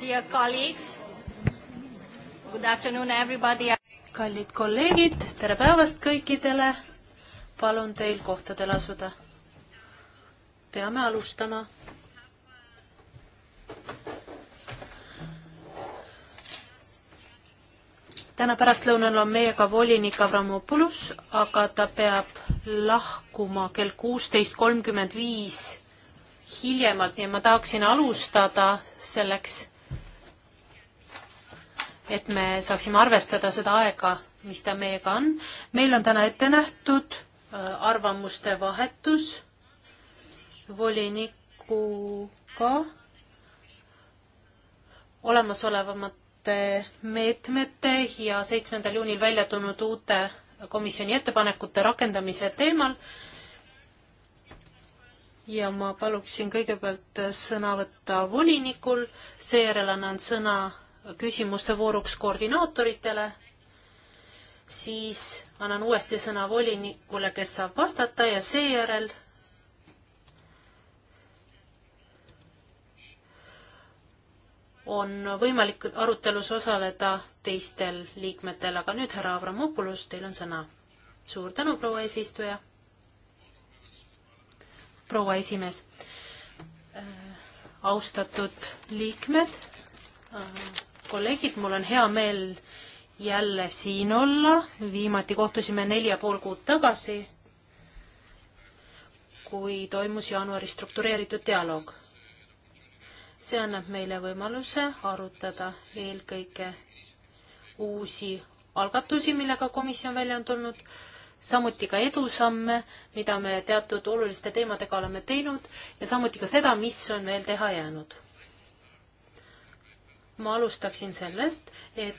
Dear colleagues, good afternoon everybody. kallid kolleegid, tere päevast kõikidele. palun teil kohtadele asuda. peame alustama. täna pärastlõunal on meiega volinik Avramopoulos, aga ta peab lahkuma kell kuusteist kolmkümmend viis hiljemalt, nii et ma tahaksin alustada selleks, et me saaksime arvestada seda aega, mis ta meiega on. meil on täna ette nähtud äh, arvamuste vahetus volinikuga olemasolevamate meetmete ja seitsmendal juunil välja tulnud uute komisjoni ettepanekute rakendamise teemal ja ma paluksin kõigepealt sõna võtta volinikul, seejärel annan sõna küsimuste vooruks koordinaatoritele, siis annan uuesti sõna volinikule, kes saab vastata ja seejärel on võimalik arutelus osaleda teistel liikmetel, aga nüüd härra Avramopoulos, teil on sõna. suur tänu, proua eesistuja proua esimees. Äh, austatud liikmed, äh, kolleegid, mul on hea meel jälle siin olla, viimati kohtusime neli ja pool kuud tagasi, kui toimus jaanuaris struktureeritud dialoog. see annab meile võimaluse arutada eelkõige uusi algatusi, millega komisjon välja on tulnud samuti ka edusamme, mida me teatud oluliste teemadega oleme teinud ja samuti ka seda, mis on veel teha jäänud. ma alustaksin sellest, et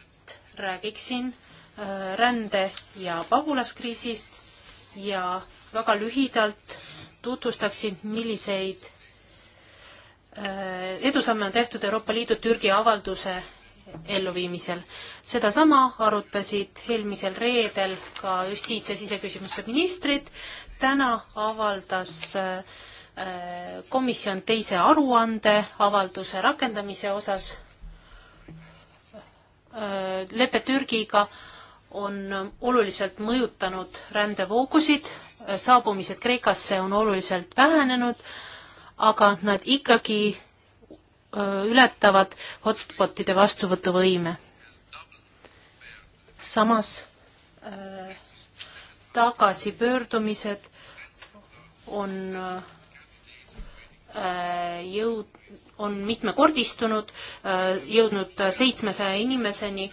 räägiksin äh, rände- ja pagulaskriisist ja väga lühidalt tutvustaksin, milliseid äh, edusamme on tehtud Euroopa Liidu Türgi avalduse elluviimisel. sedasama arutasid eelmisel reedel ka justiits- ja siseküsimuste ministrid, täna avaldas äh, komisjon teise aruande avalduse rakendamise osas. Äh, lepe Türgiga on oluliselt mõjutanud rändevoogusid, saabumised Kreekasse on oluliselt vähenenud, aga nad ikkagi ületavad hotspotide vastuvõtuvõime. samas äh, tagasipöördumised on äh, jõud, on mitmekordistunud äh,, jõudnud seitsmesaja inimeseni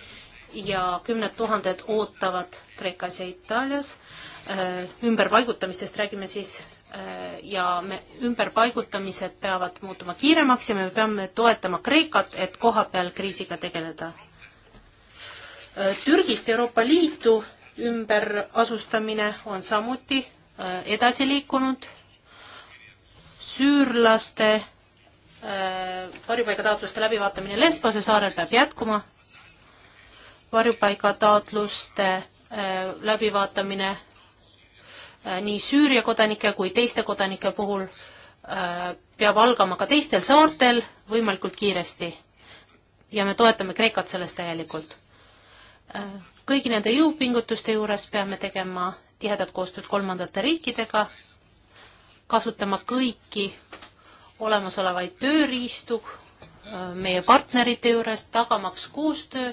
ja kümned tuhanded ootavad Kreekas ja Itaalias. ümberpaigutamistest räägime siis ja me, ümberpaigutamised peavad muutuma kiiremaks ja me peame toetama Kreekat, et kohapeal kriisiga tegeleda. Äh, Türgist Euroopa Liitu ümberasustamine on samuti äh, edasi liikunud. süürlaste äh, varjupaigataotluste läbivaatamine Lesbose saarel peab jätkuma. varjupaigataotluste läbivaatamine Äh, nii Süüria kodanike kui teiste kodanike puhul äh, peab algama ka teistel saartel võimalikult kiiresti. ja me toetame Kreekat selles täielikult. Äh, kõigi nende jõupingutuste juures peame tegema tihedat koostööd kolmandate riikidega, kasutama kõiki olemasolevaid tööriistu meie partnerite juures, tagamaks koostöö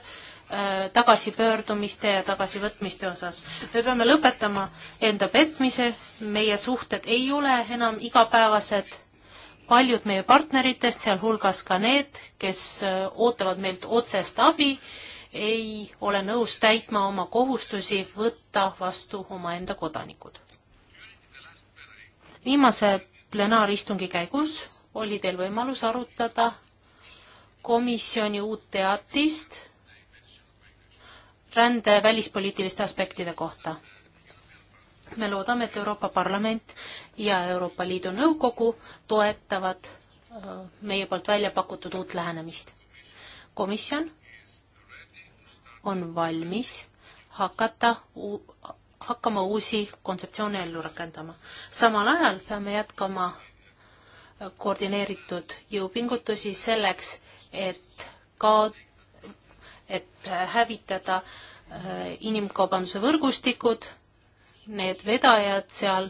Äh, tagasipöördumiste ja tagasivõtmiste osas. me peame lõpetama enda petmise, meie suhted ei ole enam igapäevased, paljud meie partneritest, sealhulgas ka need, kes äh, ootavad meilt otsest abi, ei ole nõus täitma oma kohustusi võtta vastu omaenda kodanikud. viimase plenaaristungi käigus oli teil võimalus arutada komisjoni uut teatist rände välispoliitiliste aspektide kohta. me loodame, et Euroopa Parlament ja Euroopa Liidu Nõukogu toetavad äh, meie poolt välja pakutud uut lähenemist. komisjon on valmis hakata, hakkama uusi kontseptsioone ellu rakendama. samal ajal peame jätkama äh, koordineeritud jõupingutusi selleks, et kaot-, et hävitada äh, inimkaubanduse võrgustikud, need vedajad seal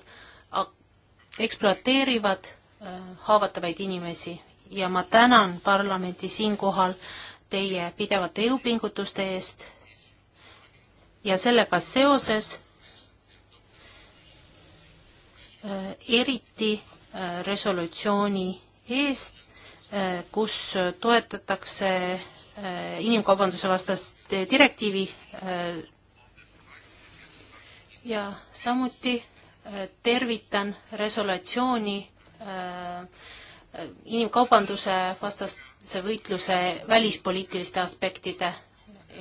ekspluateerivad äh, haavatavaid inimesi ja ma tänan parlamenti siinkohal teie pidevate jõupingutuste eest ja sellega seoses äh, eriti resolutsiooni eest, kus toetatakse Äh, inimkaubanduse vastast äh, direktiivi äh, ja samuti tervitan resolutsiooni inimkaubanduse vastase võitluse välispoliitiliste aspektide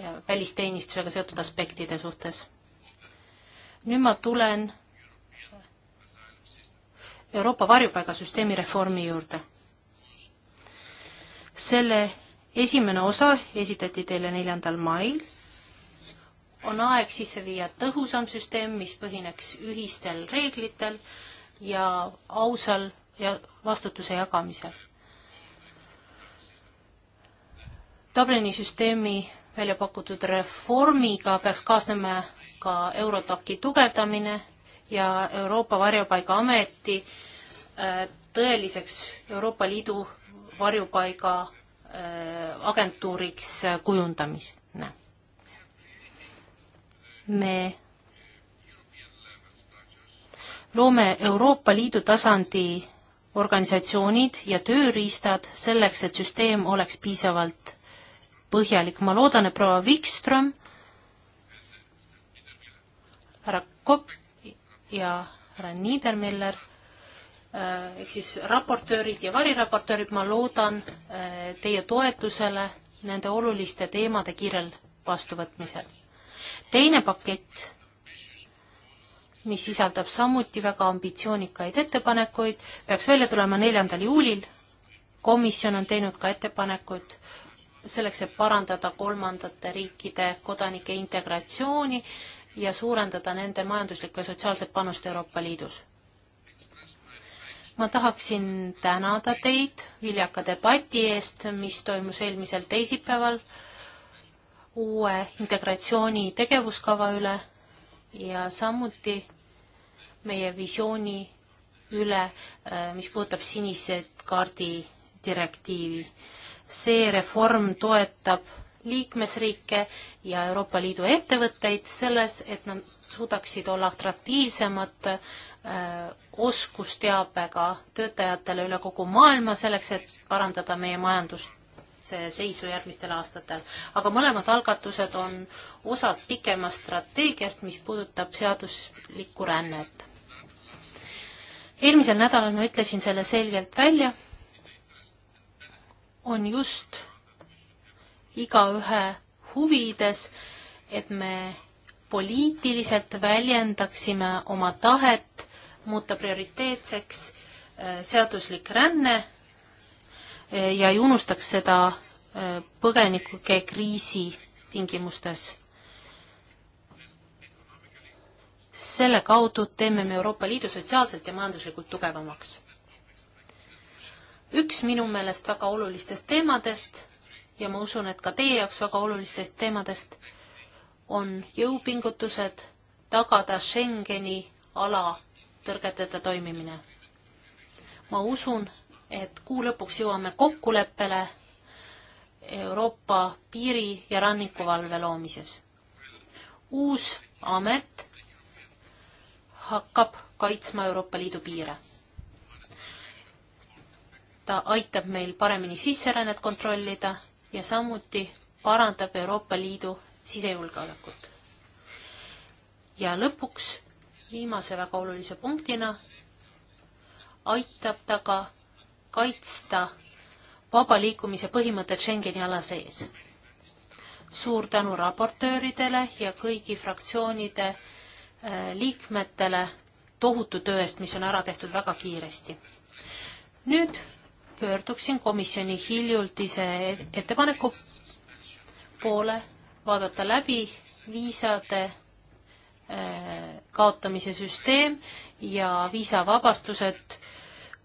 ja välisteenistusega seotud aspektide suhtes. nüüd ma tulen Euroopa varjupaigasüsteemi reformi juurde. selle esimene osa esitati teile neljandal mail. on aeg sisse viia tõhusam süsteem, mis põhineks ühistel reeglitel ja ausal ja vastutuse jagamisel. Dublini süsteemi välja pakutud reformiga peaks kaasnema ka Eurotaki tugevdamine ja Euroopa Varjupaigaameti äh, tõeliseks Euroopa Liidu varjupaiga Äh, agentuuriks kujundamine. me loome Euroopa Liidu tasandi organisatsioonid ja tööriistad selleks, et süsteem oleks piisavalt põhjalik. ma loodan, et proua Wikström, härra Kopp ja härra Niedermüller Äh, ehk siis raportöörid ja variraportöörid, ma loodan äh, teie toetusele nende oluliste teemade kiirel vastuvõtmisel. teine pakett, mis sisaldab samuti väga ambitsioonikaid ettepanekuid, peaks välja tulema neljandal juulil. komisjon on teinud ka ettepanekud selleks, et parandada kolmandate riikide kodanike integratsiooni ja suurendada nende majanduslikku ja sotsiaalset panust Euroopa Liidus ma tahaksin tänada teid viljaka debati eest, mis toimus eelmisel teisipäeval uue integratsiooni tegevuskava üle ja samuti meie visiooni üle, äh, mis puudutab sinise kaardi direktiivi. see reform toetab liikmesriike ja Euroopa Liidu ettevõtteid selles, et nad suudaksid olla atraktiivsemad Äh, oskusteabega töötajatele üle kogu maailma selleks, et parandada meie majandust seisu järgmistel aastatel. aga mõlemad algatused on osad pikemast strateegiast, mis puudutab seaduslikku rännet. eelmisel nädalal ma ütlesin selle selgelt välja, on just igaühe huvides, et me poliitiliselt väljendaksime oma tahet muuta prioriteetseks äh, seaduslik ränne äh, ja ei unustaks seda äh, põgenike kriisi tingimustes. selle kaudu teeme me Euroopa Liidu sotsiaalselt ja majanduslikult tugevamaks. üks minu meelest väga olulistest teemadest ja ma usun, et ka teie jaoks väga olulistest teemadest on jõupingutused tagada Schengeni ala tõrgeteta toimimine. ma usun, et kuu lõpuks jõuame kokkuleppele Euroopa piiri- ja rannikuvalve loomises. uus amet hakkab kaitsma Euroopa Liidu piire. ta aitab meil paremini sisserännet kontrollida ja samuti parandab Euroopa Liidu sisejulgeolekut. ja lõpuks viimase väga olulise punktina aitab ta ka kaitsta vaba liikumise põhimõtted Schengeni ala sees. suur tänu raportööridele ja kõigi fraktsioonide äh, liikmetele tohutu töö eest, mis on ära tehtud väga kiiresti. nüüd pöörduksin komisjoni hiljutise ettepaneku poole vaadata läbi viisade kaotamise süsteem ja viisavabastused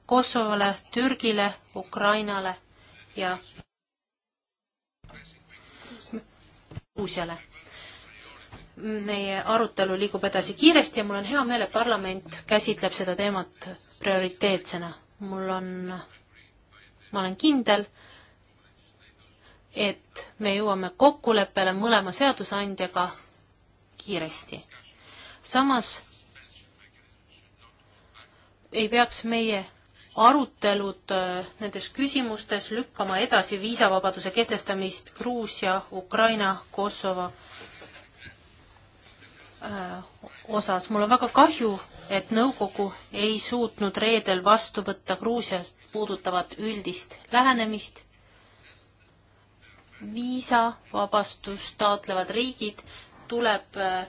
Kosovole, Türgile, Ukrainale ja Gruusiale. meie arutelu liigub edasi kiiresti ja mul on hea meel, et parlament käsitleb seda teemat prioriteetsena. mul on, ma olen kindel, et me jõuame kokkuleppele mõlema seadusandjaga kiiresti samas ei peaks meie arutelud äh, nendes küsimustes lükkama edasi viisavabaduse kehtestamist Gruusia, Ukraina, Kosovo äh, osas. mul on väga kahju, et nõukogu ei suutnud reedel vastu võtta Gruusiast puudutavat üldist lähenemist. viisavabastust taotlevad riigid tuleb äh,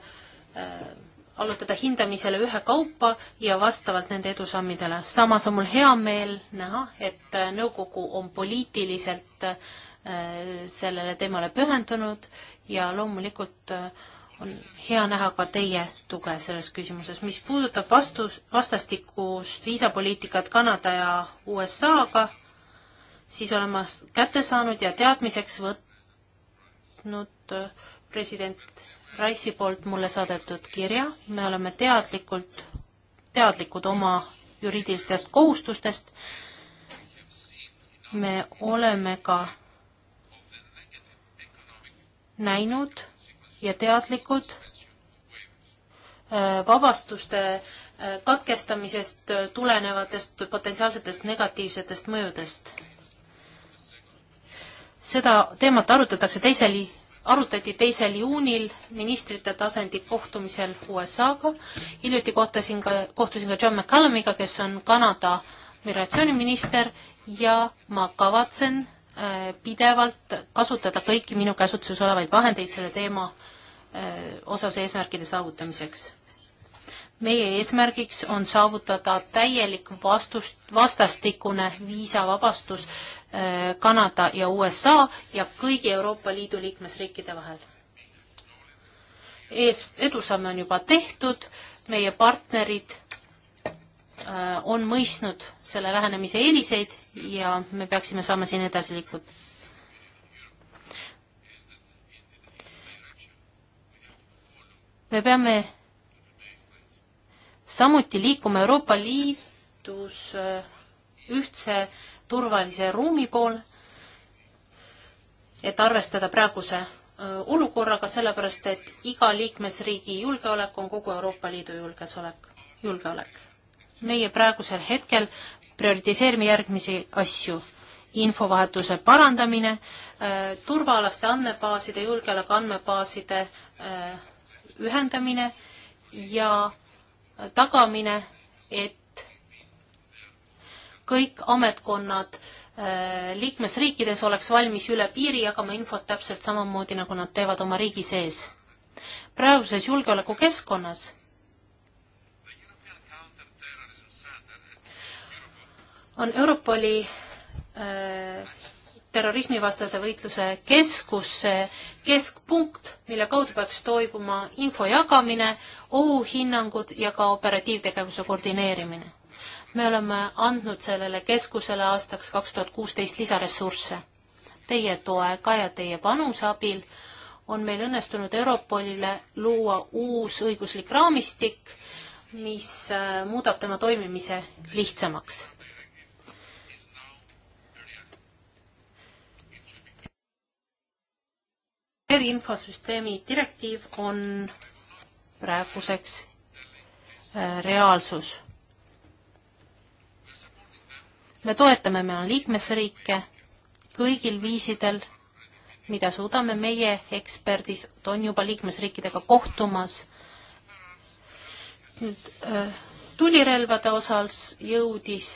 äh allutada hindamisele ühekaupa ja vastavalt nende edusammidele. samas on mul hea meel näha, et äh, nõukogu on poliitiliselt äh, sellele teemale pühendunud ja loomulikult äh, on hea näha ka teie tuge selles küsimuses. mis puudutab vastus, vastastikust viisapoliitikat Kanada ja USA-ga, siis olen ma kätte saanud ja teadmiseks võtnud president Raisi poolt mulle saadetud kirja, me oleme teadlikult, teadlikud oma juriidilistest kohustustest. me oleme ka näinud ja teadlikud äh, vabastuste äh, katkestamisest äh, tulenevatest potentsiaalsetest negatiivsetest mõjudest. seda teemat arutatakse teisel arutati teisel juunil ministrite tasandi kohtumisel USA-ga. hiljuti kohtasin ka, kohtusin ka John McCallumiga, kes on Kanada migratsiooniminister ja ma kavatsen äh, pidevalt kasutada kõiki minu käsutuses olevaid vahendeid selle teema äh, osas eesmärkide saavutamiseks. meie eesmärgiks on saavutada täielik vastust, vastastikune viisavabastus Äh, Kanada ja USA ja kõigi Euroopa Liidu liikmesriikide vahel. Ees, edusamme on juba tehtud, meie partnerid äh, on mõistnud selle lähenemise eeliseid ja me peaksime saama siin edasi liikuda. me peame samuti liikuma Euroopa Liidus äh, ühtse äh, turvalise ruumi poole, et arvestada praeguse olukorraga, sellepärast et iga liikmesriigi julgeolek on kogu Euroopa Liidu julgeolek, julgeolek. meie praegusel hetkel prioritiseerime järgmisi asju. infovahetuse parandamine, turvaalaste andmebaaside, julgeoleku andmebaaside ühendamine ja tagamine, et kõik ametkonnad äh, liikmesriikides oleks valmis üle piiri jagama infot täpselt samamoodi, nagu nad teevad oma riigi sees. praeguses julgeolekukeskkonnas on Europoli äh, terrorismivastase võitluse keskus, keskpunkt, mille kaudu peaks toimuma info jagamine, ohuhinnangud ja ka operatiivtegevuse koordineerimine me oleme andnud sellele keskusele aastaks kaks tuhat kuusteist lisaressursse. Teie toega ja teie panuse abil on meil õnnestunud Europolile luua uus õiguslik raamistik, mis äh, muudab tema toimimise lihtsamaks. infosüsteemi direktiiv on praeguseks äh, reaalsus me toetame me liikmesriike kõigil viisidel, mida suudame, meie eksperdis on juba liikmesriikidega kohtumas. nüüd äh, tulirelvade osas jõudis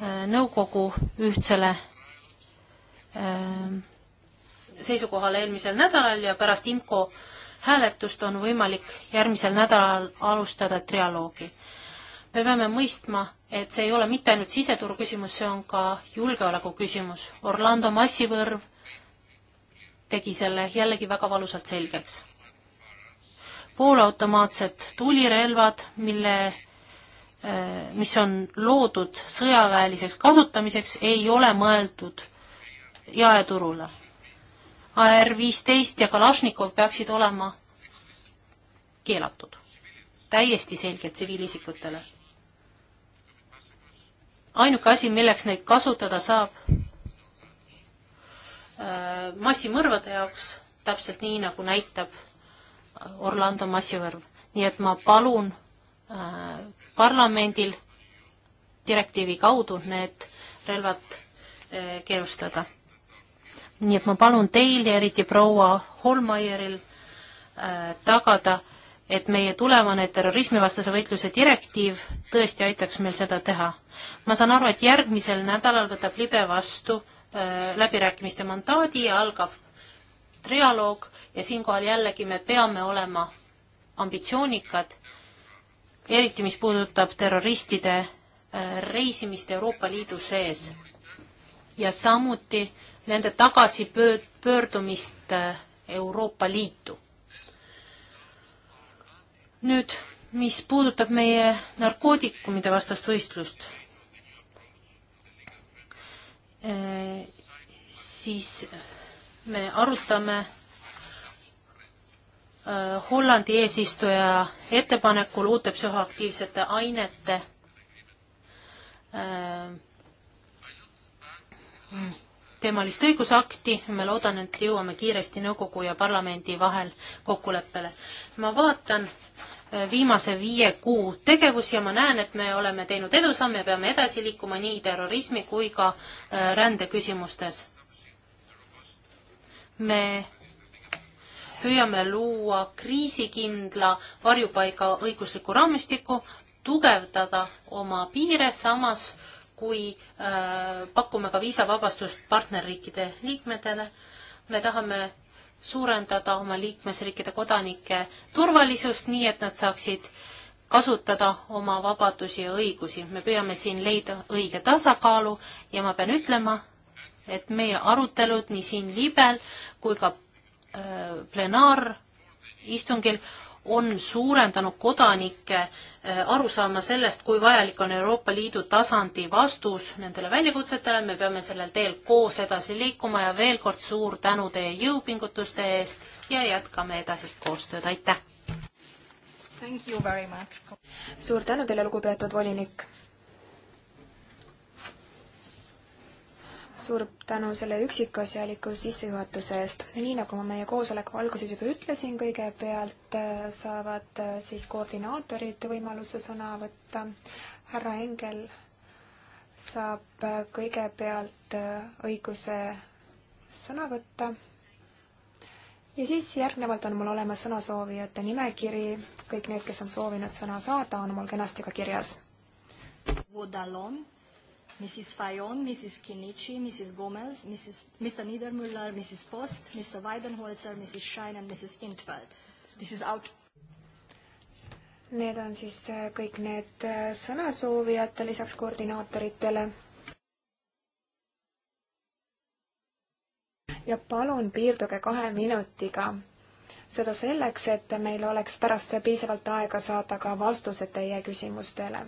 äh, nõukogu ühtsele äh, seisukohale eelmisel nädalal ja pärast IMCO hääletust on võimalik järgmisel nädalal alustada trialoogi me peame mõistma, et see ei ole mitte ainult siseturu küsimus, see on ka julgeoleku küsimus. Orlando massivõrv tegi selle jällegi väga valusalt selgeks. poolautomaatsed tulirelvad, mille, eh, mis on loodud sõjaväeliseks kasutamiseks, ei ole mõeldud jaeturule. AR-15 ja Kalašnikov peaksid olema keelatud, täiesti selgelt tsiviilisikutele ainuke asi, milleks neid kasutada saab äh, massimõrvade jaoks, täpselt nii, nagu näitab Orlando massivõrv. nii et ma palun äh, parlamendil direktiivi kaudu need relvad äh, keelustada. nii et ma palun teil ja eriti proua Holmaieril äh, tagada äh, et meie tulevane terrorismivastase võitluse direktiiv tõesti aitaks meil seda teha. ma saan aru, et järgmisel nädalal võtab libe vastu äh, läbirääkimiste mandaadi ja algab trialoog ja siinkohal jällegi me peame olema ambitsioonikad, eriti mis puudutab terroristide äh, reisimist Euroopa Liidu sees ja samuti nende tagasipöördumist äh, Euroopa Liitu nüüd, mis puudutab meie narkootikumide vastast võistlust, eh, siis me arutame eh, Hollandi eesistuja ettepanekul uute psühhoaktiivsete ainete eh, teemalist õigusakti, ma loodan, et jõuame kiiresti nõukogu ja parlamendi vahel kokkuleppele. ma vaatan viimase viie kuu tegevusi ja ma näen, et me oleme teinud edusamme ja peame edasi liikuma nii terrorismi kui ka äh, rändeküsimustes. me püüame luua kriisikindla varjupaiga õigusliku raamistiku, tugevdada oma piire, samas kui äh, pakume ka viisavabastust partnerriikide liikmetele. me tahame suurendada oma liikmesriikide kodanike turvalisust, nii et nad saaksid kasutada oma vabadusi ja õigusi. me püüame siin leida õige tasakaalu ja ma pean ütlema, et meie arutelud nii siin libel kui ka äh, plenaaristungil on suurendanud kodanike äh, arusaama sellest, kui vajalik on Euroopa Liidu tasandi vastus nendele väljakutsetele, me peame sellel teel koos edasi liikuma ja veel kord suur tänu teie jõupingutuste eest ja jätkame edasist koostööd, aitäh! suur tänu teile, lugupeetud volinik! suur tänu selle üksikasjaliku sissejuhatuse eest. nii nagu ma meie koosoleku alguses juba ütlesin, kõigepealt äh, saavad äh, siis koordinaatorid võimaluse sõna võtta. härra Engel saab äh, kõigepealt õiguse sõna võtta. ja siis järgnevalt on mul olemas sõnasoovijate nimekiri, kõik need, kes on soovinud sõna saada, on mul kenasti ka kirjas. Vodalon Mrs. Fayon, Mrs. Kinichi, Mrs. Gomez, Mrs. Mr. Niedermüller, Mrs. Post, Mr. Weidenholzer, Mrs. Schein and Mrs. Intveld. This is out. Need on siis äh, kõik need äh, sõnasoovijad lisaks koordinaatoritele. ja palun piirduge kahe minutiga. seda selleks, et meil oleks pärast piisavalt aega saada ka vastused teie küsimustele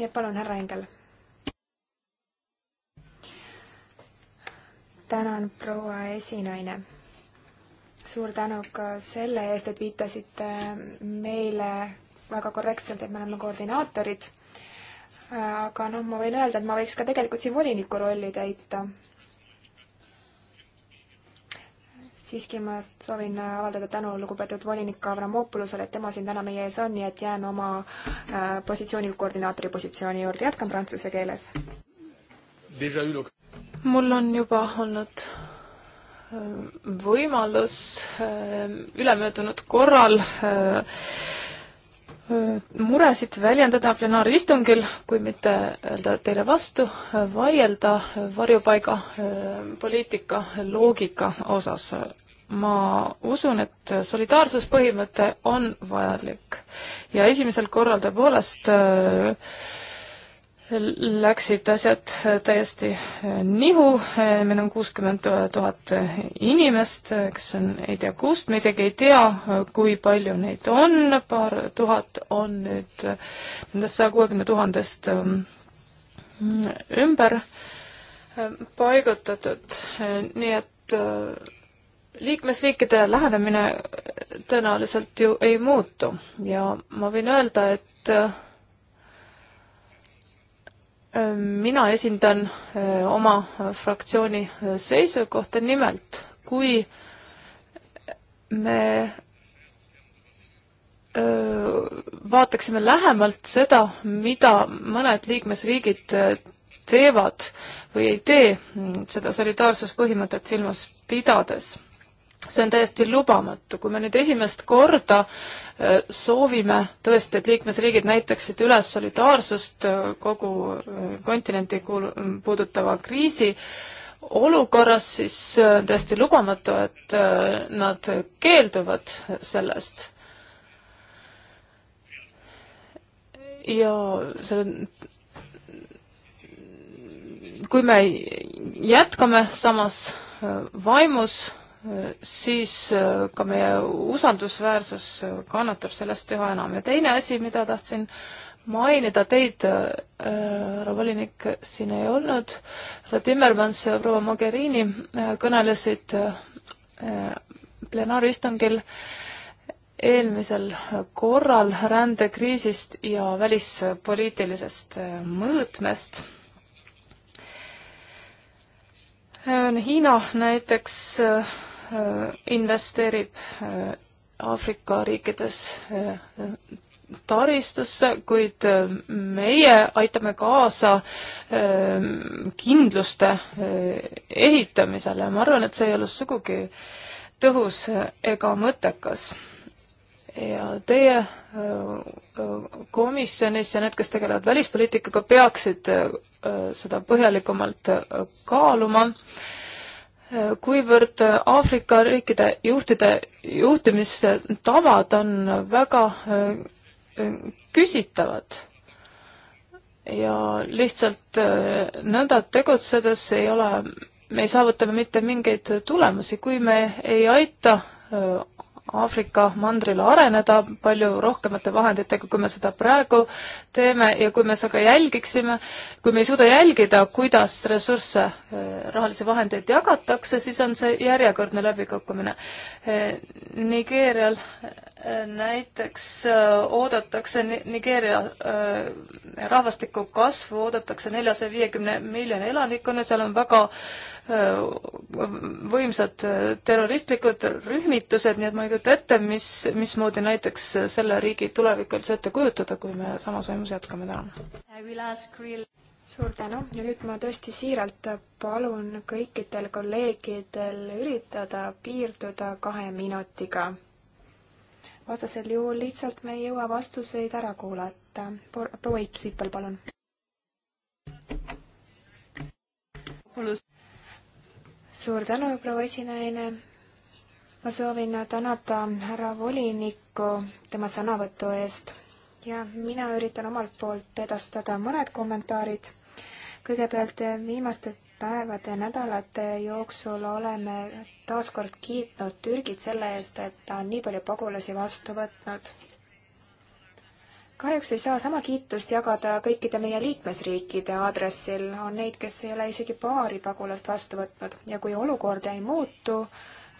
nii et palun, härra Engel. tänan, proua esinaine. suur tänu ka selle eest, et viitasite meile väga korrektselt, et me oleme koordinaatorid. aga noh, ma võin öelda, et ma võiks ka tegelikult siin voliniku rolli täita siiski ma soovin avaldada tänu lugupeetud volinik Avramopoulosele, et tema siin täna meie ees on, nii et jään oma äh, positsiooni, koordinaatori positsiooni juurde, jätkan prantsuse keeles. mul on juba olnud äh, võimalus äh, ülemöödunud korral muresid väljendada plenaaristungil, kui mitte öelda teile vastu, vaielda varjupaiga poliitika loogika osas. ma usun, et solidaarsuspõhimõte on vajalik ja esimesel korral tõepoolest äh, läksid asjad täiesti nihu, meil on kuuskümmend tuhat inimest, kes on ei tea kust, me isegi ei tea, kui palju neid on, paar tuhat on nüüd nendest saja kuuekümne tuhandest ähm, ümber paigutatud, nii et äh, liikmesriikide lähenemine tõenäoliselt ju ei muutu ja ma võin öelda, et äh, mina esindan äh, oma äh, fraktsiooni äh, seisukohta, nimelt kui me vaataksime lähemalt seda, mida mõned liikmesriigid teevad või ei tee, mm, seda solidaarsuspõhimõtet silmas pidades. see on täiesti lubamatu, kui me nüüd esimest korda Äh, soovime tõesti, et liikmesriigid näitaksid üles solidaarsust äh, kogu äh, kontinenti kuul-, mm, puudutava kriisi olukorras, siis on tõesti lubamatu, et nad keelduvad sellest. ja selle kui me jätkame samas vaimus, siis äh, ka meie usaldusväärsus äh, kannatab sellest üha enam. ja teine asi, mida tahtsin mainida teid, äh, härra volinik, siin ei olnud, härra Timmermans ja proua Mogherini kõnelesid plenaaristungil eelmisel korral rändekriisist ja välispoliitilisest mõõtmest Hiina näiteks Äh, investeerib äh, Aafrika riikides äh, taristusse, kuid meie aitame kaasa kindluste ehitamisele ja ma arvan, et see ei ole sugugi tõhus ega mõttekas. ja teie komisjonis ja need, kes tegelevad välispoliitikaga, peaksid seda põhjalikumalt kaaluma kuivõrd Aafrika riikide juhtide juhtimistavad on väga äh, küsitavad ja lihtsalt äh, nõnda tegutsedes ei ole, me ei saavuta mitte mingeid tulemusi, kui me ei aita äh, Aafrika mandril areneda palju rohkemate vahenditega, kui me seda praegu teeme ja kui me seda jälgiksime, kui me ei suuda jälgida, kuidas ressursse, eh, rahalisi vahendeid jagatakse, siis on see järjekordne läbikukkumine. Eh, Nigeerial näiteks äh, oodatakse Nigeeria äh, rahvastiku kasvu, oodatakse neljasaja viiekümne miljoni elanikuna, seal on väga äh, võimsad terroristlikud rühmitused, nii et ma ei kujuta ette, mis, mismoodi näiteks selle riigi tulevik üldse ette kujutada, kui me samas vaimus jätkame täna. suur tänu ja nüüd ma tõesti siiralt palun kõikidel kolleegidel üritada piirduda kahe minutiga vastasel juhul lihtsalt me ei jõua vastuseid ära kuulata. proua Eip Sippel, palun. suur tänu, proua esinaine. ma soovin tänada härra volinikku tema sõnavõtu eest ja mina üritan omalt poolt edastada mõned kommentaarid. kõigepealt viimaste päevade, nädalate jooksul oleme taaskord kiitnud Türgit selle eest, et ta on nii palju pagulasi vastu võtnud. kahjuks ei saa sama kiitust jagada kõikide meie liikmesriikide aadressil, on neid, kes ei ole isegi paari pagulast vastu võtnud ja kui olukord ei muutu,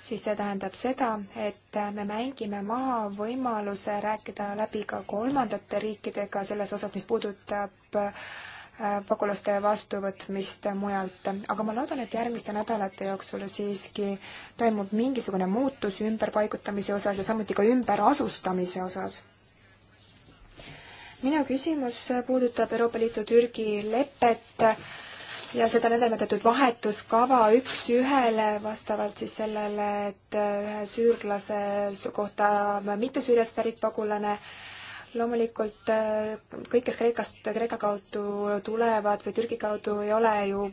siis see tähendab seda, et me mängime maha võimaluse rääkida läbi ka kolmandate riikidega selles osas, mis puudutab pagulaste vastuvõtmist mujalt, aga ma loodan, et järgmiste nädalate jooksul siiski toimub mingisugune muutus ümberpaigutamise osas ja samuti ka ümberasustamise osas. minu küsimus puudutab Euroopa Liidu Türgi lepet ja seda nõndanimetatud vahetuskava üks ühele vastavalt siis sellele, et ühe süürlase kohta mittesüüriast pärit pagulane äh, loomulikult äh, kõik, kes Kreekast, Kreeka kaudu tulevad või Türgi kaudu, ei ole ju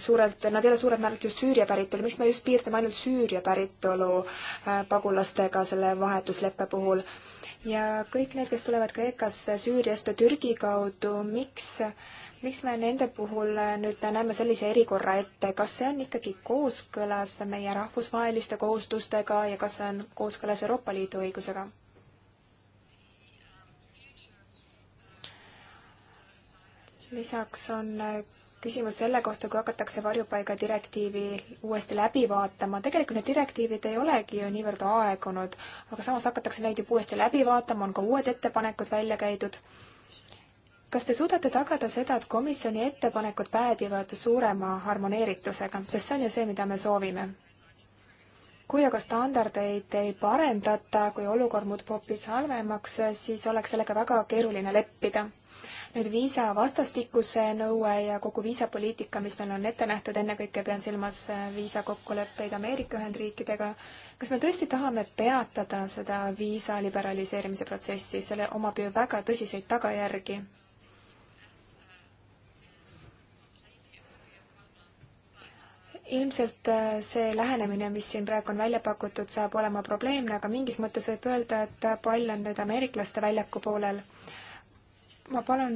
suurelt, nad ei ole suurelt määralt just Süüria päritolu, miks me just piirdume ainult Süüria päritolu äh, pagulastega selle vahetusleppe puhul? ja kõik need, kes tulevad Kreekasse, Süüriast ja Türgi kaudu, miks, miks me nende puhul äh, nüüd näeme sellise erikorra ette, kas see on ikkagi kooskõlas meie rahvusvaheliste kohustustega ja kas see on kooskõlas Euroopa Liidu õigusega? lisaks on äh, küsimus selle kohta, kui hakatakse varjupaiga direktiivi uuesti läbi vaatama. tegelikult need direktiivid ei olegi ju niivõrd aegunud, aga samas hakatakse neid juba uuesti läbi vaatama, on ka uued ettepanekud välja käidud. kas te suudate tagada seda, et komisjoni ettepanekud päädivad suurema harmoneeritusega, sest see on ju see, mida me soovime? kui aga standardeid ei parendata, kui olukord muutub hoopis halvemaks, siis oleks sellega väga keeruline leppida nüüd viisa vastastikuse nõue ja kogu viisapoliitika, mis meil on ette nähtud, ennekõike pean silmas äh, viisakokkuleppeid Ameerika Ühendriikidega. kas me tõesti tahame peatada seda viisa liberaliseerimise protsessi, selle omab ju väga tõsiseid tagajärgi ilmselt äh, see lähenemine, mis siin praegu on välja pakutud, saab olema probleemne, aga mingis mõttes võib öelda, et pall on nüüd ameeriklaste väljaku poolel ma palun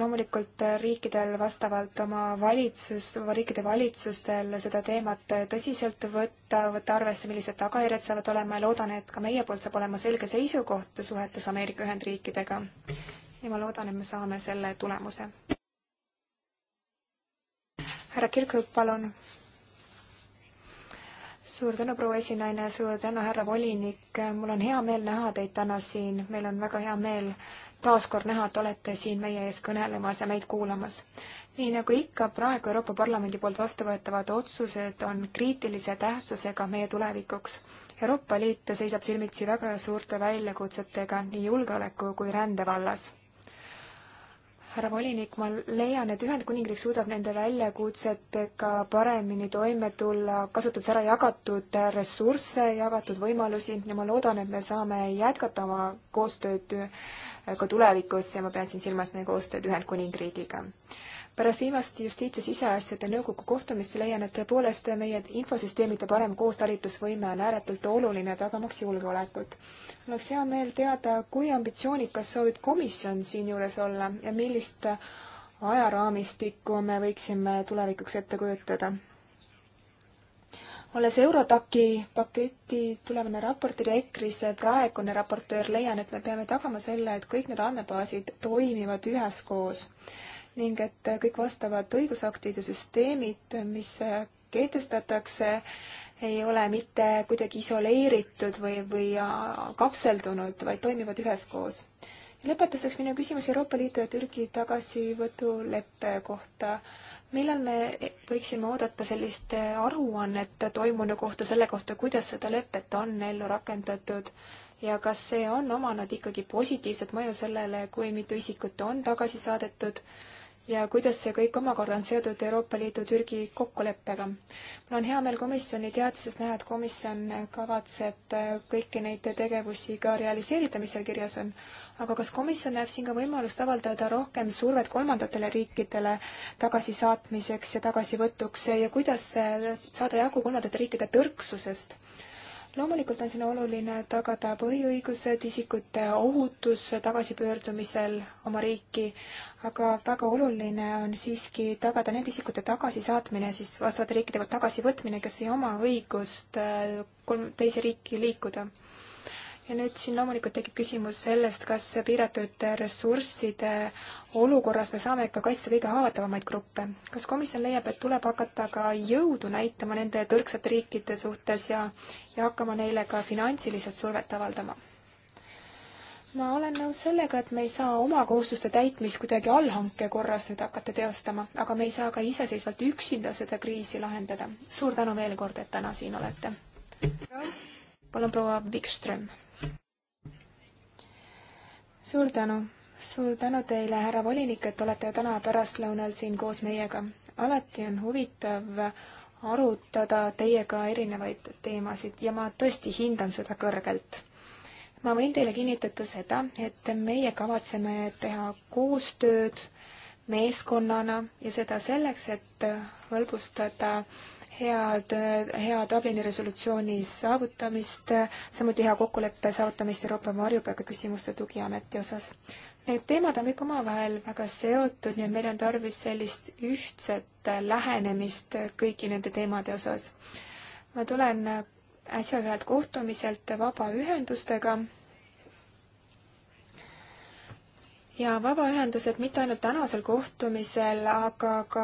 loomulikult riikidel vastavalt oma valitsus, oma riikide valitsustel seda teemat tõsiselt võtta, võtta arvesse, millised tagajärjed saavad olema ja loodan, et ka meie poolt saab olema selge seisukoht suhetes Ameerika Ühendriikidega. ja ma loodan, et me saame selle tulemuse. härra Kirkup, palun. suur tänu, proua esinaine, suur tänu, härra volinik. mul on hea meel näha teid täna siin, meil on väga hea meel taaskord näha, et olete siin meie ees kõnelemas ja meid kuulamas. nii nagu ikka, praegu Euroopa Parlamendi poolt vastu võetavad otsused on kriitilise tähtsusega meie tulevikuks. Euroopa Liit seisab silmitsi väga suurte väljakutsetega nii julgeoleku kui rände vallas. härra volinik, ma leian, et Ühendkuningriik suudab nende väljakutsetega paremini toime tulla, kasutades ära jagatud ressursse, jagatud võimalusi ja ma loodan, et me saame jätkata oma koostööd ka tulevikus ja ma pean siin silmas meie koostööd Ühendkuningriigiga pärast viimast justiits- ja siseasjade nõukogu kohtumist leian, et tõepoolest meie infosüsteemide parem koostalitlusvõime on ääretult oluline, tagamaks julgeolekut. oleks hea meel teada, kui ambitsioonikas soovib komisjon siinjuures olla ja millist ajaraamistikku me võiksime tulevikuks ette kujutada olles Eurotaki paketi tulevane raportöör ja EKRE-sse praegune raportöör, leian, et me peame tagama selle, et kõik need andmebaasid toimivad üheskoos ning et kõik vastavad õigusaktid ja süsteemid, mis kehtestatakse, ei ole mitte kuidagi isoleeritud või, või kapseldunud, vaid toimivad üheskoos. ja lõpetuseks minu küsimus Euroopa Liidu ja Türgi tagasivõtuleppe kohta millal me võiksime oodata sellist eh, aruannet toimunu kohta, selle kohta, kuidas seda lepet on ellu rakendatud ja kas see on omanud ikkagi positiivset mõju sellele, kui mitu isikut on tagasi saadetud ja kuidas see kõik omakorda on seotud Euroopa Liidu-Türgi kokkuleppega? mul on hea meel komisjoni teadmises näha, et komisjon kavatseb eh, kõiki neid tegevusi ka realiseerida, mis seal kirjas on, aga kas komisjon näeb siin ka võimalust avaldada rohkem survet kolmandatele riikidele tagasisaatmiseks ja tagasivõtuks ja kuidas saada jagu kolmandate riikide tõrksusest? loomulikult on siin oluline tagada põhiõigused, isikute ohutus tagasipöördumisel oma riiki, aga väga oluline on siiski tagada nende isikute tagasisaatmine, siis vastavate riikide tagasivõtmine, kes ei oma õigust äh, kolm, teise riiki liikuda ja nüüd siin loomulikult tekib küsimus sellest, kas piiratud ressursside olukorras me saame ikka kaitsta kõige haavatavamaid gruppe. kas komisjon leiab, et tuleb hakata ka jõudu näitama nende tõrksate riikide suhtes ja, ja hakkama neile ka finantsiliselt survet avaldama? ma olen nõus sellega, et me ei saa oma kohustuste täitmist kuidagi allhanke korras nüüd hakata teostama, aga me ei saa ka iseseisvalt üksinda seda kriisi lahendada. suur tänu veel kord, et täna siin olete. palun, proua Wikström suur tänu. suur tänu teile, härra volinik, et olete täna pärastlõunal siin koos meiega. alati on huvitav arutada teiega erinevaid teemasid ja ma tõesti hindan seda kõrgelt ma võin teile kinnitada seda, et meie kavatseme teha koostööd meeskonnana ja seda selleks, et hõlbustada head, hea Dublini resolutsiooni saavutamist, samuti hea kokkuleppe saavutamist Euroopa varjupaiga küsimuste tugiameti osas. Need teemad on kõik omavahel väga seotud, nii et meil on tarvis sellist ühtset lähenemist kõigi nende teemade osas. ma tulen äsja ühelt kohtumiselt vabaühendustega ja vabaühendused mitte ainult tänasel kohtumisel, aga ka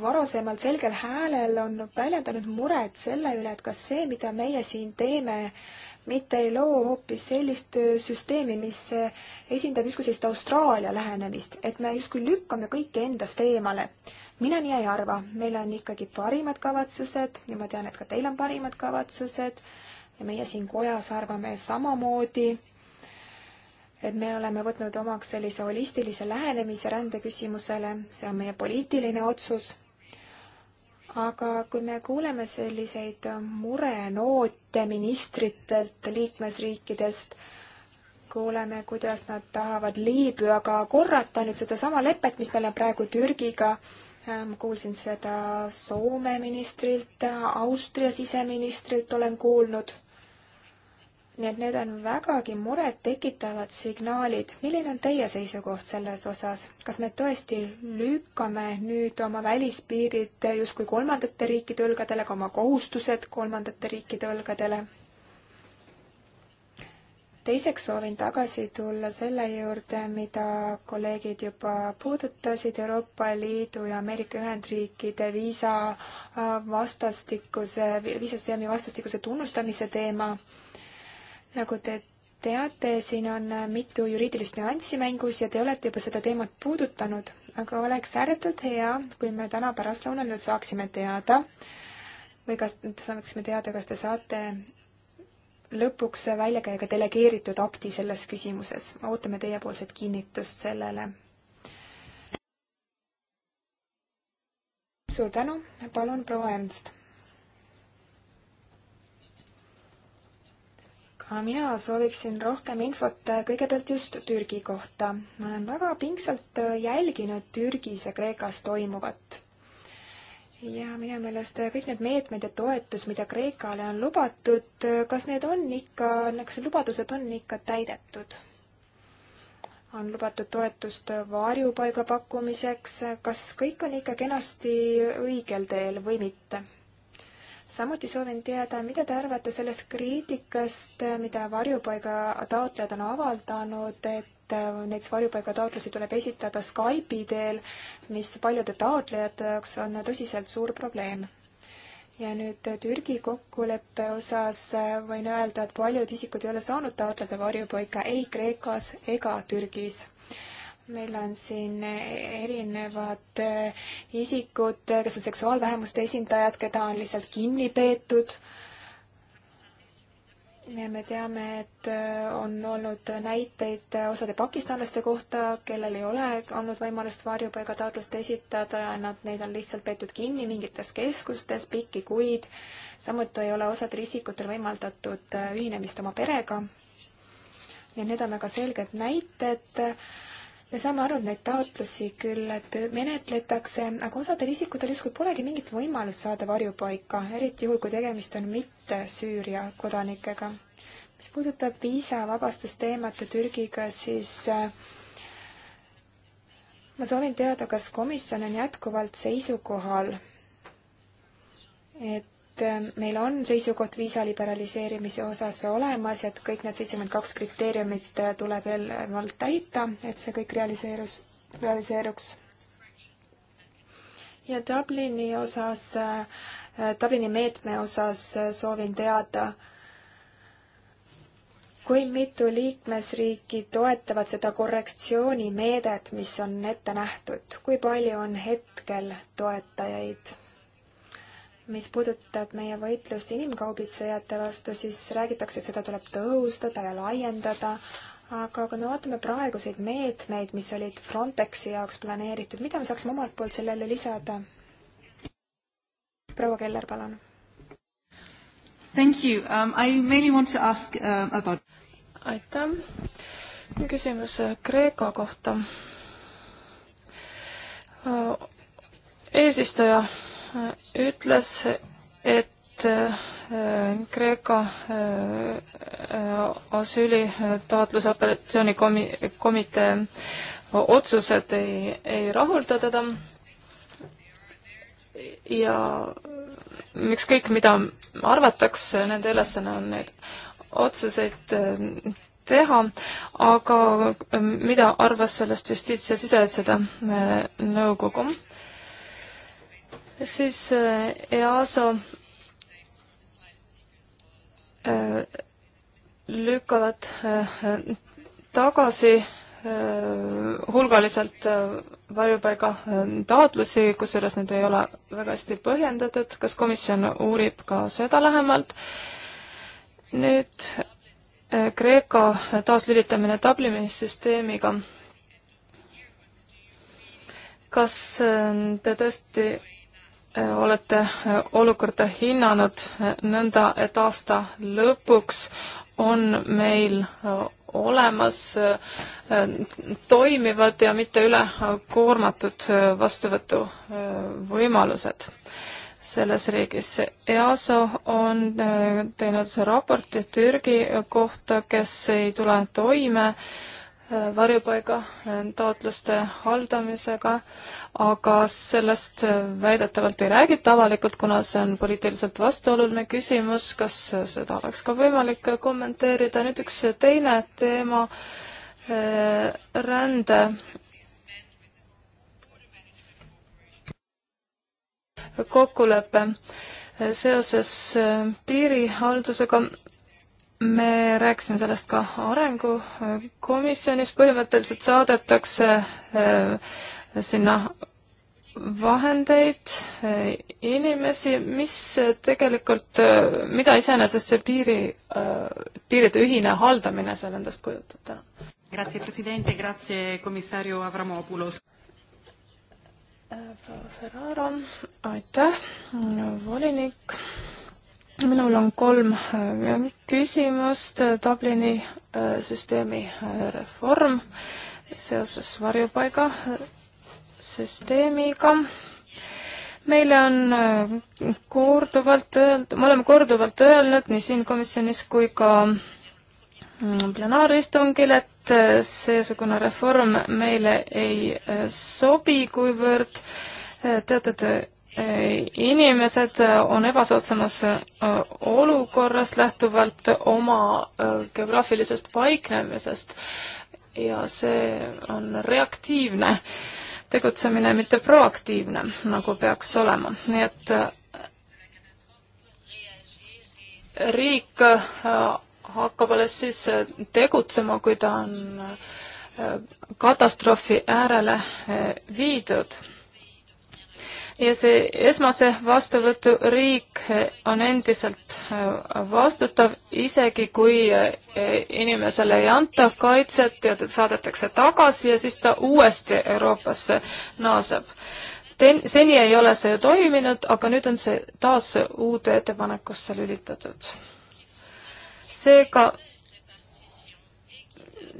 varasemalt selgel häälel on väljendanud muret selle üle, et kas see, mida meie siin teeme, mitte ei loo hoopis sellist äh, süsteemi, mis äh, esindab justkui sellist Austraalia lähenemist, et me justkui lükkame kõike endast eemale. mina nii ei arva, meil on ikkagi parimad kavatsused ja ma tean, et ka teil on parimad kavatsused ja meie siin kojas arvame samamoodi et me oleme võtnud omaks sellise holistilise lähenemise rändeküsimusele, see on meie poliitiline otsus. aga kui me kuuleme selliseid murenoote ministritelt liikmesriikidest, kuuleme, kuidas nad tahavad Liibüaga korrata nüüd sedasama lepet, mis meil on praegu Türgiga, ma ähm, kuulsin seda Soome ministrilt, Austria siseministrilt olen kuulnud nii et need on vägagi murettekitavad signaalid. milline on teie seisukoht selles osas? kas me tõesti lükkame nüüd oma välispiirid justkui kolmandate riikide õlgadele, ka oma kohustused kolmandate riikide õlgadele? teiseks soovin tagasi tulla selle juurde, mida kolleegid juba puudutasid, Euroopa Liidu ja Ameerika Ühendriikide viisa äh, vastastikuse, viisasüsteemi vastastikuse tunnustamise teema nagu te teate, siin on mitu juriidilist nüanssi mängus ja te olete juba seda teemat puudutanud, aga oleks ääretult hea, kui me täna pärastlõunal nüüd saaksime teada või kas saaksime teada, kas te saate lõpuks välja käia ka delegeeritud akti selles küsimuses. ootame teiepoolset kinnitust sellele. suur tänu, palun, proua Ernst ka mina sooviksin rohkem infot äh, kõigepealt just Türgi kohta. ma olen väga pingsalt äh, jälginud Türgis ja Kreekas toimuvat. ja minu meelest äh, kõik need meetmed ja toetus, mida Kreekale on lubatud, kas need on ikka, kas need lubadused on ikka täidetud? on lubatud toetust varjupaiga pakkumiseks, kas kõik on ikka kenasti õigel teel või mitte? samuti soovin teada, mida te arvate sellest kriitikast, mida varjupaiga taotlejad on avaldanud, et äh, neid varjupaigataotlusi tuleb esitada Skype'i teel, mis paljude taotlejate jaoks on tõsiselt suur probleem ja nüüd äh, Türgi kokkuleppe osas äh, võin öelda, et paljud isikud ei ole saanud taotleda varjupaika ei Kreekas ega Türgis meil on siin erinevad eh, isikud, eh, kes on seksuaalvähemuste esindajad, keda on lihtsalt kinni peetud. me teame, et eh, on olnud näiteid osade pakistanlaste kohta, kellel ei ole olnud võimalust varjupaigataotlust esitada, nad, neid on lihtsalt peetud kinni mingites keskustes pikki kuid. samuti ei ole osadel isikutel võimaldatud ühinemist oma perega. nii et need on väga selged näited me saame aru, et neid taotlusi küll menetletakse, aga osadel isikutel justkui polegi mingit võimalust saada varjupaika, eriti juhul, kui tegemist on mitte Süüria kodanikega. mis puudutab viisavabastusteemat Türgiga, siis äh, ma soovin teada, kas komisjon on jätkuvalt seisukohal, et et äh, meil on seisukoht viisa liberaliseerimise osas olemas, et kõik need seitsekümmend kaks kriteeriumit äh, tuleb eelnevalt äh, täita, et see kõik realiseerus, realiseeruks. ja Dublini osas, Dublini meetme osas soovin teada, kui mitu liikmesriiki toetavad seda korrektsioonimeedet, mis on ette nähtud, kui palju on hetkel toetajaid? mis puudutab meie võitlust inimkaubitsejate vastu, siis räägitakse, et seda tuleb tõhustada ja laiendada, aga kui me vaatame praeguseid meetmeid, mis olid Frontexi jaoks planeeritud, mida me saaksime omalt poolt sellele lisada? proua Keller, palun. Thank you um,, I mainly want to ask uh, about aitäh, küsimus uh, Kreeka kohta uh,. eesistuja ütles, et äh, Kreeka äh, äh, asüülitaotluse apellatsioonikomitee otsused ei, ei rahulda teda ja ükskõik, mida arvatakse, nende ülesanne on neid otsuseid teha, aga mida arvas sellest justiits- ja sisesõda nõukogu? siis äh, EASO äh, lükkavad äh, tagasi hulgaliselt varjupaiga taotlusi, kusjuures need ei ole väga hästi põhjendatud, kas komisjon uurib ka seda lähemalt? nüüd Kreeka taaslülitamine Dublini süsteemiga. kas te tõesti Äh, olete äh, olukorda hinnanud äh, nõnda, et aasta lõpuks on meil olemas toimivad ja mitte ülekoormatud vastuvõtuvõimalused selles riigis. EASO on teinud raporti Türgi kohta, kes ei tule toime äh, varjupaiga äh, taotluste haldamisega, aga sellest äh, väidetavalt ei räägita avalikult, kuna see on poliitiliselt vastuoluline küsimus, kas äh, seda oleks ka võimalik kommenteerida, nüüd üks teine teema, rände kokkulepe seoses piirihaldusega me rääkisime sellest ka arengukomisjonis, põhimõtteliselt saadetakse äh, sinna vahendeid, äh, inimesi, mis tegelikult, äh, mida iseenesest see piiri, piiride ühine haldamine seal endast kujutab täna? Grazie presidente, grazie komissario Avramopoulos. proua Ferraro, aitäh, volinik minul on kolm äh, küsimust. Dublini äh, süsteemi äh, reform seoses varjupaiga süsteemiga. meile on korduvalt öeldud, me oleme korduvalt öelnud nii siin komisjonis kui ka mm, plenaaristungil, et seesugune reform meile ei sobi, kuivõrd teatud inimesed äh, on ebasoodsamas äh, olukorras lähtuvalt oma äh, geograafilisest paiknemisest ja see on reaktiivne tegutsemine, mitte proaktiivne, nagu peaks olema, nii et riik hakkab alles siis tegutsema, kui ta on katastroofi äärele viidud ja see esmase vastuvõtu riik on endiselt äh, vastutav, isegi kui äh, inimesele ei anta kaitset ja ta saadetakse tagasi ja siis ta uuesti Euroopasse naaseb. Ten-, seni ei ole see toiminud, aga nüüd on see taas uude ettepanekusse lülitatud. seega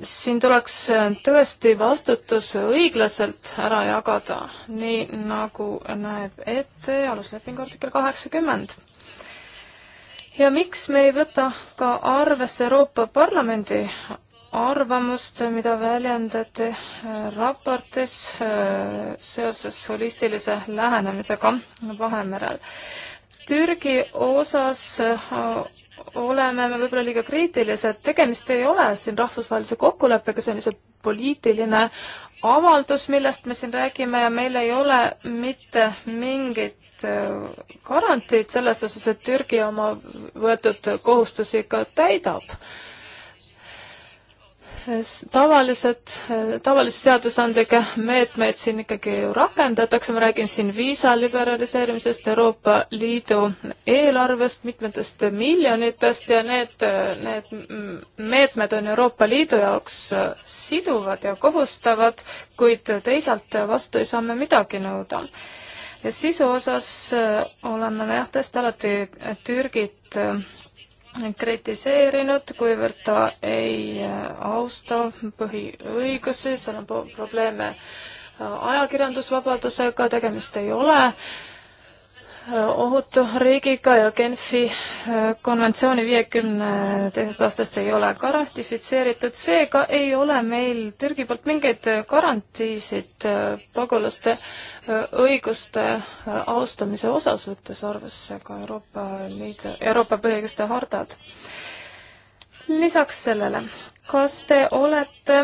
siin tuleks äh, tõesti vastutus õiglaselt ära jagada, nii nagu näeb ette aluslepingu artikkel kaheksakümmend. ja miks me ei võta ka arvesse Euroopa Parlamendi arvamust, mida väljendati äh, raportis äh, seoses holistilise lähenemisega Vahemerel. Türgi osas äh, oleme me võib-olla liiga kriitilised, tegemist ei ole siin rahvusvahelise kokkuleppega, see on lihtsalt poliitiline avaldus, millest me siin räägime ja meil ei ole mitte mingit äh, garantiid selles osas, et Türgi oma võetud kohustusi ka täidab tavalised, tavalisi seadusandlikke meetmeid siin ikkagi ju rakendatakse, ma räägin siin viisa liberaliseerimisest, Euroopa Liidu eelarvest, mitmetest miljonitest ja need, need meetmed on Euroopa Liidu jaoks siduvad ja kohustavad, kuid teisalt vastu ei saa me midagi nõuda ja sisu osas oleme me jah, tõesti alati Türgit kritiseerinud, kuivõrd ta ei äh, austa põhiõigusi, seal on probleeme äh, ajakirjandusvabadusega, tegemist ei ole äh, ohutu riigiga ja Genfi äh, konventsiooni viiekümne teisest aastast ei ole ka ratifitseeritud, seega ei ole meil Türgi poolt mingeid garantiisid äh, pagulaste äh, õiguste austamise osas, võttes arvesse ka Euroopa Liidu, Euroopa põhiõiguste hardad. lisaks sellele, kas te olete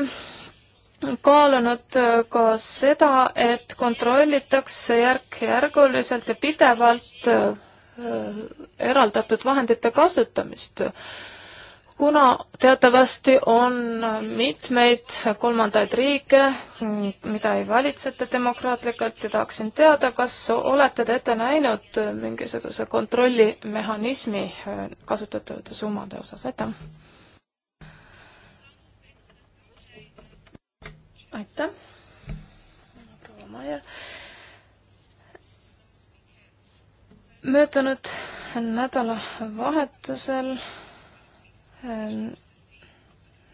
kaalunud äh, ka seda, et kontrollitakse järk-järguliselt ja pidevalt äh, eraldatud vahendite kasutamist, kuna teatavasti on mitmeid kolmandaid riike, mida ei valitseta demokraatlikult ja tahaksin teada, kas olete te ette näinud mingisuguse kontrollimehhanismi äh, kasutatavate summade osas, aitäh! aitäh, proua Maier. möödunud nädalavahetusel ähm,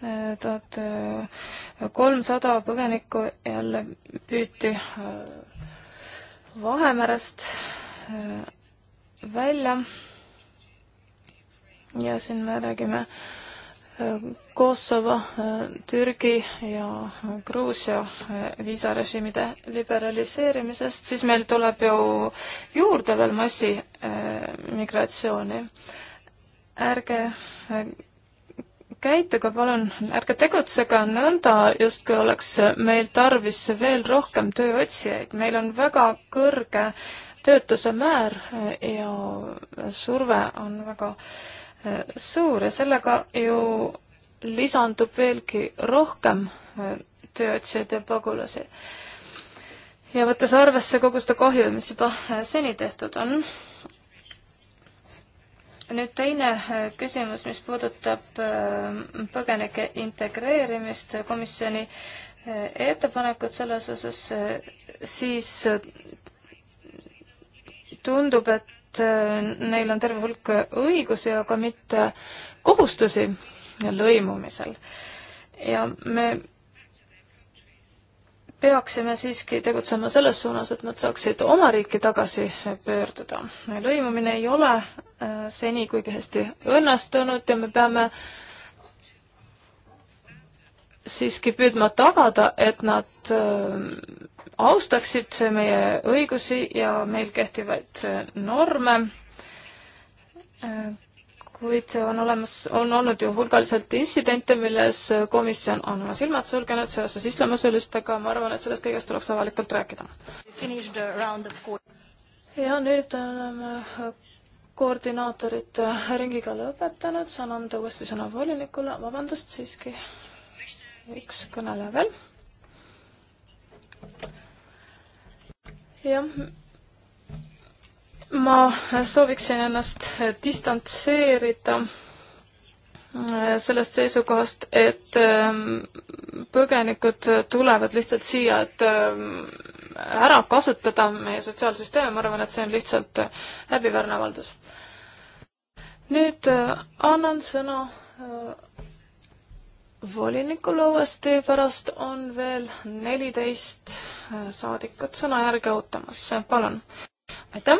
äh, tuhat äh, kolmsada põgenikku jälle püüti äh, Vahemerest välja. ja siin me räägime äh, Kosovo, Türgi ja Gruusia viisarežiimide liberaliseerimisest, siis meil tuleb ju juurde veel massimigratsiooni. ärge käituge palun, ärge tegutsege nõnda, justkui oleks meil tarvis veel rohkem tööotsijaid, meil on väga kõrge töötuse määr ja surve on väga äh, suur ja sellega ju lisandub veelgi rohkem äh, tööotsijaid ja pagulasi. ja võttes arvesse kogu seda kahju, mis juba äh, seni tehtud on. nüüd teine äh, küsimus, mis puudutab põgenike integreerimist komisjoni ettepanekut selles osas, siis tundub, et et äh, neil on terve hulk õigusi, aga mitte kohustusi lõimumisel. ja me peaksime siiski tegutsema selles suunas, et nad saaksid oma riiki tagasi pöörduda. lõimumine ei ole äh, seni kuigi hästi õnnestunud ja me peame siiski püüdma tagada, et nad äh, austaksid meie õigusi ja meil kehtivaid norme, kuid on olemas, on olnud ju hulgaliselt intsidente, milles komisjon on oma silmad sulgenud seoses islamisülistega, ma arvan, et sellest kõigest tuleks avalikult rääkida. ja nüüd oleme koordinaatorite ringiga lõpetanud, saan anda uuesti sõna volinikule, vabandust, siiski üks kõneleja veel jah, ma sooviksin ennast distantseerida äh, sellest seisukohast, et ähm, põgenikud tulevad lihtsalt siia, et ähm, ära kasutada meie sotsiaalsüsteemi, ma arvan, et see on lihtsalt äh, häbiväärne avaldus. nüüd äh, annan sõna volinikule uuesti, pärast on veel neliteist äh, saadikut sõna järge ootamas, palun. aitäh.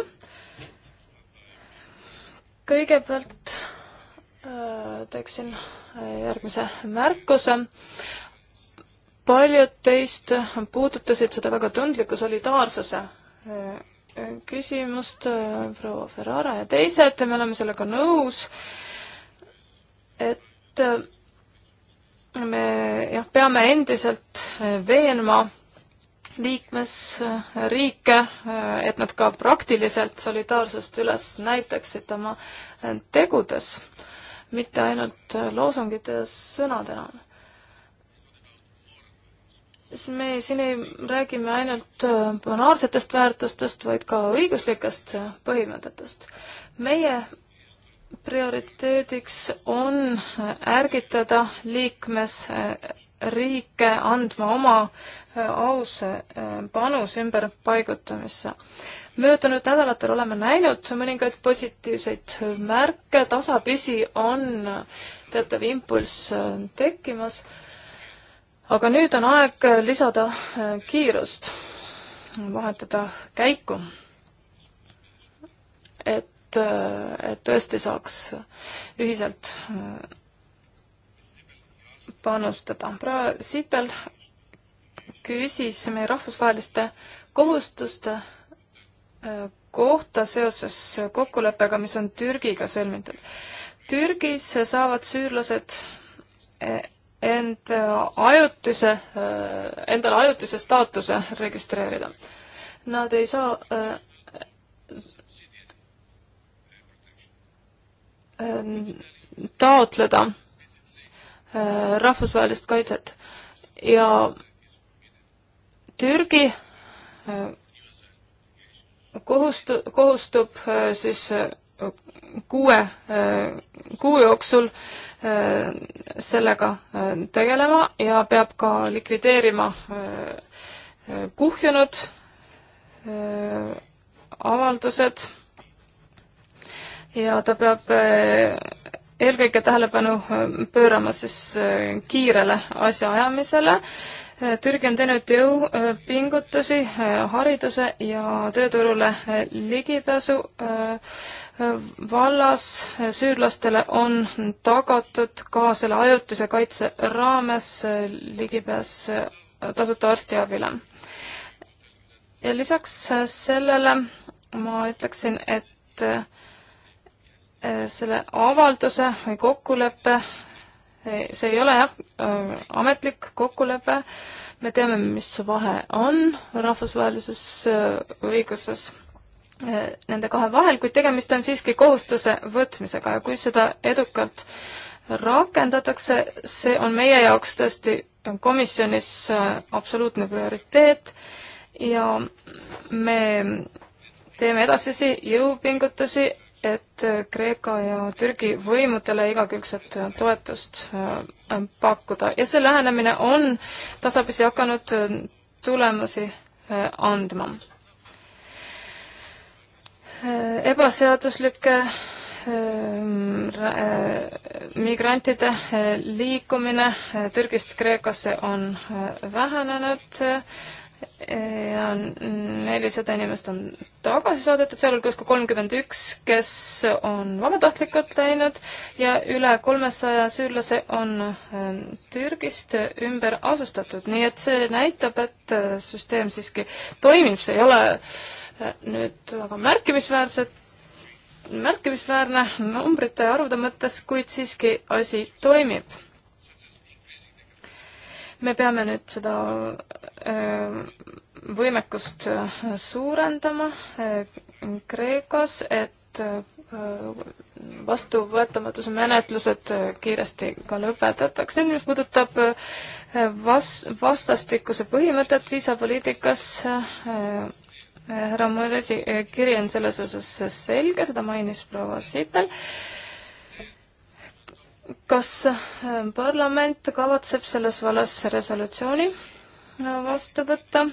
kõigepealt äh, teeksin äh, järgmise märkuse. paljud teist puudutasid seda väga tundlikku solidaarsuse küsimust, proua Ferrara ja teised, me oleme sellega nõus, et me jah, peame endiselt eh, veenma liikmesriike, eh, et nad ka praktiliselt solidaarsust üles näitaksid oma eh, tegudes, mitte ainult loosungite ja sõnadena me siin ei räägi me ainult banaarsetest väärtustest, vaid ka õiguslikest põhimõtetest. meie prioriteediks on ärgitada liikmesriike andma oma äh, aus äh, panus ümberpaigutamisse. möödunud nädalatel oleme näinud mõningaid positiivseid märke, tasapisi on teatav impulss äh, tekkimas, aga nüüd on aeg lisada kiirust, vahetada käiku. et et tõesti saaks ühiselt äh, panustada. proua Sipel küsis meie rahvusvaheliste kohustuste äh, kohta seoses kokkuleppega, mis on Türgiga sõlmitud. Türgis saavad süürlased e, end ajutise, äh, endale ajutise staatuse registreerida. Nad ei saa Ähm, taotleda äh, rahvusvahelist kaitset ja Türgi äh, kohustu-, kohustub äh, siis kuue kuu jooksul sellega tegelema ja peab ka likvideerima kuhjunud avaldused ja ta peab eh, eelkõige tähelepanu eh, pöörama siis eh, kiirele asjaajamisele. Türgi on teinud jõupingutusi hariduse ja tööturule ligipääsu vallas. süürlastele on tagatud ka selle ajutise kaitse raames ligipääs tasuta arstiabile. ja lisaks sellele ma ütleksin, et Äh, selle avalduse või kokkuleppe, see ei ole jah, äh, ametlik kokkulepe, me teame, mis vahe on rahvusvahelises äh, õiguses nende kahe vahel, kuid tegemist on siiski kohustuse võtmisega ja kui seda edukalt rakendatakse, see on meie jaoks tõesti komisjonis absoluutne prioriteet ja me teeme edasisi jõupingutusi, et Kreeka ja Türgi võimudele igakülgset toetust äh, pakkuda ja see lähenemine on tasapisi hakanud äh, tulemusi äh, andma. ebaseaduslike migrantide liikumine Türgist Kreekasse on vähenenud ja nelisada inimest on tagasi saadetud, sealhulgas ka kolmkümmend üks, kes on vabatahtlikult läinud ja üle kolmesaja süürlase on ähm, Türgist ümber asustatud, nii et see näitab, et äh, süsteem siiski toimib, see ei ole äh, nüüd väga märkimisväärset, märkimisväärne numbrite ja arvude mõttes, kuid siiski asi toimib me peame nüüd seda äh, võimekust äh, suurendama äh, Kreekas, et vastuvõetamatuse menetlused kiiresti ka lõpetatakse. mis puudutab vas-, vastastikuse põhimõtet viisapoliitikas, härra Mõõdesi kiri on selles osas selge, seda mainis proua Sipel kas äh, parlament kavatseb selles vallas resolutsiooni äh, vastu võtta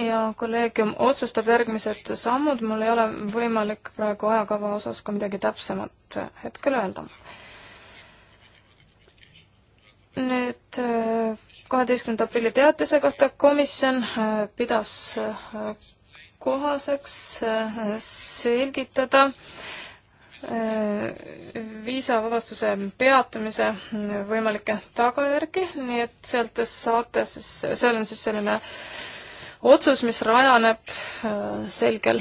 ja kolleegium otsustab järgmised sammud, mul ei ole võimalik praegu ajakava osas ka midagi täpsemat äh, hetkel öelda. nüüd kaheteistkümnenda aprilli teatise kohta komisjon pidas kohaseks selgitada äh, viisavabastuse peatamise võimalikke tagajärgi, nii et sealt te saate siis, seal on siis selline otsus, mis rajaneb äh, selgel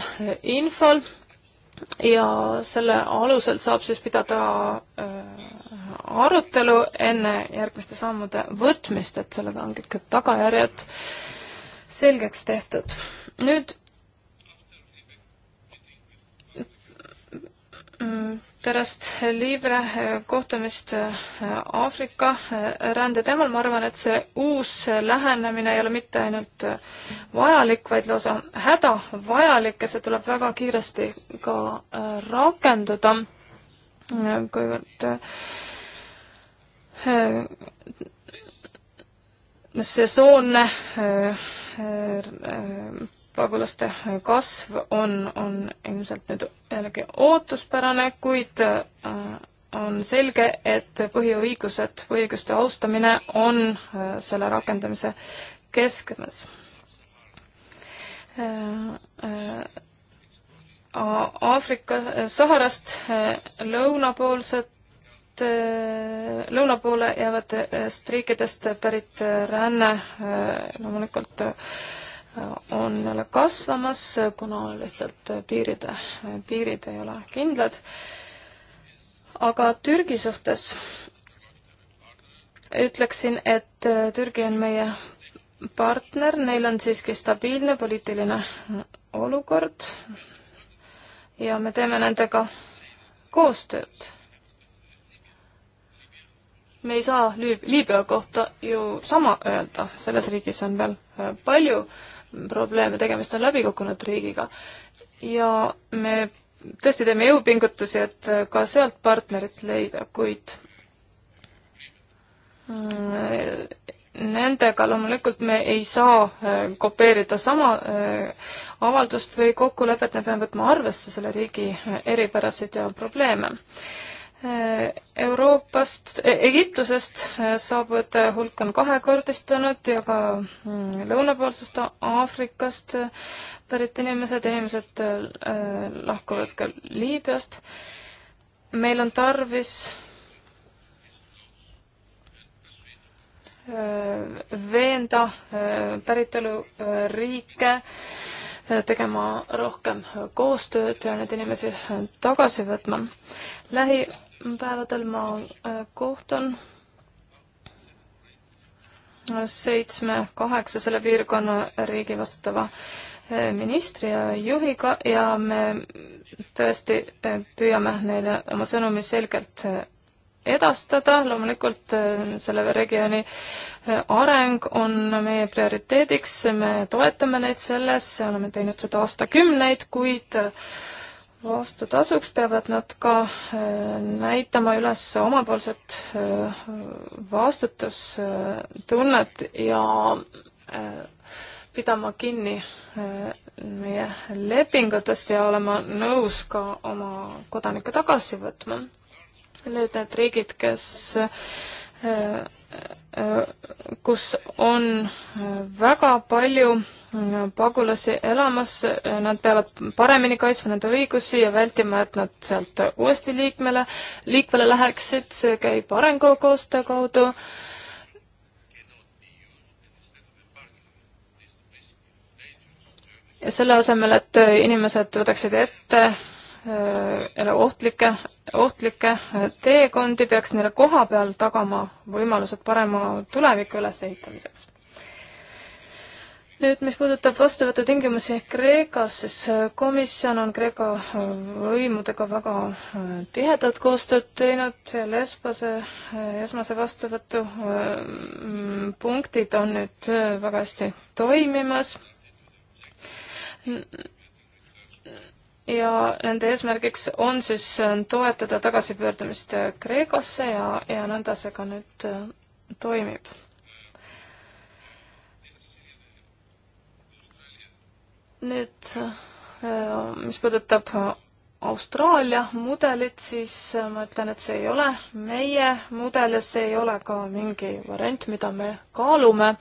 infol ja selle alusel saab siis pidada äh, arutelu enne järgmiste sammude võtmist, et sellega on kõik tagajärjed selgeks tehtud. nüüd Mm, pärast Libre eh, kohtumist eh, Aafrika eh, rändeteemal, ma arvan, et see uus lähenemine ei ole mitte ainult vajalik, vaid lausa hädavajalik ja see tuleb väga kiiresti ka rakendada, kuivõrd sesoonne pagulaste kasv on, on ilmselt nüüd jällegi ootuspärane, kuid äh, on selge, et põhiõigused, põhiõiguste austamine on äh, selle rakendamise keskmes. Äh, Aafrika Saharast lõunapoolset lõuna poole jäävatest riikidest pärit ränne loomulikult no, on jälle kasvamas, kuna lihtsalt piiride, piirid ei ole kindlad. aga Türgi suhtes ütleksin, et äh, Türgi on meie partner, neil on siiski stabiilne poliitiline olukord ja me teeme nendega koostööd. me ei saa Liib-, Liibüa kohta ju sama öelda, selles riigis on veel äh, palju äh, probleeme, tegemist on läbi kukkunud riigiga. ja me tõesti teeme jõupingutusi, et ka sealt partnerit leida, kuid mm, nendega loomulikult me ei saa äh, kopeerida sama äh, avaldust või kokkulepet, me peame võtma arvesse selle riigi äh, eripärasid ja probleeme. Euroopast, e, Egiptusest e, saabujate hulk on kahekordistunud ja ka mm, lõunapoolsest Aafrikast e, pärit inimesed, inimesed lahkuvad ka Liibüast. meil on tarvis veenda päritoluriike tegema rohkem koostööd ja neid inimesi tagasi võtma lähipäevadel ma äh, kohtun seitsme, kaheksa selle piirkonna riigi vastutava äh, ministri ja juhiga ja me tõesti äh, püüame neile oma sõnumi selgelt edastada, loomulikult selle regiooni areng on meie prioriteediks, me toetame neid selles, oleme teinud seda aastakümneid, kuid vastutasuks peavad nad ka äh, näitama üles omapoolset äh, vastutustunnet ja äh, pidama kinni meie lepingutest ja olema nõus ka oma kodanikke tagasi võtma. nüüd need riigid, kes kus on väga palju pagulasi elamas, nad peavad paremini kaitsma nende õigusi ja vältima, et nad sealt uuesti liikmele, liikvele läheksid, see käib arengukoostöö kaudu. ja selle asemel, et inimesed võtaksid ette Äh, ohtlikke, ohtlikke äh, teekondi, peaks neile koha peal tagama võimalused parema tuleviku ülesehitamiseks. nüüd, mis puudutab vastuvõtutingimusi Kreekas, siis äh, komisjon on Kreeka võimudega väga tihedat koostööd teinud, selle esmase, esmase vastuvõtu punktid on nüüd väga hästi toimimas ja nende eesmärgiks on siis äh, toetada tagasipöördumist äh, Kreekasse ja, ja nõnda see ka nüüd äh, toimib. nüüd, mis puudutab Austraalia mudelit, siis ma ütlen, et see ei ole meie mudel ja see ei ole ka mingi variant, mida me kaalume.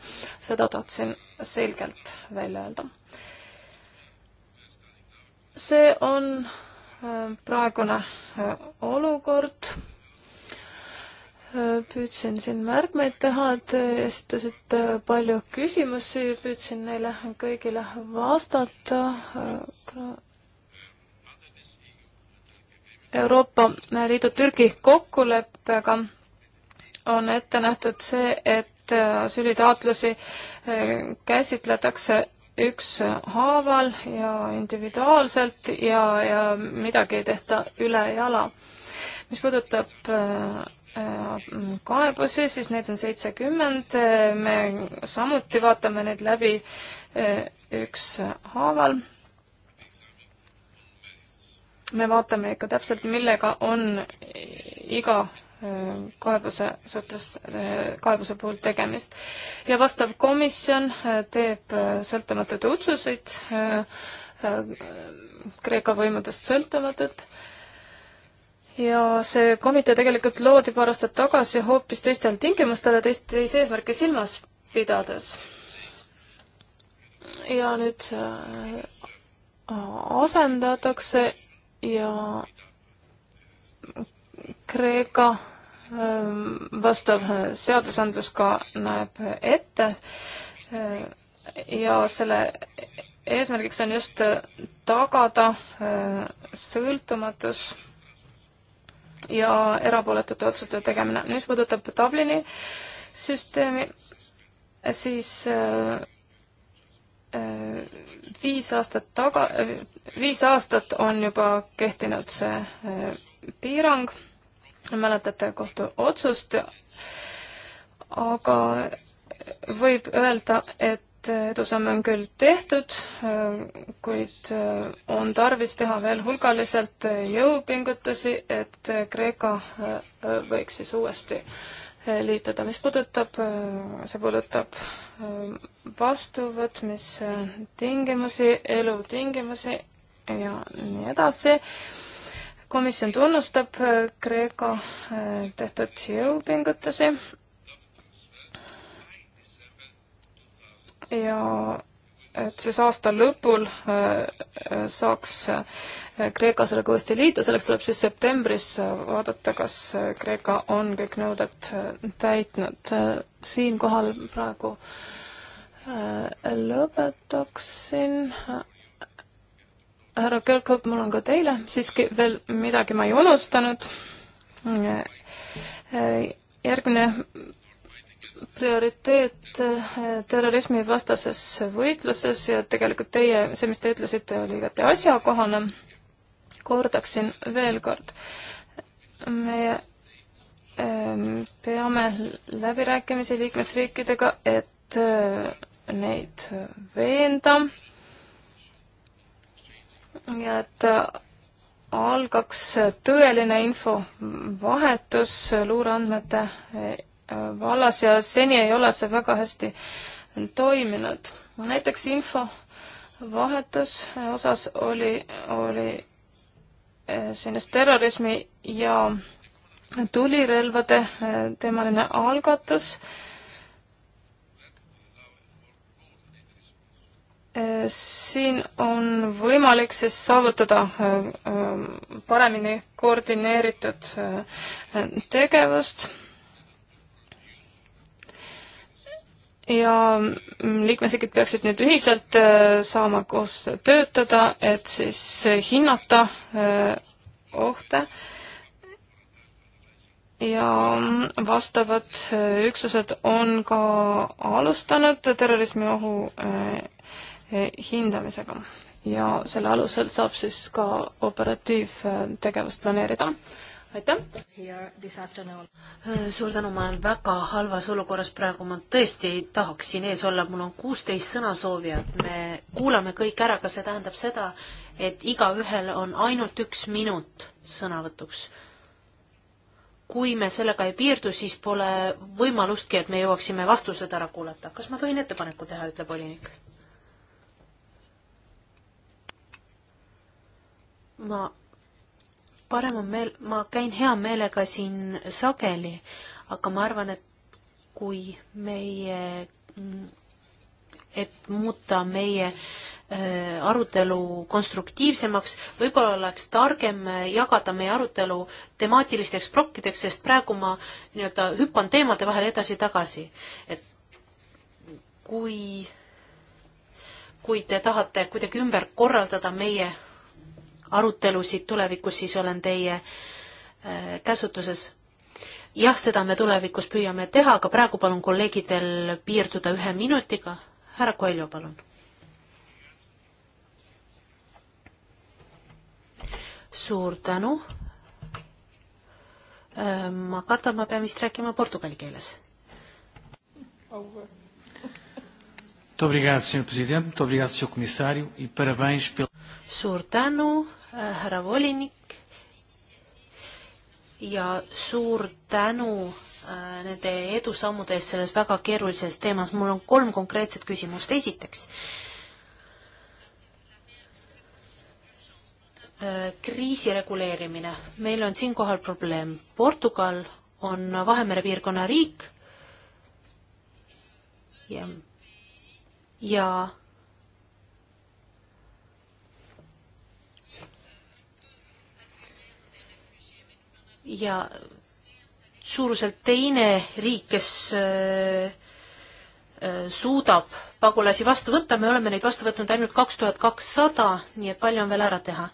seda tahtsin selgelt välja öelda see on äh, praegune äh, olukord. Äh, püüdsin siin märkmeid teha, et esitasite palju küsimusi, püüdsin neile kõigile vastata. Euroopa Liidu Türgi kokkuleppega on ette nähtud see, et asüülitaotlusi käsitletakse ükshaaval ja individuaalselt ja, ja midagi ei tehta ülejala. mis puudutab äh, äh, kaebusi, siis neid on seitsekümmend, me samuti vaatame neid läbi äh, ükshaaval. me vaatame ikka täpselt, millega on iga kaebuse suhtes, kaebuse puhul tegemist. ja vastav komisjon äh, teeb äh, sõltumatuid otsuseid, äh, Kreeka võimudest sõltumatud, ja see komitee tegelikult loodi paar aastat tagasi hoopis teistel tingimustel ja teist, teisi eesmärke silmas pidades. ja nüüd asendatakse ja Kreeka vastav seadusandlus ka näeb ette ja selle eesmärgiks on just tagada sõltumatus ja erapooletute otsuste tegemine. mis puudutab Dublini süsteemi, siis viis aastat taga, viis aastat on juba kehtinud see piirang mäletate kohtuotsust, aga võib öelda, et edusamme on küll tehtud, kuid on tarvis teha veel hulgaliselt jõupingutusi, et Kreeka võiks siis uuesti liituda. mis puudutab, see puudutab vastuvõtmistingimusi, elutingimusi ja nii edasi komisjon tunnustab äh, Kreeka äh, tehtud jõupingutusi ja et siis aasta lõpul äh, saaks Kreeka sellega uuesti liita, selleks tuleb siis septembris vaadata, kas Kreeka on kõik nõuded täitnud. siinkohal praegu lõpetaksin härra Kirkhoff, mul on ka teile siiski veel midagi, ma ei unustanud. järgmine prioriteet äh, terrorismivastases võitluses ja tegelikult teie, see, mis te ütlesite, oli igati asjakohane. kordaksin veel kord. meie ähm, peame läbirääkimisi liikmesriikidega, et äh, neid veenda ja et äh, algaks tõeline infovahetus luureandmete äh, vallas ja seni ei ole see väga hästi toiminud. näiteks infovahetus osas oli, oli äh, sellist terrorismi ja tulirelvade teemaline algatus äh, siin on võimalik siis saavutada äh, äh, paremini koordineeritud äh, tegevust ja liikmesriigid peaksid nüüd ühiselt saama koos töötada, et siis hinnata ohte ja vastavad üksused on ka alustanud terrorismiohu Eh, hindamisega ja selle alusel saab siis ka operatiivtegevust planeerida. aitäh! Eh, suur tänu, ma olen väga halvas olukorras praegu, ma tõesti ei tahaks siin ees olla, mul on kuusteist sõnasoovijat, me kuulame kõik ära, kas see tähendab seda, et igaühel on ainult üks minut sõnavõtuks? kui me sellega ei piirdu, siis pole võimalustki, et me jõuaksime vastused ära kuulata. kas ma tohin ettepaneku teha, ütleb volinik ma, parem on meel, ma käin hea meelega siin sageli, aga ma arvan, et kui meie, et muuta meie äh, arutelu konstruktiivsemaks, võib-olla oleks targem äh, jagada meie arutelu temaatilisteks plokkideks, sest praegu ma nii-öelda hüppan teemade vahel edasi-tagasi, et kui, kui te tahate kuidagi ümber korraldada meie arutelusid tulevikus, siis olen teie äh, käsutuses. jah, seda me tulevikus püüame teha, aga praegu palun kolleegidel piirduda ühe minutiga. härra Koeljo, palun. suur tänu. Äh, ma kardan, ma pean vist rääkima portugali keeles. Muito obrigado, Sr. Presidente, muito obrigado, Sr. Comissário, e parabéns pelo. Suur tänu, Äh, härra volinik ja suur tänu äh, nende edusammude eest selles väga keerulises teemas. mul on kolm konkreetset küsimust. esiteks, äh, kriisi reguleerimine. meil on siinkohal probleem. Portugal on Vahemere piirkonna riik ja, ja ja suuruselt teine riik, kes äh, äh, suudab pagulasi vastu võtta, me oleme neid vastu võtnud ainult kaks tuhat kakssada, nii et palju on veel ära teha.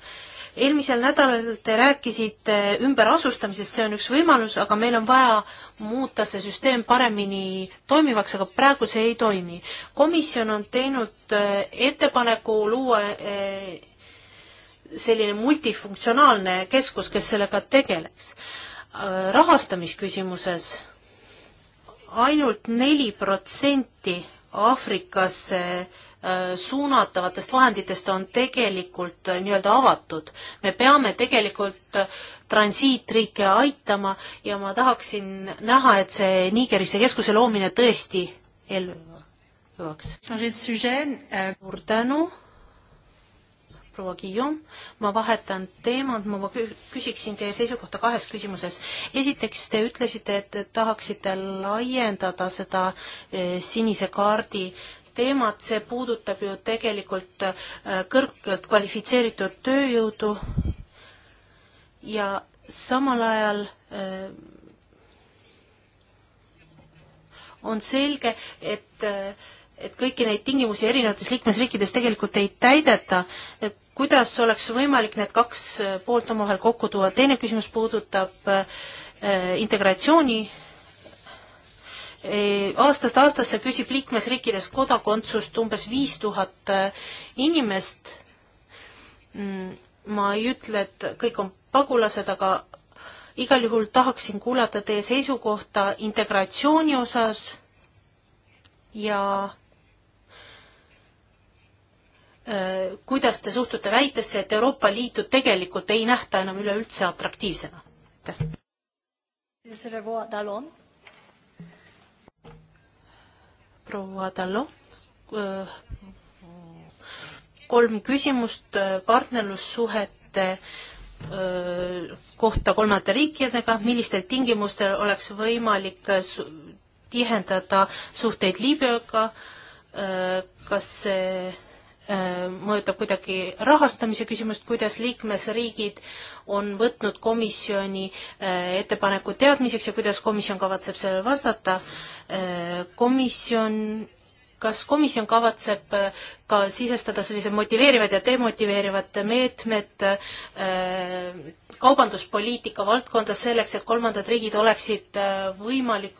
eelmisel nädalal te rääkisite ümberasustamisest, see on üks võimalus, aga meil on vaja muuta see süsteem paremini toimivaks, aga praegu see ei toimi. komisjon on teinud äh, ettepaneku luua selline multifunktsionaalne keskus, kes sellega tegeleks. rahastamisküsimuses ainult neli protsenti Aafrikasse äh, suunatavatest vahenditest on tegelikult äh, nii-öelda avatud. me peame tegelikult äh, transiitriike aitama ja ma tahaksin näha, et see Nigerisse keskuse loomine tõesti ellu jõuaks. Euh, suur tänu proua Guillaume, ma vahetan teemad, ma küsiksin teie seisukohta kahes küsimuses. esiteks, te ütlesite, et tahaksite laiendada seda eh, sinise kaardi teemat, see puudutab ju tegelikult eh, kõrgelt kvalifitseeritud tööjõudu ja samal ajal eh, on selge, et et kõiki neid tingimusi erinevates liikmesriikides tegelikult ei täideta, et kuidas oleks võimalik need kaks poolt omavahel kokku tuua. teine küsimus puudutab äh, integratsiooni. Äh, aastast aastasse küsib liikmesriikides kodakondsust umbes viis tuhat äh, inimest. Mm, ma ei ütle, et kõik on pagulased, aga igal juhul tahaksin kuulata teie seisukohta integratsiooni osas ja Äh, kuidas te suhtute väitesse, et Euroopa Liitu tegelikult ei nähta enam üleüldse atraktiivsena? proua Tallo, äh, kolm küsimust äh, partnerlussuhete kohta kolmandate riikidega, millistel tingimustel oleks võimalik tihendada suhteid Liibüaga, kas see Äh, mõjutab kuidagi rahastamise küsimust, kuidas liikmesriigid on võtnud komisjoni äh, ettepaneku teadmiseks ja kuidas komisjon kavatseb sellele vastata. Äh, komisjon, kas komisjon kavatseb ka sisestada sellised motiveerivad ja demotiveerivad meetmed kaubanduspoliitika valdkonda selleks, et kolmandad riigid oleksid võimalik,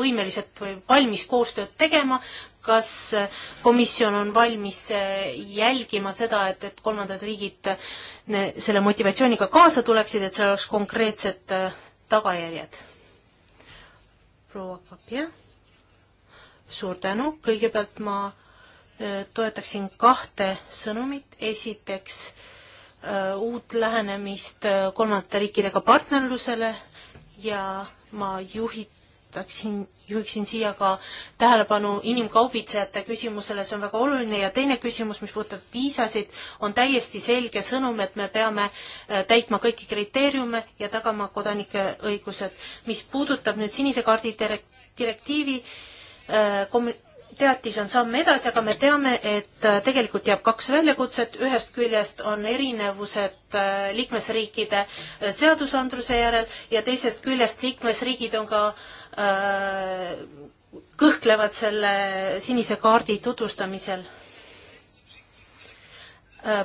võimelised või valmis koostööd tegema kas komisjon on valmis jälgima seda, et, et kolmandad riigid ne, selle motivatsiooniga kaasa tuleksid, et seal oleks konkreetsed äh, tagajärjed? proua Kapja, suur tänu, kõigepealt ma äh, toetaksin kahte sõnumit, esiteks äh, uut lähenemist äh, kolmandate riikidega partnerlusele ja ma juhi-, rõhutaksin, juhiksin siia ka tähelepanu inimkaubitsejate küsimusele, see on väga oluline ja teine küsimus, mis puudutab viisasid, on täiesti selge sõnum, et me peame äh, täitma kõiki kriteeriume ja tagama kodanike õigused. mis puudutab nüüd sinise kaardi direktiivi äh, kom-, teatis on samm edasi, aga me teame, et äh, tegelikult jääb kaks väljakutset, ühest küljest on erinevused äh, liikmesriikide äh, seadusandluse järel ja teisest küljest liikmesriigid on ka äh, kõhklevad selle sinise kaardi tutvustamisel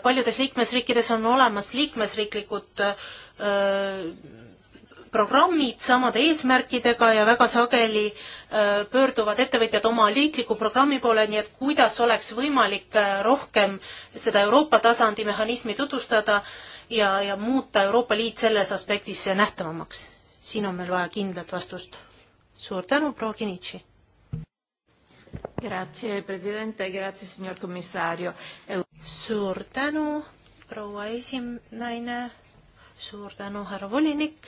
paljudes liikmesriikides on olemas liikmesriiklikud öö, programmid samade eesmärkidega ja väga sageli äh, pöörduvad ettevõtjad oma liikliku programmi poole, nii et kuidas oleks võimalik äh, rohkem seda Euroopa tasandi mehhanismi tutvustada ja, ja muuta Euroopa Liit selles aspektis nähtavamaks? siin on meil vaja kindlat vastust. suur tänu, proua Kinitši! Grazie Presidente, grazie signor Commissario. Suur tänu, proua esinaine, suur tänu, härra volinik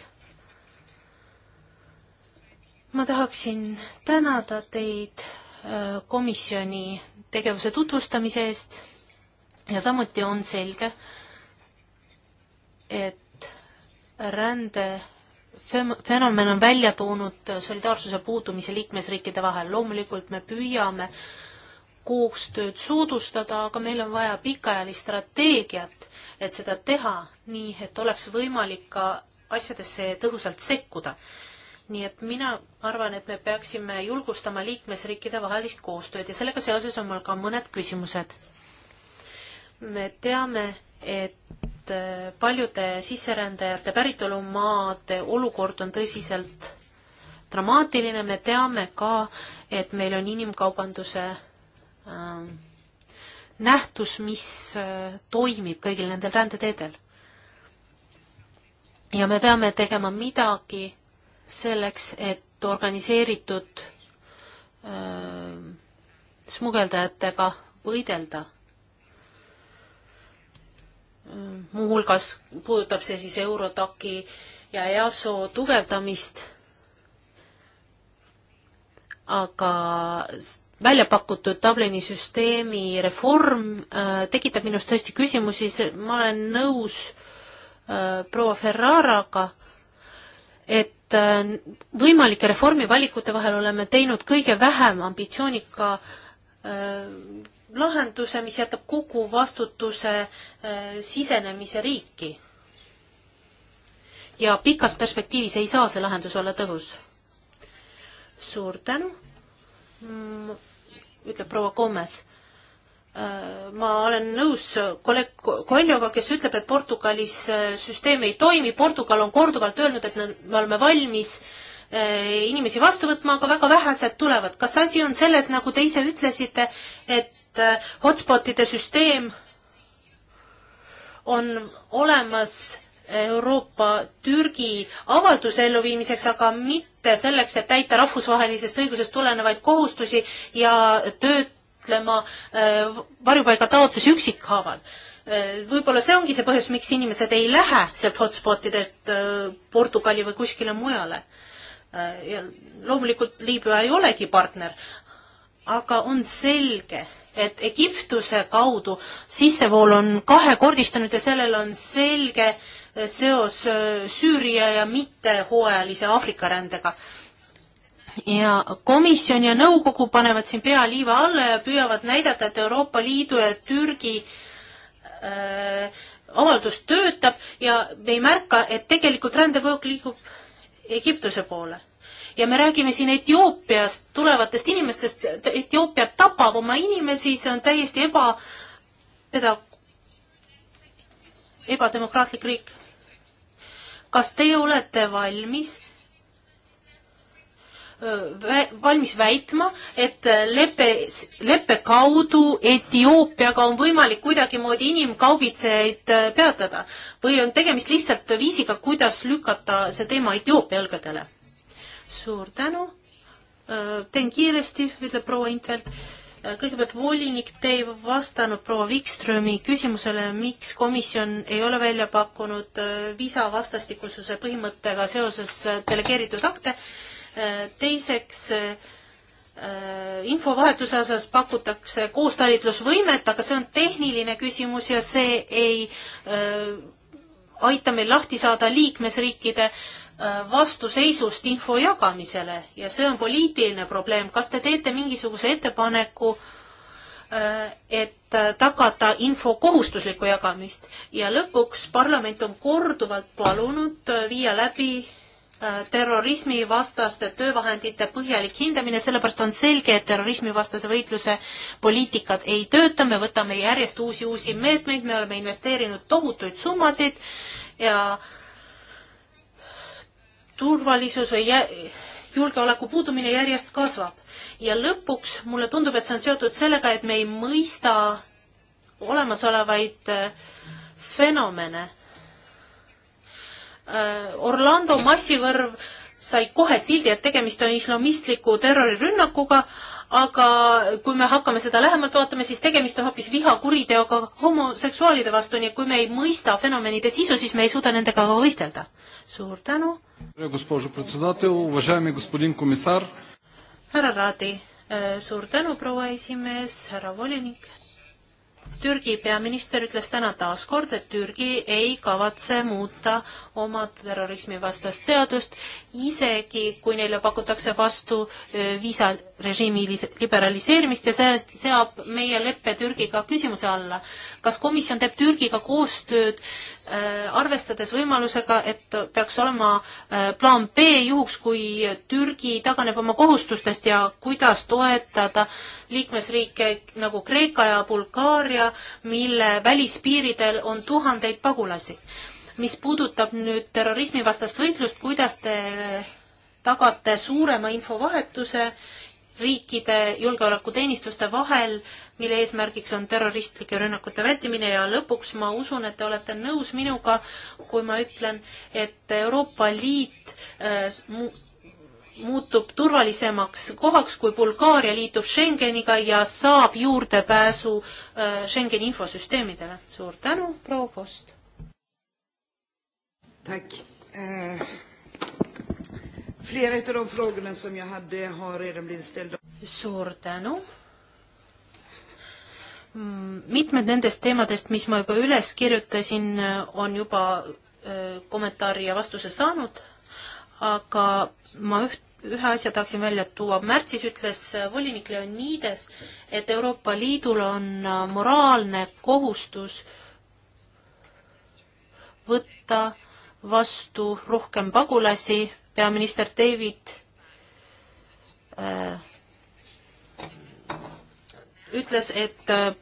ma tahaksin tänada teid äh, komisjoni tegevuse tutvustamise eest ja samuti on selge, et rände fenomen on välja toonud solidaarsuse puudumise liikmesriikide vahel. loomulikult me püüame koostööd soodustada, aga meil on vaja pikaajalist strateegiat, et seda teha nii, et oleks võimalik ka asjadesse tõhusalt sekkuda nii et mina arvan, et me peaksime julgustama liikmesriikide vahelist koostööd ja sellega seoses on mul ka mõned küsimused. me teame, et äh, paljude sisserändajate päritolumaade olukord on tõsiselt dramaatiline, me teame ka, et meil on inimkaubanduse ähm, nähtus, mis äh, toimib kõigil nendel rändeteedel. ja me peame tegema midagi selleks, et organiseeritud äh, smugeldajatega võidelda muuhulgas puudutab see siis Eurotaki ja EASO tugevdamist, aga välja pakutud Dublini süsteemi reform äh, tekitab minus tõesti küsimusi, ma olen nõus äh, proua Ferraraga, et et äh, võimalike reformivalikute vahel oleme teinud kõige vähem ambitsioonika äh, lahenduse, mis jätab kogu vastutuse äh, sisenemise riiki. ja pikas perspektiivis ei saa see lahendus olla tõhus. suur tänu, ütleb proua Gomes Äh, ma olen nõus äh, kolleeg Koljoga, kes ütleb, et Portugalis äh, süsteem ei toimi, Portugal on korduvalt öelnud, et me oleme valmis inimesi vastu võtma, aga väga vähesed tulevad. kas asi on selles, nagu te ise ütlesite, et hotspotide süsteem on olemas Euroopa Türgi avalduse elluviimiseks, aga mitte selleks, et täita rahvusvahelisest õigusest tulenevaid kohustusi ja tööd menetlema äh, varjupaigataotlusi üksikhaaval. Äh, võib-olla see ongi see põhjus, miks inimesed ei lähe sealt hotspot idest äh, Portugali või kuskile mujale. ja loomulikult Liibüa ei olegi partner, aga on selge, et Egiptuse kaudu sissevool on kahekordistunud ja sellel on selge seos Süüria ja mitte hooajalise Aafrika rändega ja komisjon ja nõukogu panevad siin pea liiva alla ja püüavad näidata, et Euroopa Liidu ja Türgi äh, avaldus töötab ja me ei märka, et tegelikult rändevoog liigub Egiptuse poole. ja me räägime siin Etioopiast tulevatest inimestest, Etioopia tapab oma inimesi, see on täiesti eba, eda-, ebademokraatlik riik. kas teie olete valmis valmis väitma, et lepe, leppe kaudu Etioopiaga on võimalik kuidagimoodi inimkaubitsejaid äh, peatada või on tegemist lihtsalt viisiga, kuidas lükata see teema Etioopia õlgadele? suur tänu. Äh, teen kiiresti, ütleb proua Intvelt. Äh, kõigepealt volinik, te ei vastanud proua Wikströmi küsimusele, miks komisjon ei ole välja pakkunud viisa vastastikususe põhimõttega seoses delegeeritud akte Äh, teiseks, äh, infovahetuse osas pakutakse koostalitlusvõimet, aga see on tehniline küsimus ja see ei äh, aita meil lahti saada liikmesriikide vastuseisust info jagamisele ja see on poliitiline probleem. kas te teete mingisuguse ettepaneku, et tagada info kohustuslikku jagamist ja lõpuks parlament on korduvalt palunud viia läbi Äh, terrorismivastaste töövahendite põhjalik hindamine, sellepärast on selge, et terrorismivastase võitluse poliitikad ei tööta, me võtame järjest uusi, uusi meetmeid, me oleme investeerinud tohutuid summasid ja turvalisus või julgeoleku puudumine järjest kasvab. ja lõpuks mulle tundub, et see on seotud sellega, et me ei mõista olemasolevaid äh, fenomene Äh, Orlando massivõrv sai kohe sildi, et tegemist on islamistliku terrorirünnakuga, aga kui me hakkame seda lähemalt vaatama, siis tegemist on hoopis vihakuriteoga homoseksuaalide vastu, nii et kui me ei mõista fenomenide sisu, siis me ei suuda nendega ka võistelda. suur tänu. härra Raadi, äh, suur tänu, proua esimees, härra volinik Türgi peaminister ütles täna taas kord, et Türgi ei kavatse muuta oma terrorismivastast seadust, isegi kui neile pakutakse vastu viisarežiimi liberaliseerimist ja see seab meie leppe Türgiga küsimuse alla. kas komisjon teeb Türgiga koostööd Äh, arvestades võimalusega, et peaks olema äh, plaan B juhuks, kui Türgi taganeb oma kohustustest ja kuidas toetada liikmesriike nagu Kreeka ja Bulgaaria, mille välispiiridel on tuhandeid pagulasi. mis puudutab nüüd terrorismivastast võitlust, kuidas te tagate suurema infovahetuse riikide julgeolekuteenistuste vahel, mille eesmärgiks on terroristlike rünnakute vältimine ja lõpuks ma usun, et te olete nõus minuga, kui ma ütlen, et Euroopa Liit äh, muutub turvalisemaks kohaks, kui Bulgaaria liitub Schengeniga ja saab juurdepääsu äh, Schengeni infosüsteemidele. suur tänu, proua Post! Tack! Eh, Flera av de frågorna som jag hade har redan blivit ställda. suur tänu. Mm, mitmed nendest teemadest, mis ma juba üles kirjutasin, on juba kommentaari ja vastuse saanud, aga ma üht, ühe asja tahaksin välja tuua. märtsis ütles äh, volinik Leonides, et Euroopa Liidul on äh, moraalne kohustus võtta vastu rohkem pagulasi peaminister David äh, ütles, et äh,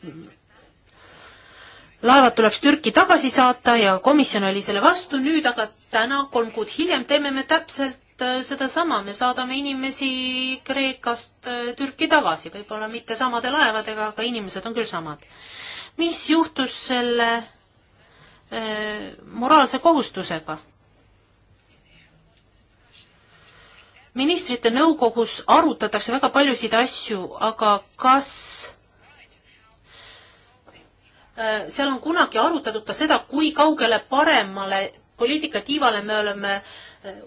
laevad tuleks Türki tagasi saata ja komisjon oli selle vastu, nüüd aga täna, kolm kuud hiljem, teeme me täpselt äh, sedasama, me saadame inimesi Kreekast äh, Türki tagasi, võib-olla mitte samade laevadega, aga inimesed on küll samad. mis juhtus selle äh, moraalse kohustusega? ministrite nõukogus arutatakse väga paljusid asju, aga kas äh, seal on kunagi arutatud ka seda, kui kaugele paremale poliitikatiivale me oleme äh,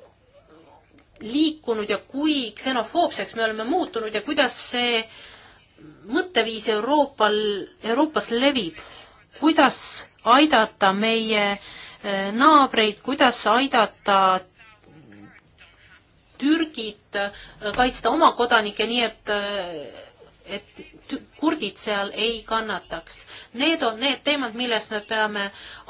liikunud ja kui ksenofoobseks me oleme muutunud ja kuidas see mõtteviis Euroopal, Euroopas levib, kuidas aidata meie äh, naabreid, kuidas aidata Türgit, äh, kaitsta oma kodanikke, nii et, äh, et kurdid seal ei kannataks. Need on need teemad, millest me peame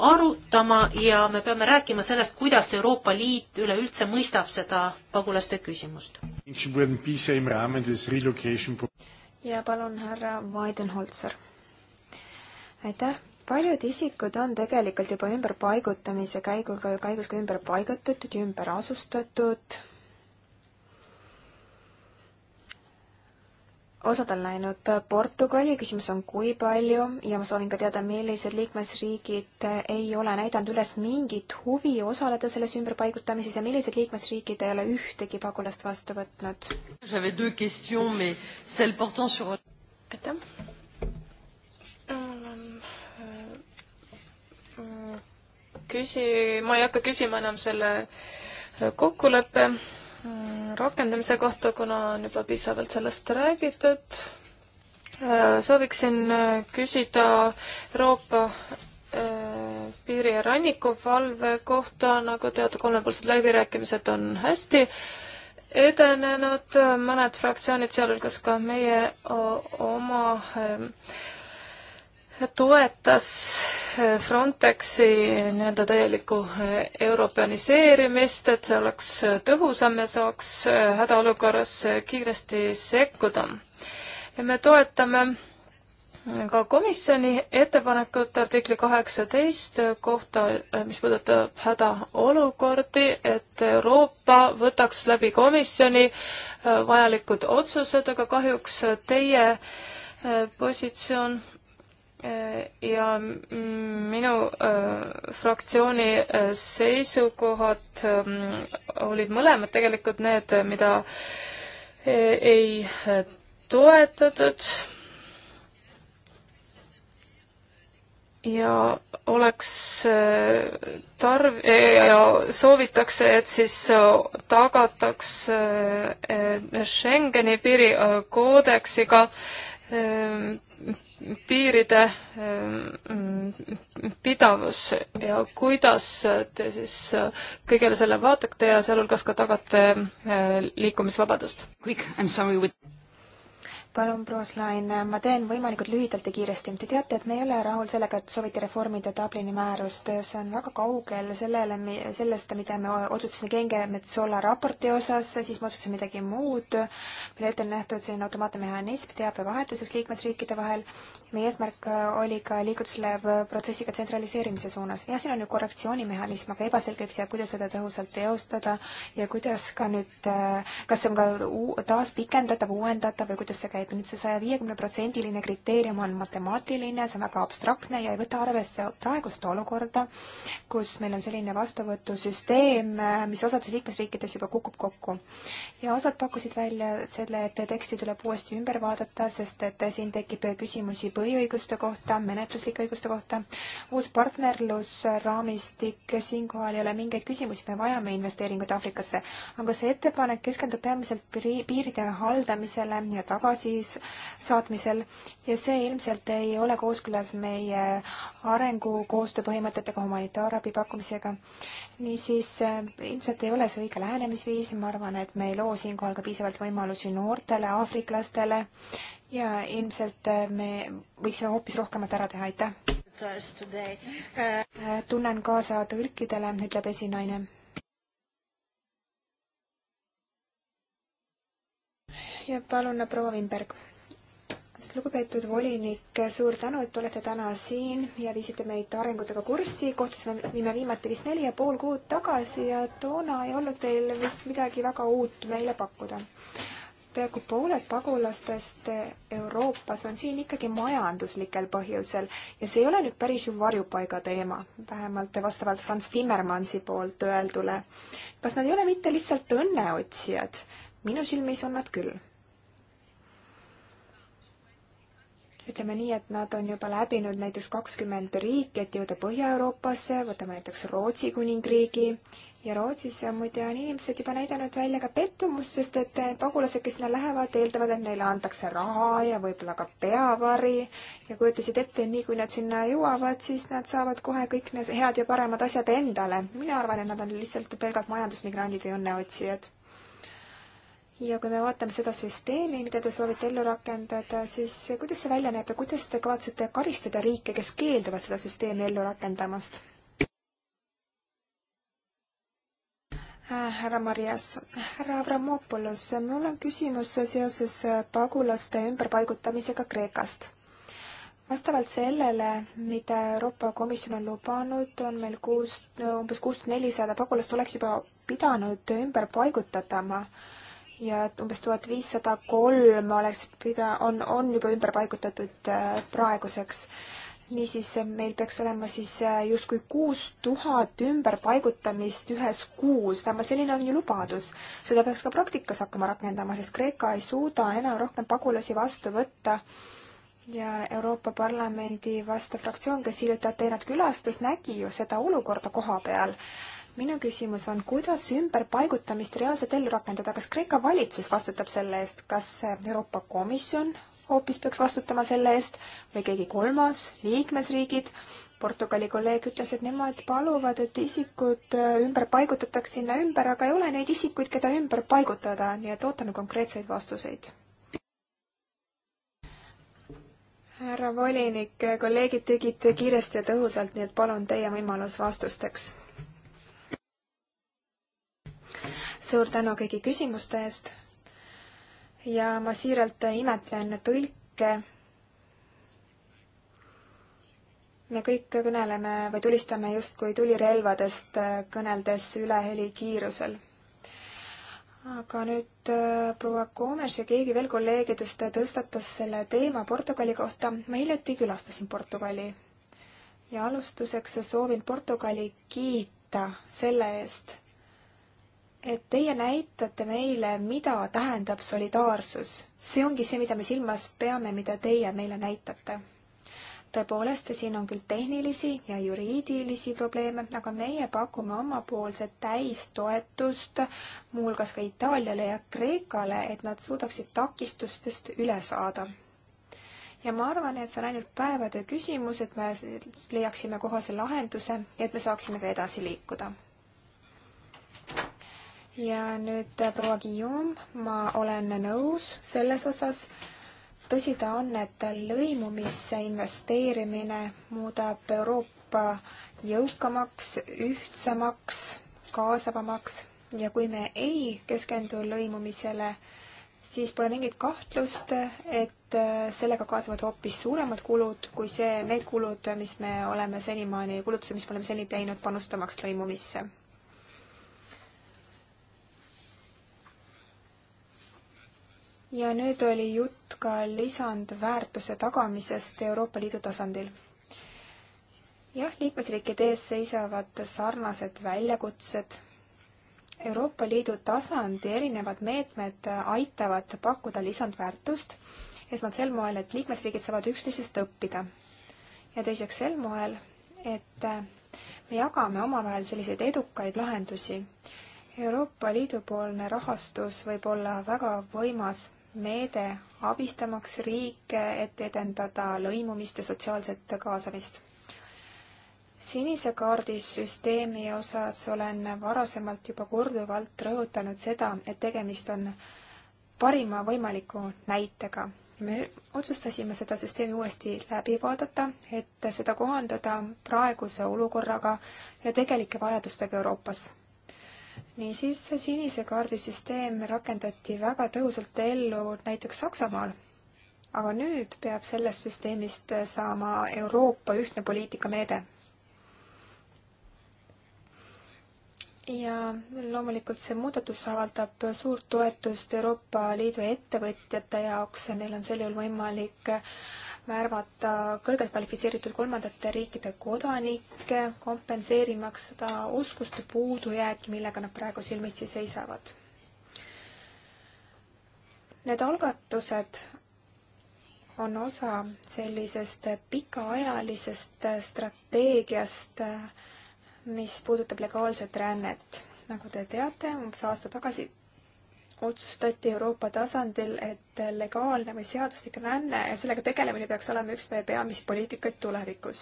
arutama ja me peame rääkima sellest, kuidas Euroopa Liit üleüldse mõistab seda pagulaste küsimust. ja palun, härra Weidenholzer. aitäh paljud isikud on tegelikult juba ümberpaigutamise käigul ka ju käigus ka ümber paigutatud ja ümber asustatud. osad on läinud Portugali, küsimus on, kui palju ja ma soovin ka teada, millised liikmesriigid ei ole näidanud üles mingit huvi osaleda selles ümberpaigutamises ja millised liikmesriigid ei ole ühtegi pagulast vastu võtnud? aitäh. Ehm, küsi, ma ei hakka küsima enam selle kokkuleppe Äh, rakendamise kohta, kuna on juba piisavalt sellest räägitud. Äh, sooviksin äh, küsida Euroopa piiri- ja rannikuvalve kohta, nagu teate, kolmepoolsed läbirääkimised on hästi edenenud, mõned fraktsioonid, sealhulgas ka meie oma ähm, toetas äh, Frontexi äh, nii-öelda täielikku äh, europeaniseerimist, et see oleks tõhusam ja saaks hädaolukorras kiiresti sekkuda. ja me toetame ka komisjoni ettepanekut artikli kaheksateist kohta, mis puudutab hädaolukordi, et Euroopa võtaks läbi komisjoni vajalikud otsused, aga kahjuks teie positsioon Äh, ja mm, minu äh, fraktsiooni äh, seisukohad ähm, olid mõlemad tegelikult need, mida ei toetatud ja oleks tarv- ja soovitakse, et siis tagatakse Schengeni piirikoodeksiga piiride mm, pidavus ja kuidas te siis kõigele selle vaatate ja sealhulgas ka tagate eh, liikumisvabadust? With palun, proua Slain, ma teen võimalikult lühidalt ja kiiresti. Te teate, et me ei ole rahul sellega, et sooviti reformida Dublini määrust. see on väga kaugel sellele, sellest, mida me otsustasime Genge-Metsola raporti osas, siis me otsustasime midagi muud. meil ette on nähtud selline automaatne mehhanism teabevahetuseks liikmesriikide vahel meie eesmärk äh, oli ka liikuda selle äh, protsessiga tsentraliseerimise suunas. jah, siin on ju korrektsioonimehhanism, aga ebaselgeks jääb, kuidas seda tõhusalt teostada ja kuidas ka nüüd, äh, kas see on ka taas pikendatav, uuendatav või kuidas see käib. nüüd see saja viiekümne protsendiline kriteerium on matemaatiline, see on väga abstraktne ja ei võta arvesse praegust olukorda, kus meil on selline vastuvõtusüsteem, mis osades liikmesriikides juba kukub kokku. ja osad pakkusid välja selle, et teksti tuleb uuesti ümber vaadata, sest et siin tekib küsimusi põhi põhiõiguste kohta, menetluslike õiguste kohta. uus partnerlusraamistik, siinkohal ei ole mingeid küsimusi, me vajame investeeringuid Aafrikasse, aga see ettepanek keskendub peamiselt piiride haldamisele ja tagasisaatmisel ja see ilmselt ei ole kooskõlas meie arengukoostöö põhimõtetega, humanitaarabi pakkumisega. niisiis ilmselt ei ole see õige lähenemisviis, ma arvan, et me ei loo siinkohal ka piisavalt võimalusi noortele aafriklastele ja ilmselt äh, me võiksime hoopis rohkemat ära teha, aitäh! Äh, tunnen kaasa tõlkidele, ütleb esinaine. ja palun, proua Vimberg lugupeetud volinik, suur tänu, et olete täna siin ja viisite meid arengutega kurssi. kohtusime viimati vist neli ja pool kuud tagasi ja toona ei olnud teil vist midagi väga uut meile pakkuda peaaegu pooled pagulastest Euroopas on siin ikkagi majanduslikel põhjusel ja see ei ole nüüd päris ju varjupaiga teema, vähemalt vastavalt Franz Timmermansi poolt öeldule. kas nad ei ole mitte lihtsalt õnneotsijad? minu silmis on nad küll. ütleme nii, et nad on juba läbinud näiteks kakskümmend riiki, et jõuda Põhja-Euroopasse, võtame näiteks Rootsi kuningriigi ja Rootsis muide on inimesed juba näidanud välja ka pettumust, sest et pagulased, kes sinna lähevad, eeldavad, et neile antakse raha ja võib-olla ka peavari ja kujutasid ette, nii kui nad sinna jõuavad, siis nad saavad kohe kõik need head ja paremad asjad endale. mina arvan, et nad on lihtsalt pelgalt majandusmigrandid või õnneotsijad ja kui me vaatame seda süsteemi, mida te soovite ellu rakendada, siis kuidas see välja näeb ja kuidas te kavatsete karistada riike, kes keelduvad seda süsteemi ellu rakendamast? Äh, härra Marias, härra Avramopoulos, mul on küsimus seoses äh, pagulaste ümberpaigutamisega Kreekast vastavalt sellele, mida Euroopa Komisjon on lubanud, on meil kuus, umbes kuus tuhat nelisada pagulast oleks juba pidanud ümber paigutatama ja umbes tuhat viissada kolm oleks pida-, on, on juba ümber paigutatud äh, praeguseks niisiis meil peaks olema siis äh, justkui kuus tuhat ümberpaigutamist ühes kuus, vähemalt selline on ju lubadus. seda peaks ka praktikas hakkama rakendama, sest Kreeka ei suuda enam rohkem pagulasi vastu võtta. ja Euroopa Parlamendi vastav fraktsioon, kes hiljuti Ateenat külastas, nägi ju seda olukorda koha peal minu küsimus on, kuidas ümberpaigutamist reaalselt ellu rakendada, kas Kreeka valitsus vastutab selle eest, kas Euroopa Komisjon hoopis peaks vastutama selle eest või keegi kolmas, liikmesriigid. Portugali kolleeg ütles, et nemad paluvad, et isikud äh, ümber paigutataks sinna ümber, aga ei ole neid isikuid, keda ümber paigutada, nii et ootame konkreetseid vastuseid. härra volinik, kolleegid tegid kiiresti ja tõhusalt, nii et palun teie võimalus vastusteks suur tänu kõigi küsimuste eest ja ma siiralt imetlen tõlke. me kõik kõneleme või tulistame justkui tulirelvadest, äh, kõneldes üle helikiirusel. aga nüüd äh, proua Koomes ja keegi veel kolleegidest tõstatas selle teema Portugali kohta. ma hiljuti külastasin Portugali ja alustuseks soovin Portugali kiita selle eest et teie näitate meile, mida tähendab solidaarsus. see ongi see, mida me silmas peame, mida teie meile näitate. tõepoolest, siin on küll tehnilisi ja juriidilisi probleeme, aga meie pakume omapoolset täistoetust muuhulgas ka Itaaliale ja Kreekale, et nad suudaksid takistustest üle saada ja ma arvan, et see on ainult päevade küsimus, et me leiaksime kohase lahenduse, et me saaksime ka edasi liikuda ja nüüd äh, proua Guillaume, ma olen nõus selles osas. tõsi ta on, et lõimumisse investeerimine muudab Euroopa jõukamaks, ühtsemaks, kaasavamaks ja kui me ei keskendu lõimumisele, siis pole mingit kahtlust, et äh, sellega kaasnevad hoopis suuremad kulud kui see, need kulud, mis me oleme senimaani, kulutused, mis me oleme seni teinud panustamaks lõimumisse ja nüüd oli jutt ka lisandväärtuse tagamisest Euroopa Liidu tasandil. jah, liikmesriikide ees seisavad sarnased väljakutsed. Euroopa Liidu tasandi erinevad meetmed aitavad pakkuda lisandväärtust esmalt sel moel, et liikmesriigid saavad üksteisest õppida ja teiseks sel moel, et me jagame omavahel selliseid edukaid lahendusi Euroopa Liidu poolne rahastus võib olla väga võimas meede abistamaks riike, et edendada lõimumist ja sotsiaalset kaasamist. sinise kaardi süsteemi osas olen varasemalt juba korduvalt rõhutanud seda, et tegemist on parima võimaliku näitega. me otsustasime seda süsteemi uuesti läbi vaadata, et seda kohandada praeguse olukorraga ja tegelike vajadustega Euroopas niisiis, see sinise kaardi süsteem rakendati väga tõhusalt ellu näiteks Saksamaal. aga nüüd peab sellest süsteemist saama Euroopa ühtne poliitikameede ja loomulikult see muudatus avaldab suurt toetust Euroopa Liidu ettevõtjate jaoks, neil on sel juhul võimalik värvata kõrgelt kvalifitseeritud kolmandate riikide kodanikke, kompenseerimaks seda oskuste puudujääki, millega nad praegu silmitsi seisavad. Need algatused on osa sellisest pikaajalisest strateegiast, mis puudutab legaalset rännet. nagu te teate, umbes aasta tagasi otsustati Euroopa tasandil, et legaalne või seaduslik ränne ja sellega tegelemine peaks olema üks meie peamisi poliitikaid tulevikus.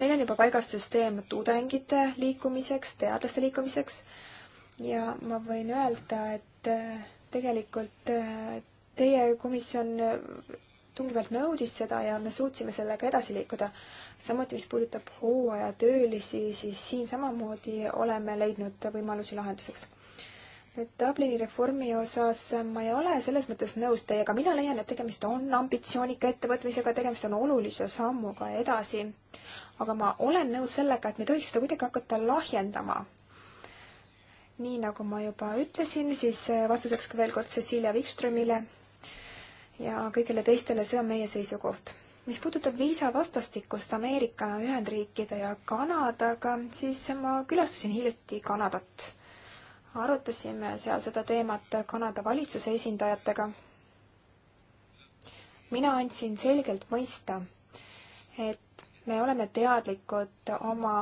meil on juba paigas süsteem tudengite liikumiseks, teadlaste liikumiseks ja ma võin öelda, et äh, tegelikult äh, teie komisjon tungivalt nõudis seda ja me suutsime sellega edasi liikuda. samuti, mis puudutab hooajatöölisi, siis siin samamoodi oleme leidnud võimalusi lahenduseks. Dublini reformi osas ma ei ole selles mõttes nõus teiega, mina leian, et tegemist on ambitsioonika ettevõtmisega, tegemist on olulise sammuga edasi. aga ma olen nõus sellega, et me ei tohiks seda kuidagi hakata lahjendama. nii nagu ma juba ütlesin, siis vastuseks ka veel kord Cecilia Wikströmile ja kõigile teistele, see on meie seisukoht. mis puudutab viisavastastikust Ameerika Ühendriikide ja Kanadaga, siis ma külastasin hiljuti Kanadat arutasime seal seda teemat Kanada valitsuse esindajatega. mina andsin selgelt mõista, et me oleme teadlikud oma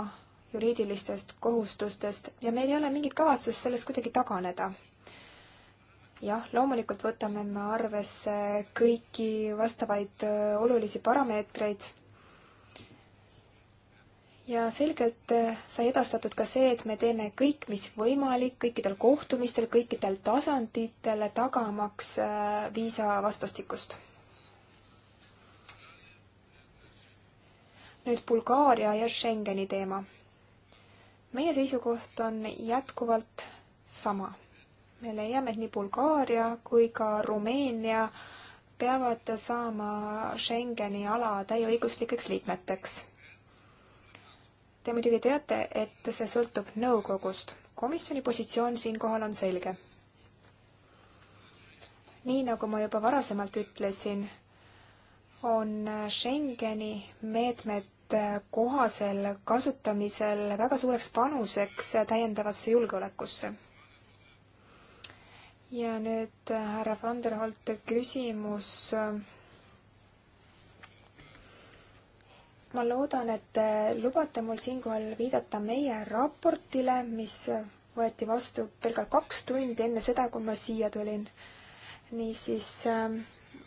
juriidilistest kohustustest ja meil ei ole mingit kavatsust sellest kuidagi taganeda jah, loomulikult võtame me arvesse kõiki vastavaid äh, olulisi parameetreid ja selgelt äh, sai edastatud ka see, et me teeme kõik, mis võimalik kõikidel kohtumistel, kõikidel tasanditel, tagamaks äh, viisa vastastikust. nüüd Bulgaaria ja Schengeni teema. meie seisukoht on jätkuvalt sama. me leiame, et nii Bulgaaria kui ka Rumeenia peavad saama Schengeni ala täieõiguslikeks liikmeteks Te muidugi teate, et see sõltub nõukogust. komisjoni positsioon siinkohal on selge. nii nagu ma juba varasemalt ütlesin, on Schengeni meetmed kohasel kasutamisel väga suureks panuseks täiendavasse julgeolekusse. ja nüüd äh, härra Vanderholte küsimus äh, ma loodan, et te lubate mul siinkohal viidata meie raportile, mis võeti vastu pelgalt kaks tundi enne seda, kui ma siia tulin. niisiis ähm,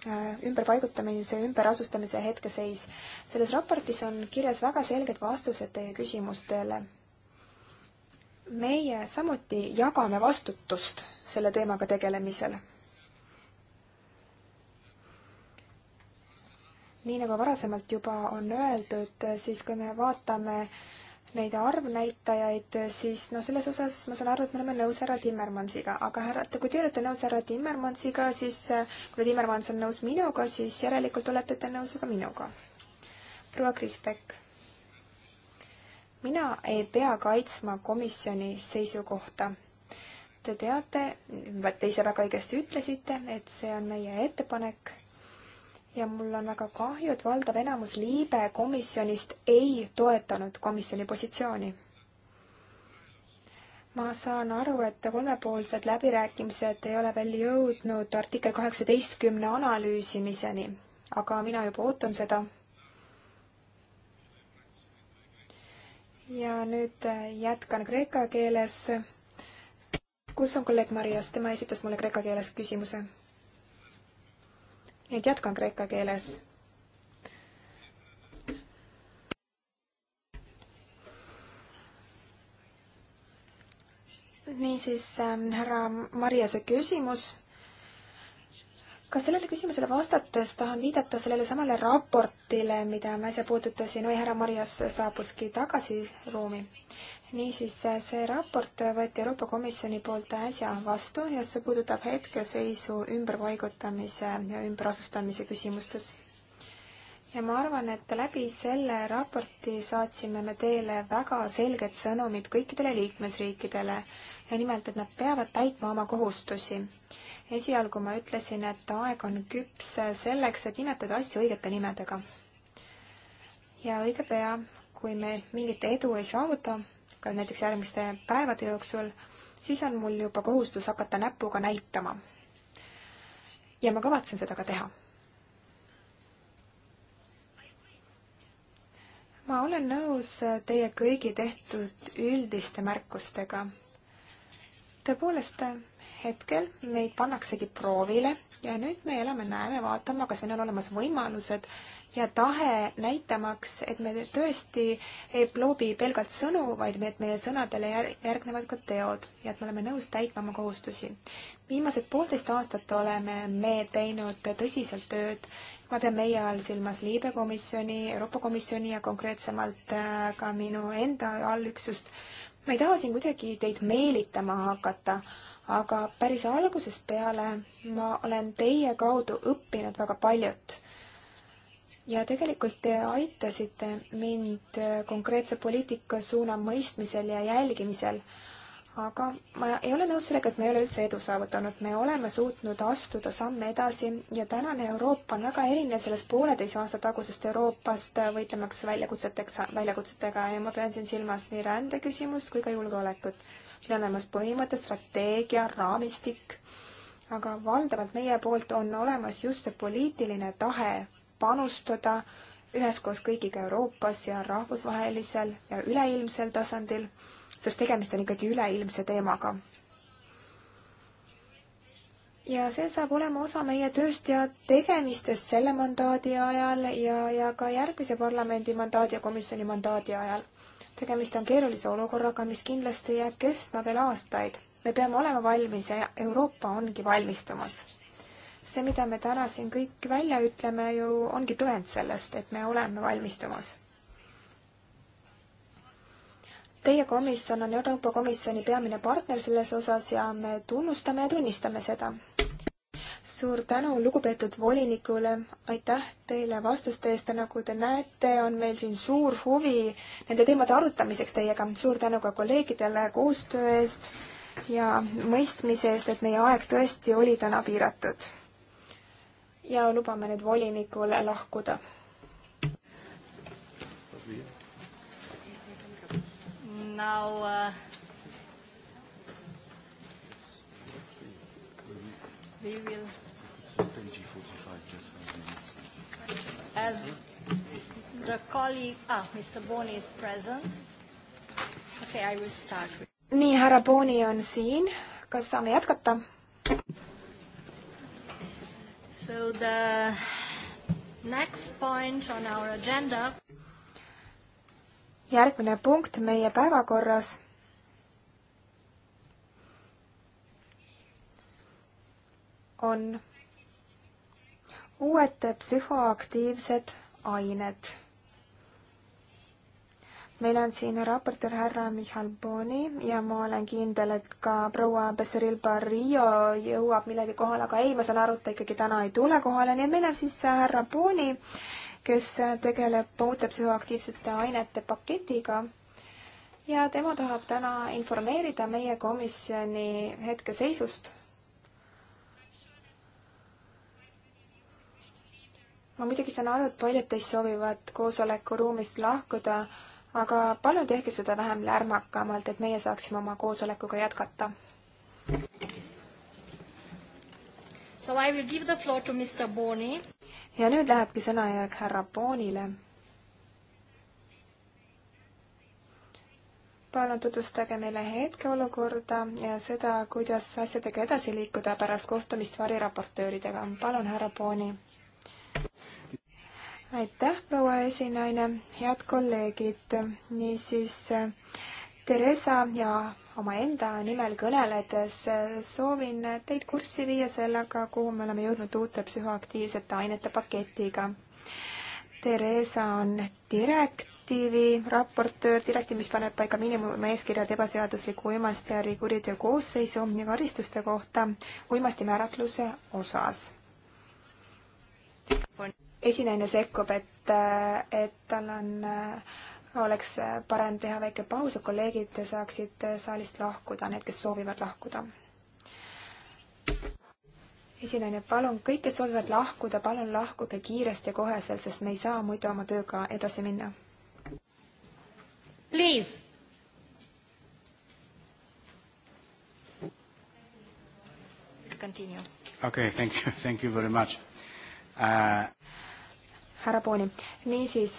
äh, ümberpaigutamise, ümberasustamise hetkeseis. selles raportis on kirjas väga selged vastused teie küsimustele. meie samuti jagame vastutust selle teemaga tegelemisel nii nagu varasemalt juba on öeldud, siis kui me vaatame neid arvnäitajaid, siis noh, selles osas ma saan aru, et me oleme nõus härra Timmermansiga, aga härra, kui te olete nõus härra Timmermansiga, siis kuna Timmermans on nõus minuga, siis järelikult olete te nõus ka minuga. proua Krispek. mina ei pea kaitsma komisjoni seisukohta. Te teate, te ise väga õigesti ütlesite, et see on meie ettepanek ja mul on väga kahju, et valdav enamus liibe komisjonist ei toetanud komisjoni positsiooni. ma saan aru, et kolmepoolsed läbirääkimised ei ole veel jõudnud artikkel kaheksateistkümne analüüsimiseni, aga mina juba ootan seda. ja nüüd äh, jätkan kreeka keeles. kus on kolleeg Marias, tema esitas mulle kreeka keeles küsimuse nii et jätkan kreeka keeles. niisiis äh, härra Marjase küsimus ka sellele küsimusele vastates tahan viidata sellele samale raportile, mida ma äsja puudutasin, oi härra Marjas saabuski tagasi ruumi niisiis, see raport võeti Euroopa Komisjoni poolt äsja vastu ja see puudutab hetkeseisu ümberpaigutamise ja ümberasustamise küsimustes. ja ma arvan, et läbi selle raporti saatsime me teile väga selged sõnumid kõikidele liikmesriikidele ja nimelt, et nad peavad täitma oma kohustusi. esialgu ma ütlesin, et aeg on küps selleks, et nimetada asju õigete nimedega. ja õige pea, kui me mingit edu ei saavuta, ka näiteks järgmiste päevade jooksul, siis on mul juba kohustus hakata näpuga näitama. ja ma kavatsen seda ka teha. ma olen nõus teie kõigi tehtud üldiste märkustega tõepoolest hetkel meid pannaksegi proovile ja nüüd me elame-näeme, vaatame, kas meil on olemas võimalused ja tahe näitamaks, et me tõesti ei loobi pelgalt sõnu, vaid et meie sõnadele järgnevad ka teod ja et me oleme nõus täitma oma kohustusi. viimased poolteist aastat oleme me teinud tõsiselt tööd. ma pean meie all silmas Liibe komisjoni, Euroopa Komisjoni ja konkreetsemalt äh, ka minu enda allüksust ma ei taha siin kuidagi teid meelitama hakata, aga päris algusest peale ma olen teie kaudu õppinud väga paljut. ja tegelikult te aitasite mind konkreetse poliitika suuna mõistmisel ja jälgimisel aga ma ei ole nõus sellega, et me ei ole üldse edu saavutanud, me oleme suutnud astuda samme edasi ja tänane Euroopa on väga erinev sellest pooleteise aasta tagusest Euroopast võitlemaks väljakutseteks, väljakutsetega ja ma pean siin silmas nii rändeküsimust kui ka julgeolekut. meil on olemas põhimõte, strateegia, raamistik, aga valdavalt meie poolt on olemas just see poliitiline tahe panustada üheskoos kõigiga Euroopas ja rahvusvahelisel ja üleilmsel tasandil sest tegemist on ikkagi üleilmse teemaga. ja see saab olema osa meie tööst ja tegemistest selle mandaadi ajal ja, ja ka järgmise parlamendi mandaadi ja komisjoni mandaadi ajal. tegemist on keerulise olukorraga, mis kindlasti jääb kestma veel aastaid. me peame olema valmis ja Euroopa ongi valmistumas see, mida me täna siin kõik välja ütleme ju, ongi tõend sellest, et me oleme valmistumas. Teie komisjon on Euroopa Komisjoni peamine partner selles osas ja me tunnustame ja tunnistame seda. suur tänu lugupeetud volinikule, aitäh teile vastuste eest ja nagu te näete, on meil siin suur huvi nende teemade arutamiseks teiega. suur tänu ka kolleegidele koostöö eest ja mõistmise eest, et meie aeg tõesti oli täna piiratud. ja lubame nüüd volinikul lahkuda now uh, we will suspend G45 just for minutes. As the colleague, ah, Mr. Boni is present. Okay, I will start. nii, härra Boni on siin. kas saame jätkata? So the next point on our agenda järgmine punkt meie päevakorras on uued psühhoaktiivsed ained. meil on siin raportöör härra Michal Boni ja ma olen kindel, et ka proua Besseril Barrio jõuab millegi kohale, aga ei, ma saan aru, et ta ikkagi täna ei tule kohale, nii et meil on siis härra Boni äh, kes tegeleb uute psühhoaktiivsete ainete paketiga ja tema tahab täna informeerida meie komisjoni hetkeseisust. ma muidugi saan aru, et paljud teist soovivad koosolekuruumist lahkuda, aga palun tehke seda vähem lärmakamalt, et meie saaksime oma koosolekuga jätkata. So I will give the floor to Mr Boni ja nüüd lähebki sõnajärg härra Poonile. palun tutvustage meile hetkeolukorda ja seda, kuidas asjadega edasi liikuda pärast kohtumist variraportööridega. palun, härra Pooni. aitäh, proua esinaine, head kolleegid. niisiis Theresa ja omaenda nimel kõneledes soovin teid kurssi viia sellega, kuhu me oleme jõudnud uute psühhoaktiivsete ainete paketiga. Theresa on direktiivi raportöör, direktiiv, mis paneb paika miinimumeeskirjad ebaseadusliku uimastijärgi kuriteo koosseisu ja karistuste kohta uimasti määratluse osas. esinaine sekkub, et, et tal on äh, oleks parem teha väike paus, et kolleegid saaksid saalist lahkuda, need, kes soovivad lahkuda. esinaine, palun, kõik, kes soovivad lahkuda, palun lahkuge kiiresti ja koheselt, sest me ei saa muidu oma tööga edasi minna. Please. continue. Okay, thank you, thank you very much uh.... härra Pooni, niisiis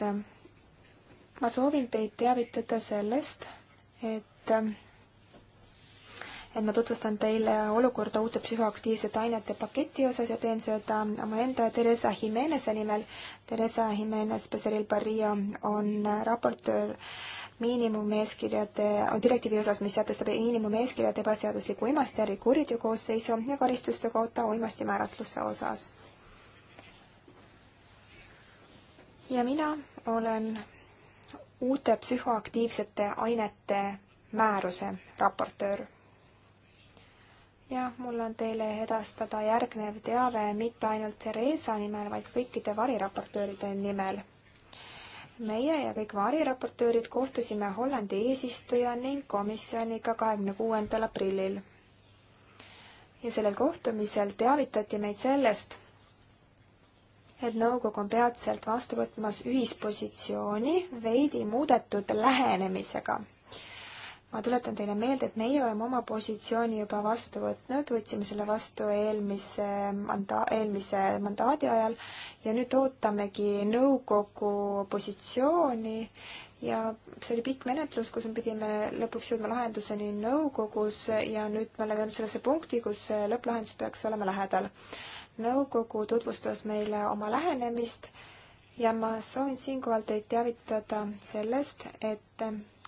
ma soovin teid teavitada sellest, et et ma tutvustan teile olukorda uute psühhoaktiivsete ainete paketi osas ja teen seda omaenda Teresa Jimenez'e nimel. Teresa Jimenez Peseril Barrio on raportöör miinimumeeskirjade, direktiivi osas, mis sätestab miinimumeeskirjad ebaseadusliku uimastijärgi kuriteo koosseisu ja karistuste kohta uimasti määratluse osas. ja mina olen uute psühhoaktiivsete ainete määruse raportöör. ja mul on teile edastada järgnev teave mitte ainult Theresa nimel, vaid kõikide variraportööride nimel meie ja kõik variraportöörid kohtusime Hollandi eesistuja ning komisjoniga kahekümne kuuendal aprillil. ja sellel kohtumisel teavitati meid sellest, et nõukogu on peatselt vastu võtmas ühispositsiooni veidi muudetud lähenemisega. ma tuletan teile meelde, et meie oleme oma positsiooni juba vastu võtnud, võtsime selle vastu eelmise manda-, eelmise mandaadi ajal ja nüüd ootamegi nõukogu positsiooni ja see oli pikk menetlus, kus me pidime lõpuks jõudma lahenduseni nõukogus ja nüüd me oleme jõudnud sellesse punkti, kus lõpplahendus peaks olema lähedal nõukogu tutvustas meile oma lähenemist ja ma soovin siinkohal teid teavitada sellest, et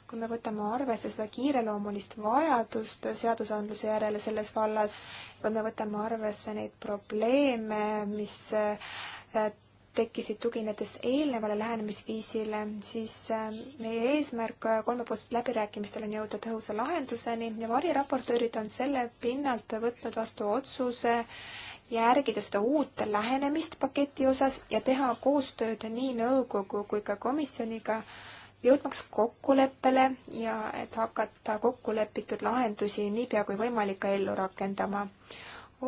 kui me võtame arvesse seda kiireloomulist vajadust seadusandluse järele selles vallas, kui me võtame arvesse neid probleeme, mis äh, tekkisid tuginedes eelnevale lähenemisviisile, siis äh, meie eesmärk kolmepoolsetel läbirääkimistel on jõuda tõhusa lahenduseni ja variraportöörid on selle pinnalt võtnud vastu otsuse järgida seda uut lähenemist paketi osas ja teha koostööd nii nõukogu kui ka komisjoniga, jõudmaks kokkuleppele ja et hakata kokkulepitud lahendusi niipea kui võimalik ka ellu rakendama.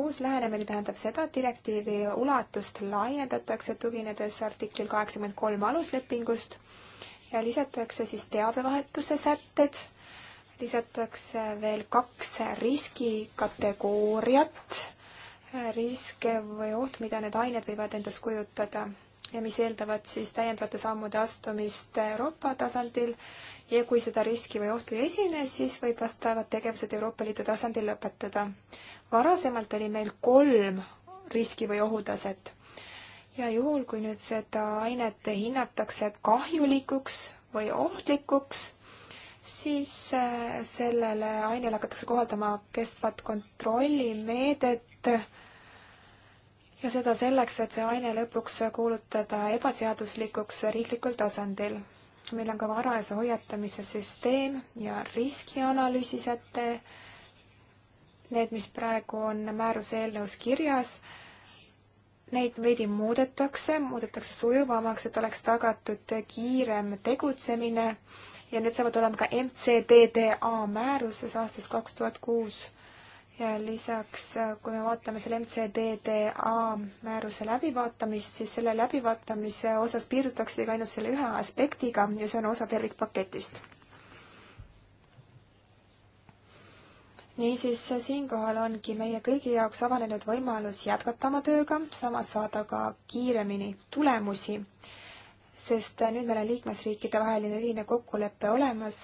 uus lähenemine tähendab seda, et direktiivi ulatust laiendatakse, tuginedes artiklil kaheksakümmend kolm aluslepingust ja lisatakse siis teabevahetuse sätted, lisatakse veel kaks riskikategooriat riske või oht, mida need ained võivad endast kujutada ja mis eeldavad siis täiendavate sammude astumist Euroopa tasandil ja kui seda riski või ohtu ei esine, siis võib vastavad tegevused Euroopa Liidu tasandil lõpetada. varasemalt oli meil kolm riski või ohutaset ja juhul, kui nüüd seda ainet hinnatakse kahjulikuks või ohtlikuks, siis äh, sellele ainele hakatakse kohaldama kestvat kontrollimeedet ja seda selleks, et see aine lõpuks kuulutada ebaseaduslikuks riiklikul tasandil. meil on ka varajase hoiatamise süsteem ja riskianalüüsi säte, need, mis praegu on määruse eelnõus kirjas, neid veidi muudetakse, muudetakse sujuvamaks, et oleks tagatud kiirem tegutsemine ja need saavad olema ka MCDDA määruses aastast kaks tuhat kuus ja lisaks, äh, kui me vaatame selle MCDDA määruse läbivaatamist, siis selle läbivaatamise osas piirdutaksegi ainult selle ühe aspektiga ja see on osa tervikpaketist. niisiis, äh, siinkohal ongi meie kõigi jaoks avanenud võimalus jätkata oma tööga, samas saada ka kiiremini tulemusi, sest äh, nüüd meil on liikmesriikide vaheline ühine kokkulepe olemas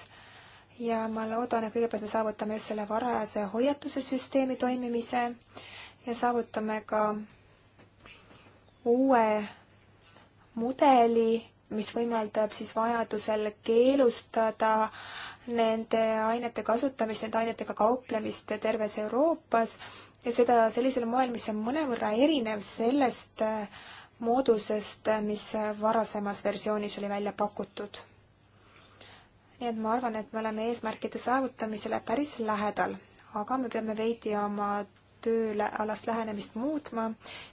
ja ma loodan, et kõigepealt me saavutame just selle varajase hoiatuse süsteemi toimimise ja saavutame ka uue mudeli, mis võimaldab siis vajadusel keelustada nende ainete kasutamist, nende ainetega kauplemist terves Euroopas ja seda sellisel moel, mis on mõnevõrra erinev sellest moodusest, mis varasemas versioonis oli välja pakutud nii et ma arvan, et me oleme eesmärkide saavutamisele päris lähedal, aga me peame veidi oma tööalast lähenemist muutma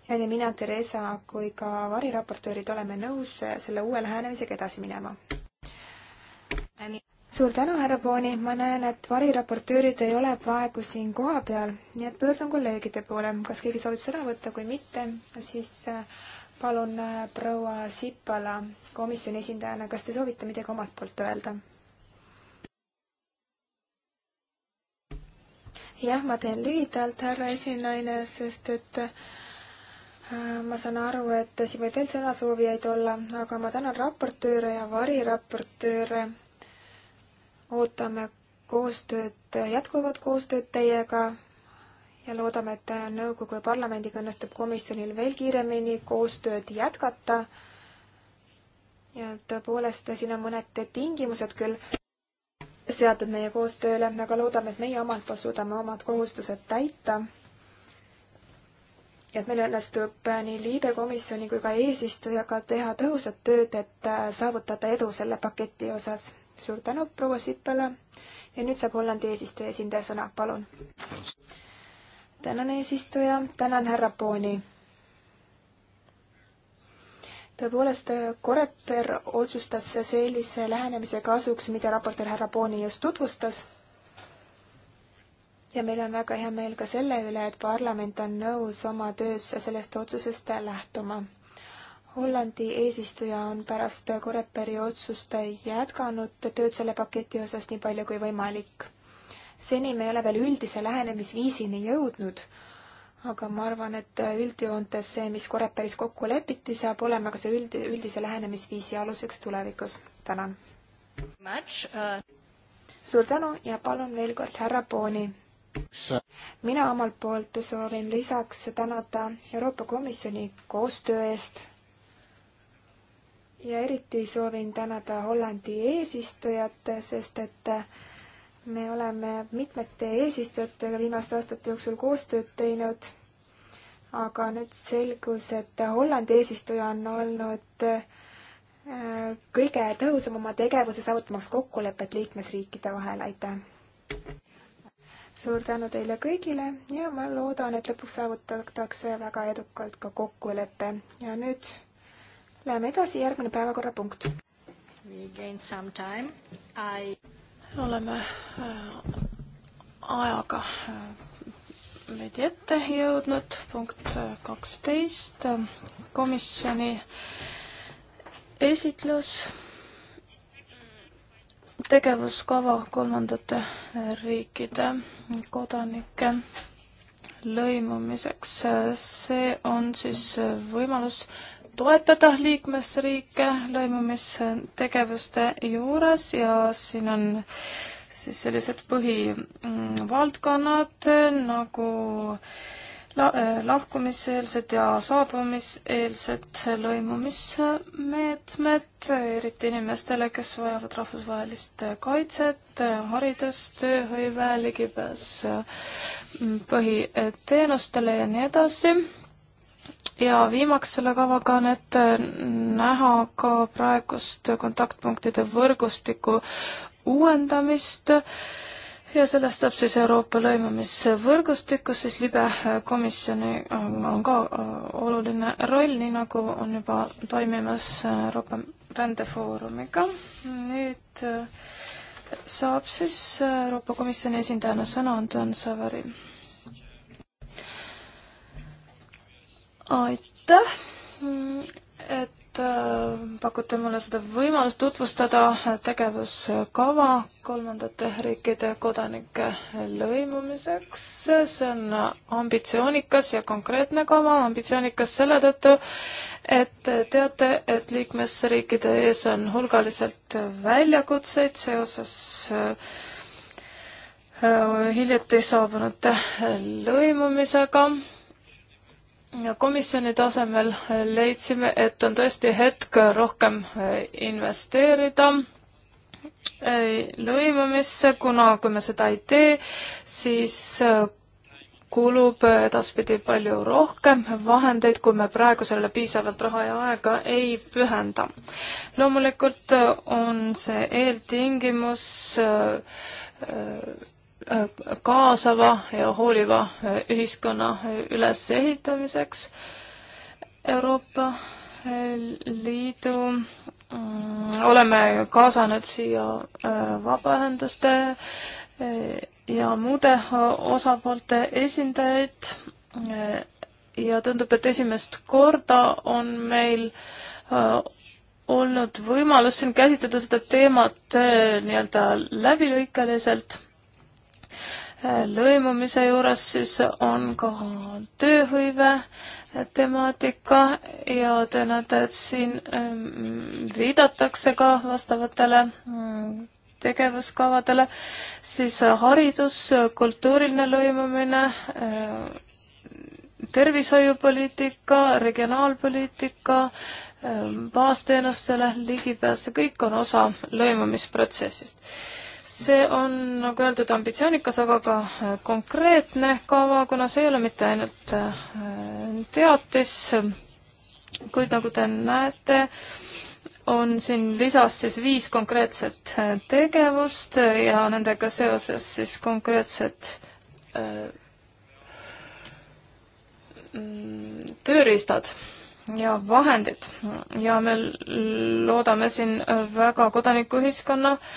ja nii mina, Theresa kui ka variraportöörid oleme nõus selle uue lähenemisega edasi minema. suur tänu, härra Pooni, ma näen, et variraportöörid ei ole praegu siin kohapeal, nii et pöördun kolleegide poole, kas keegi soovib sõna võtta, kui mitte, siis äh, palun äh, proua Sipala komisjoni esindajana, kas te soovite midagi omalt poolt öelda? jah, ma teen lühidalt, härra esinaine, sest et äh, ma saan aru, et siin võib veel sõnasoovijaid olla, aga ma tänan raportööre ja variraportööre. ootame koostööd, jätkuvat koostööd teiega ja loodame, et nõukogu ja parlamendiga õnnestub komisjonil veel kiiremini koostööd jätkata. ja tõepoolest, siin on mõned tingimused küll seatud meie koostööle, aga loodame, et meie omalt poolt suudame omad kohustused täita. ja et meil õnnestub nii Liibe komisjoni kui ka eesistujaga teha tõhusat tööd, et äh, saavutada edu selle paketi osas. suur tänu, proua Sippele. ja nüüd saab Hollandi eesistuja esindaja sõna, palun. tänan, eesistuja, tänan härra Pooni tõepoolest, Koreper otsustas sellise lähenemise kasuks, mida raportöör härra Booni just tutvustas. ja meil on väga hea meel ka selle üle, et parlament on nõus oma töös sellest otsusest lähtuma. Hollandi eesistuja on pärast Koreperi otsust jätkanud tööd selle paketi osas nii palju kui võimalik. seni me ei ole veel üldise lähenemisviisini jõudnud aga ma arvan, et äh, üldjoontes see, mis Koreperis kokku lepiti, saab olema ka see üld, üldise lähenemisviisi aluseks tulevikus. tänan! Äh, suur tänu ja palun veel kord härra Pooni! mina omalt poolt soovin lisaks tänada Euroopa Komisjoni koostöö eest ja eriti soovin tänada Hollandi eesistujat, sest et äh, me oleme mitmete eesistujatega viimaste aastate jooksul koostööd teinud, aga nüüd selgus, et Hollandi eesistuja on olnud äh, kõige tõhusam oma tegevuse saavutamaks kokkulepet liikmesriikide vahel, aitäh! suur tänu teile kõigile ja ma loodan, et lõpuks saavutatakse väga edukalt ka kokkulepe ja nüüd läheme edasi, järgmine päevakorrapunkt. We gained some time. I oleme äh, ajaga äh, veidi ette jõudnud, punkt äh, kaksteist, komisjoni esitlus, tegevuskava kolmandate riikide kodanike lõimumiseks, see on siis võimalus toetada liikmesriike lõimumistegevuste juures ja siin on siis sellised põhivaldkonnad nagu la lahkumiseelsed ja saabumiseelsed lõimumismeetmed, eriti inimestele, kes vajavad rahvusvahelist kaitset, haridus, tööhõive, ligipääs põhiteenustele ja nii edasi ja viimaks selle kavaga on ette äh, näha ka praegust kontaktpunktide võrgustiku uuendamist ja sellest saab siis Euroopa lõimumisvõrgustikus, siis libe äh, komisjoni äh, on ka oluline roll, nii nagu on juba toimimas Euroopa rändefoorumiga. nüüd saab siis Euroopa Komisjoni esindajana sõna Anton Savari. aitäh, et äh, pakute mulle seda võimalust tutvustada tegevuskava kolmandate riikide kodanike lõimumiseks. see on ambitsioonikas ja konkreetne kava, ambitsioonikas selle tõttu, et teate, et liikmesriikide ees on hulgaliselt väljakutseid seoses äh, hiljuti saabunute lõimumisega komisjoni tasemel leidsime, et on tõesti hetk rohkem eh, investeerida eh, lõimumisse, kuna kui me seda ei tee, siis eh, kulub edaspidi palju rohkem vahendeid, kui me praegu sellele piisavalt raha ja aega ei pühenda. loomulikult on see eeltingimus äh, Äh, kaasava ja hooliva äh, ühiskonna äh, ülesehitamiseks. Euroopa Liidu oleme kaasanud siia vabaühenduste ja muude osapoolte esindajaid ja tundub, et esimest korda on meil olnud võimalus siin käsitleda seda teemat nii-öelda läbilõikeliselt lõimumise juures siis on ka tööhõive temaatika ja te näete, et siin ähm, viidatakse ka vastavatele mm, tegevuskavadele, siis haridus, kultuuriline lõimumine, äh, tervishoiupoliitika, regionaalpoliitika, ähm, baasteenustele ligipääs, see kõik on osa lõimumisprotsessist see on, nagu öeldud, ambitsioonikas, aga ka äh, konkreetne kava, kuna see ei ole mitte ainult äh, teatis, kuid nagu te näete, on siin lisas siis viis konkreetset äh, tegevust ja nendega seoses siis konkreetsed mm, tööriistad ja vahendid ja me loodame siin väga kodanikuühiskonna äh,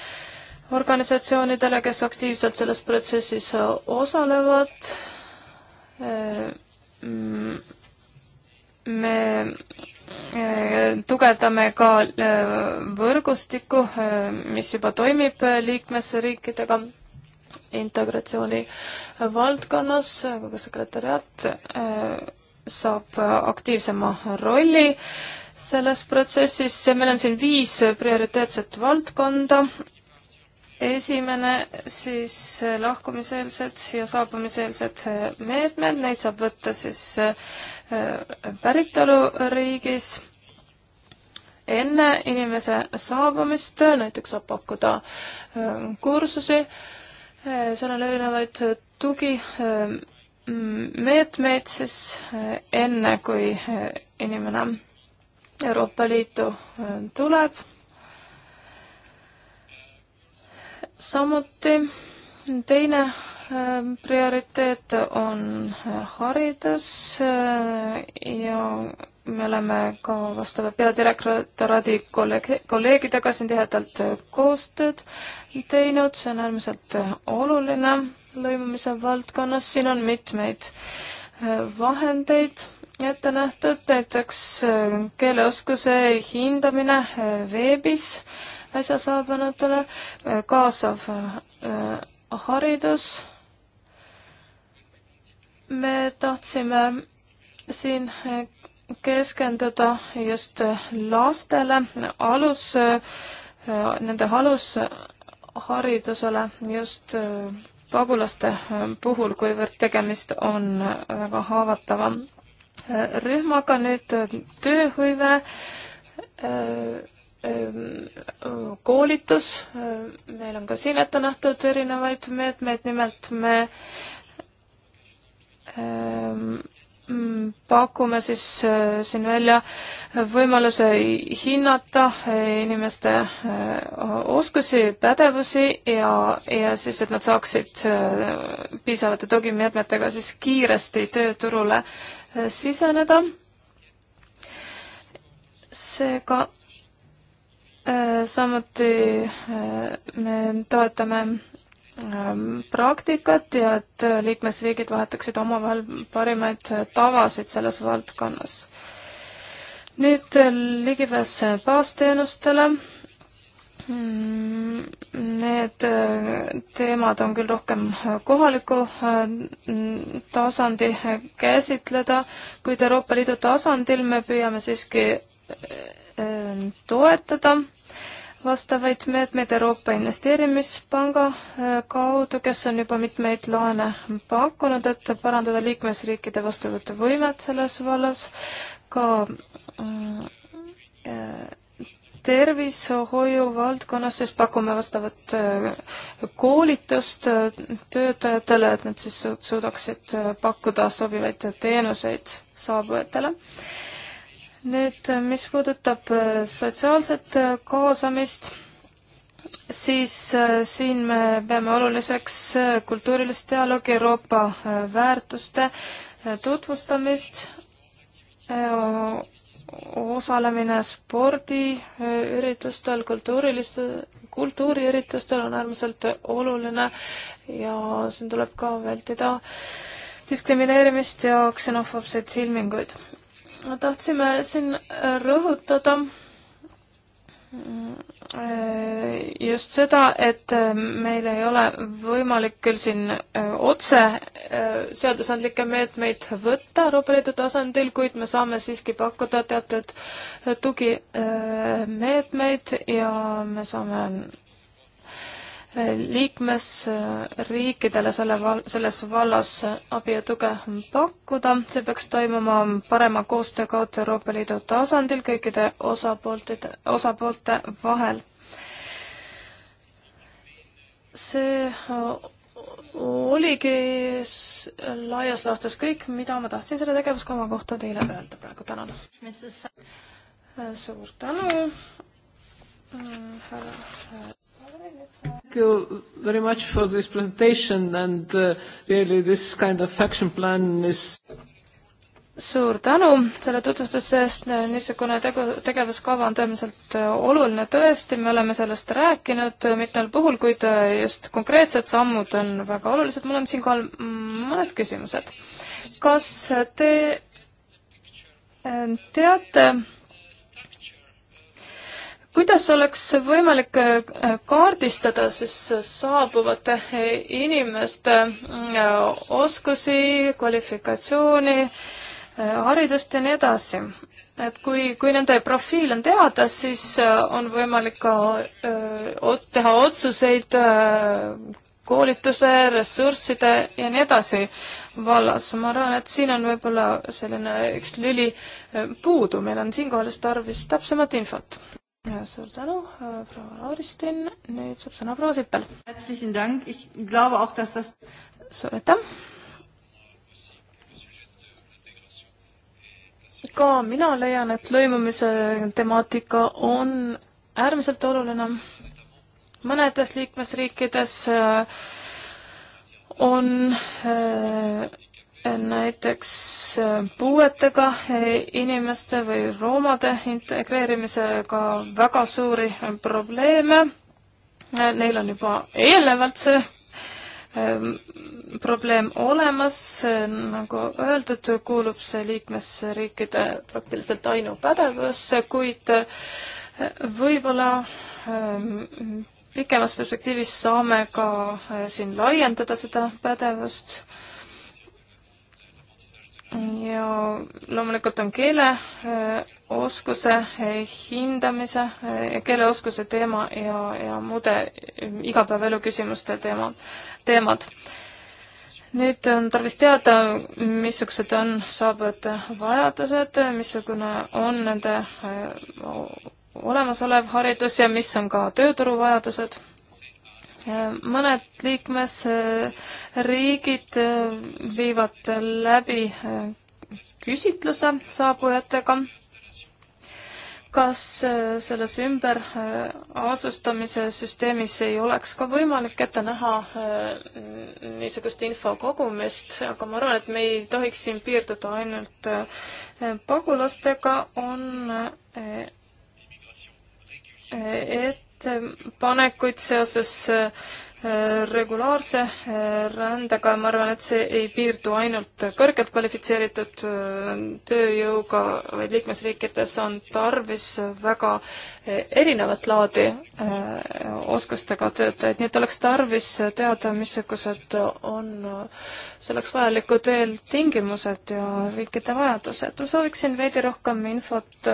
organisatsioonidele, kes aktiivselt selles protsessis osalevad. me eh, tugevdame ka eh, võrgustikku, eh, mis juba toimib liikmesriikidega integratsiooni valdkonnas, aga sekretäriat saab aktiivsema rolli selles protsessis. meil on siin viis prioriteetset valdkonda esimene siis eh, lahkumiseelsed ja saabumiseelsed eh, meetmed, neid saab võtta siis eh, päritoluriigis enne inimese saabumist, näiteks saab pakkuda kursusi, seal on erinevaid tugimeetmeid siis enne, kui inimene Euroopa Liitu tuleb samuti teine ähm, prioriteet on äh, haridus äh, ja me oleme ka vastava peadirektoraadi kolleegidega siin tihedalt äh, koostööd teinud, see on äärmiselt oluline lõimumise valdkonnas, siin on mitmeid vahendeid ette nähtud, näiteks keeleoskuse hindamine veebis äsja saabunutele, äh, kaasav äh, haridus. me tahtsime siin äh, keskenduda just lastele, alus, nende alusharidusele just pagulaste puhul, kuivõrd tegemist on väga haavatava rühmaga, nüüd tööhõive koolitus, meil on ka siin ette nähtud erinevaid meetmeid, nimelt me pakume siis siin välja võimaluse hinnata inimeste oskusi, pädevusi ja, ja siis, et nad saaksid piisavate tugimeetmetega siis kiiresti tööturule siseneda. seega Äh, samuti äh, me toetame ähm, praktikat ja et äh, liikmesriigid vahetaksid omavahel parimaid tavasid selles valdkonnas. nüüd ligipääs baasteenustele. Mm, need teemad on küll rohkem kohaliku tasandi käsitleda, kuid Euroopa Liidu tasandil me püüame siiski toetada vastavaid meetmeid Euroopa Investeerimispanga äh, kaudu, kes on juba mitmeid laene pakkunud, et parandada liikmesriikide vastuvõtuvõimet selles vallas, ka äh, äh, tervishoiu valdkonnas siis pakume vastavat koolitust töötajatele, et nad siis suudaksid pakkuda sobivaid teenuseid saabujatele nüüd, mis puudutab äh, sotsiaalset äh, kaasamist, siis äh, siin me peame oluliseks kultuurilist dialoogi Euroopa väärtuste tutvustamist, osalemine spordiüritustel, kultuurilistel, kultuuriüritustel on äärmiselt oluline ja siin tuleb ka vältida diskrimineerimist ja ksenofoobseid ilminguid tahtsime siin äh, rõhutada äh, just seda, et äh, meil ei ole võimalik küll siin otse seadusandlikke meetmeid võtta Euroopa Liidu tasandil, kuid me saame siiski pakkuda teatud tugimeetmeid ja me saame liikmesriikidele selle val-, selles vallas abi ja tuge pakkuda, see peaks toimuma parema koostöö kaudu Euroopa Liidu tasandil kõikide osapooltide, osapoolte vahel. see oligi laias laastus kõik, mida ma tahtsin selle tegevuskava kohta teile öelda praegu, tänan. suur tänu, mm, härra Thank you very much for this presentation and uh, really this kind of action plan is suur tänu selle tutvustuse eest, niisugune tegu, tegevuskava on tõenäoliselt äh, oluline tõesti, me oleme sellest rääkinud mitmel puhul, kuid äh, just konkreetsed sammud on väga olulised, mul on siinkohal mõned küsimused. kas te äh, teate, kuidas oleks võimalik äh, kaardistada siis äh, saabuvate äh, inimeste oskusi, kvalifikatsiooni, haridust ja nii edasi? et kui, kui nende profiil on teada, siis on võimalik ka öö, teha otsuseid öö, koolituse, ressursside ja nii edasi vallas. ma arvan, et siin on võib-olla selline üks lüli puudu, meil on siinkohal tarvis täpsemat infot suur tänu, äh, proua Lauristin, nüüd saab sõna proua Sippel. suur aitäh. ka mina leian, et lõimumise temaatika on äärmiselt oluline. mõnedes liikmesriikides äh, on äh, näiteks äh, puuetega äh, inimeste või roomade integreerimisega väga suuri äh, probleeme. Neil on juba eelnevalt see ähm, probleem olemas, nagu öeldud, kuulub see liikmesriikide praktiliselt ainupädevusse, kuid võib-olla ähm, pikemas perspektiivis saame ka siin laiendada seda pädevust ja loomulikult on keeleoskuse äh, äh, hindamise, äh, keeleoskuse teema ja, ja muude igapäevaelu küsimuste teema, teemad. nüüd on tarvis teada, missugused on saabujate vajadused, missugune on nende olemasolev haridus ja mis on ka tööturu vajadused mõned liikmesriigid äh, viivad läbi äh, küsitluse saabujatega, kas äh, selles ümberasustamise süsteemis ei oleks ka võimalik ette näha niisugust info kogumist, aga ma arvan, et me ei tohiks siin piirduda ainult pagulastega, on et ettepanekuid äh, seoses äh, regulaarse äh, rändega ja ma arvan, et see ei piirdu ainult kõrgelt kvalifitseeritud tööjõuga, vaid liikmesriikides on tarvis väga erinevat laadi oskustega töötajaid, nii et oleks tarvis teada, missugused on selleks vajalikud eeltingimused ja riikide vajadused. ma sooviksin veidi rohkem infot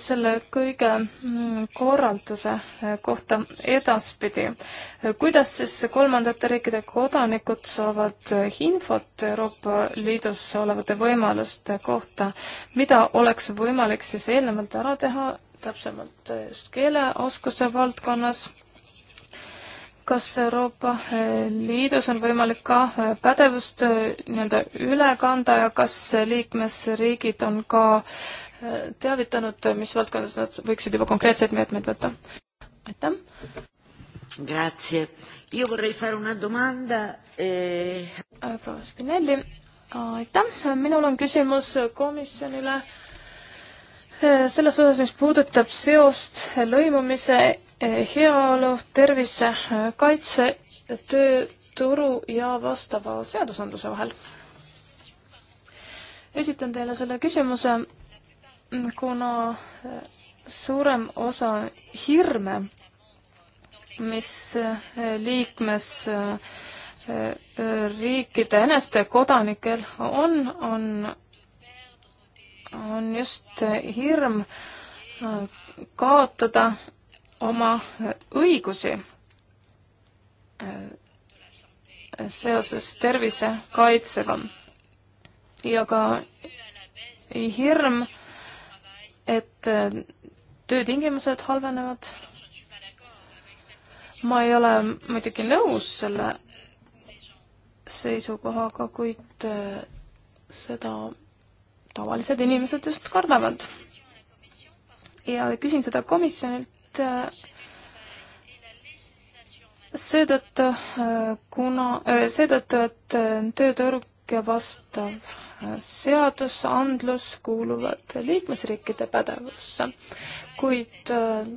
selle kõige mm, korralduse eh, kohta edaspidi. kuidas siis kolmandate riikide kodanikud saavad eh, infot Euroopa Liidus olevate võimaluste kohta, mida oleks võimalik siis eelnevalt ära teha, täpsemalt eh, just keeleoskuse valdkonnas? kas Euroopa Liidus on võimalik ka pädevust nii-öelda üle kanda ja kas liikmesriigid on ka äh, teavitanud, mis valdkondades nad võiksid juba konkreetseid meetmeid võtta. aitäh. Grazie. Io vorrei fare una domanda eh.... Äh, proua Spinelli, aitäh. minul on küsimus komisjonile eh, selles osas, mis puudutab seost lõimumise, eh, heaolu, tervise, eh, kaitse, tööturu ja vastava seadusandluse vahel. esitan teile selle küsimuse kuna suurem osa hirme, mis eh, liikmes eh, riikide eneste kodanikel on, on, on just hirm eh, kaotada oma õigusi seoses tervisekaitsega ja ka hirm et äh, töötingimused halvenevad. ma ei ole muidugi nõus selle seisukohaga, kuid äh, seda tavalised inimesed just kardavad. ja küsin seda komisjonilt äh, seetõttu, kuna, seetõttu, et tööturg ja vastav seadusandlus kuuluvad liikmesriikide pädevusse, kuid äh,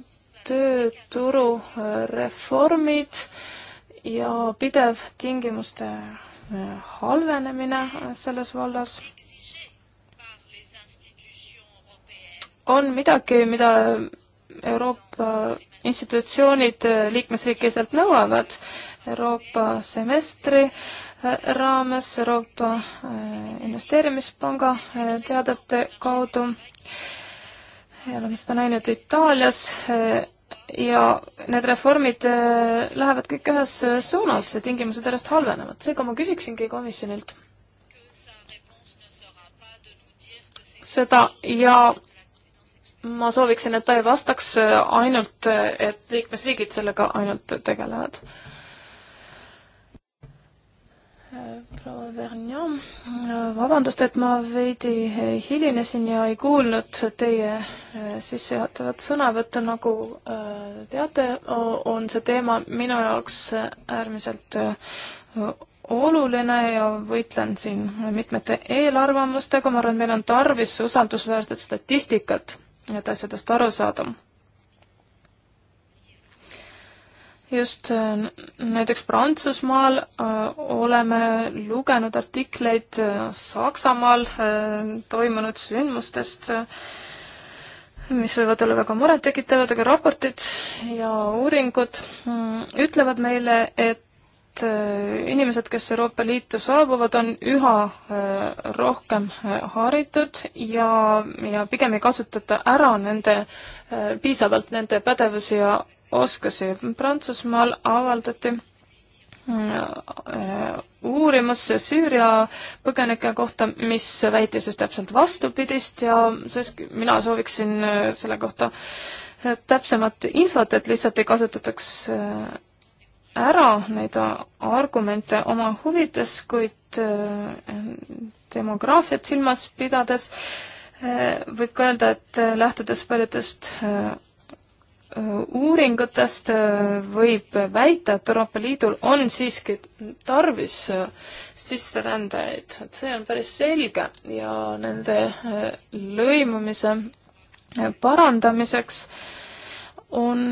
tööturu äh, reformid ja pidev tingimuste äh, halvenemine selles vallas on midagi, mida Euroopa institutsioonid liikmesriikidelt nõuavad Euroopa semestri äh, raames Euroopa äh, Investeerimispanga äh, teadete kaudu. oleme seda näinud Itaalias äh, ja need reformid lähevad kõik ühes suunas ja tingimused järjest halvenevad. seega ma küsiksingi komisjonilt seda ja ma sooviksin, et ta ei vastaks ainult, et liikmesriigid sellega ainult tegelevad proua Vernon, vabandust, et ma veidi hilinesin ja ei kuulnud teie äh, sissejuhatavat sõnavõttu, nagu äh, teate, on see teema minu jaoks äärmiselt äh, oluline ja võitlen siin mitmete eelarvamustega, ma arvan, meil on tarvis usaldusväärset statistikat, et asjadest aru saada just äh, näiteks Prantsusmaal äh, oleme lugenud artikleid äh, Saksamaal toimunud sündmustest, mis võivad olla väga murettekitavad, aga raportid ja uuringud mm, ütlevad meile, et inimesed, kes Euroopa Liitu saabuvad, on üha rohkem haritud ja, ja pigem ei kasutata ära nende, piisavalt nende pädevusi ja oskusi. Prantsusmaal avaldati äh, äh, uurimusse Süüria põgenike kohta, mis väitis just täpselt vastupidist ja sest mina sooviksin äh, selle kohta täpsemat infot, et lihtsalt ei kasutataks ära neid argumente oma huvides, kuid demograafiat silmas pidades võib ka öelda, et lähtudes paljudest Äh, uuringutest äh, võib väita, et Euroopa Liidul on siiski tarvis äh, sisserändajaid, et see on päris selge ja nende lõimumise parandamiseks on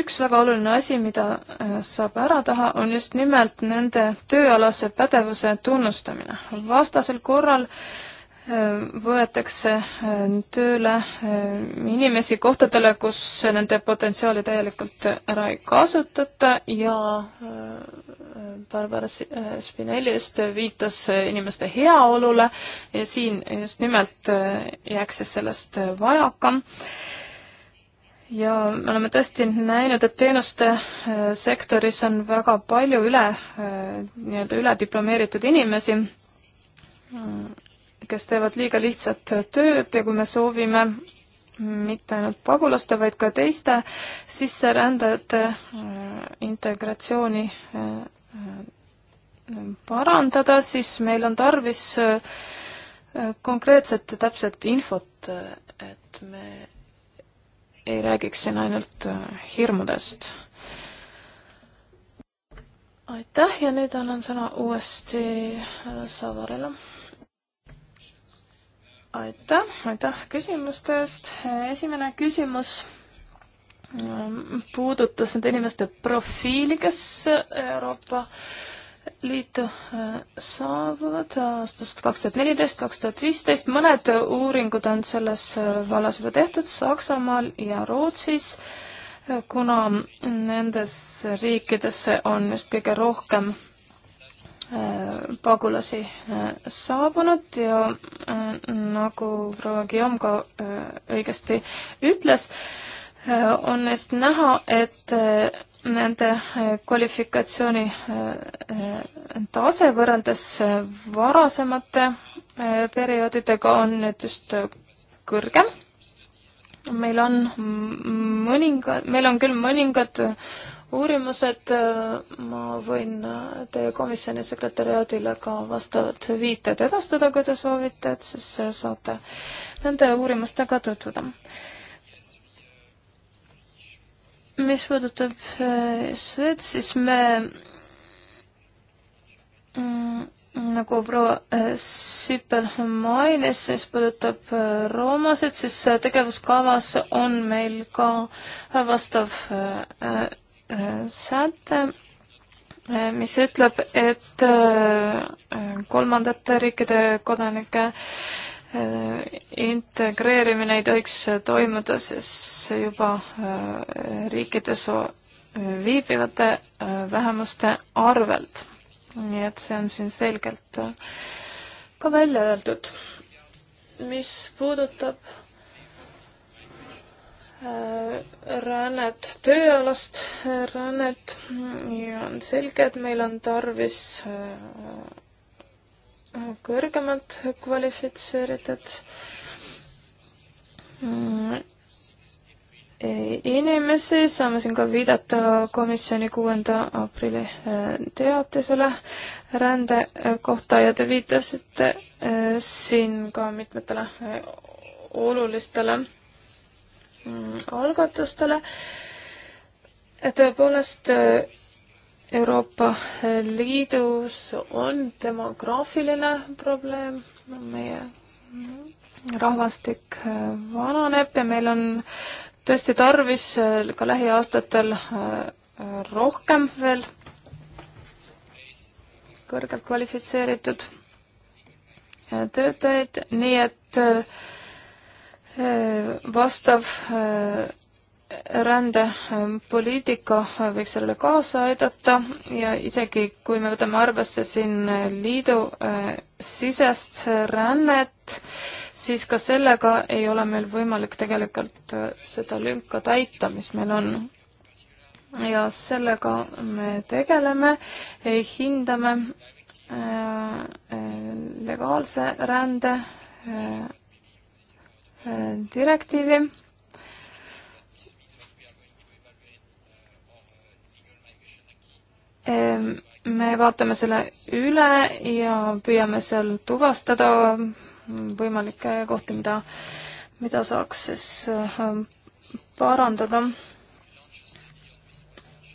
üks väga oluline asi, mida saab ära teha, on just nimelt nende tööalase pädevuse tunnustamine. vastasel korral äh, võetakse äh, tööle äh, inimesi kohtadele, kus nende potentsiaali täielikult ära ei kasutata ja äh, Barbara Spinelli just viitas inimeste heaolule ja siin just nimelt jääks siis sellest vajakam ja me oleme tõesti näinud, et teenuste sektoris on väga palju üle, nii-öelda üle diplomeeritud inimesi mm, kes teevad liiga lihtsat tööd ja kui me soovime mitte ainult pagulaste, vaid ka teiste sisserändajate äh, integratsiooni äh, äh, parandada, siis meil on tarvis konkreetset ja täpset infot, et me ei räägiks siin ainult hirmudest. aitäh ja nüüd annan sõna uuesti Savarele aitäh, aitäh küsimuste eest. esimene küsimus ähm, puudutas nende inimeste profiili, kes Euroopa liitu äh, saabuvad aastast kaks tuhat neliteist, kaks tuhat viisteist, mõned uuringud on selles äh, vallas juba tehtud Saksamaal ja Rootsis, äh, kuna nendes riikides on just kõige rohkem Äh, pagulasi äh, saabunud ja äh, nagu proua Guillaume ka õigesti ütles, on neist näha, et nende kvalifikatsiooni tase võrreldes varasemate perioodidega on nüüd just kõrgem. meil on mõningad, meil on küll mõningad uurimused, äh, ma võin äh, teie komisjoni sekretäriaadile ka vastavad viited edastada, kui te soovite, et siis äh, saate nende uurimustega tutvuda. mis puudutab Šveitsi, siis me mm, nagu proua Sipel mainis, mis puudutab roomasid, siis tegevuskavas on meil ka vastav säte, mis ütleb, et äh, kolmandate riikide kodanike äh, integreerimine ei tohiks toimuda siis juba äh, riikides viibivate vähemuste arvelt. nii et see on siin selgelt ka välja öeldud. mis puudutab Äh, rännet, tööalast äh, rännet ja on selge, et meil on tarvis äh, kõrgemalt kvalifitseeritud inimesi, saame siin ka viidata komisjoni kuuenda aprilli teatisele rände kohta ja te viitasite siin ka mitmetele olulistele algatustele. tõepoolest Euroopa Liidus on demograafiline probleem, meie rahvastik vananeb ja meil on tõesti tarvis ka lähiaastatel rohkem veel kõrgelt kvalifitseeritud töötajaid, nii et Äh, vastav äh, rändepoliitika äh, võiks sellele kaasa aidata ja isegi kui me võtame arvesse siin liidu sisest rännet, siis ka sellega ei ole meil võimalik tegelikult seda lünka täita, mis meil on. ja sellega me tegeleme, hindame legaalse rände direktiivi. me vaatame selle üle ja püüame seal tuvastada võimalikke kohti, mida, mida saaks siis äh, parandada.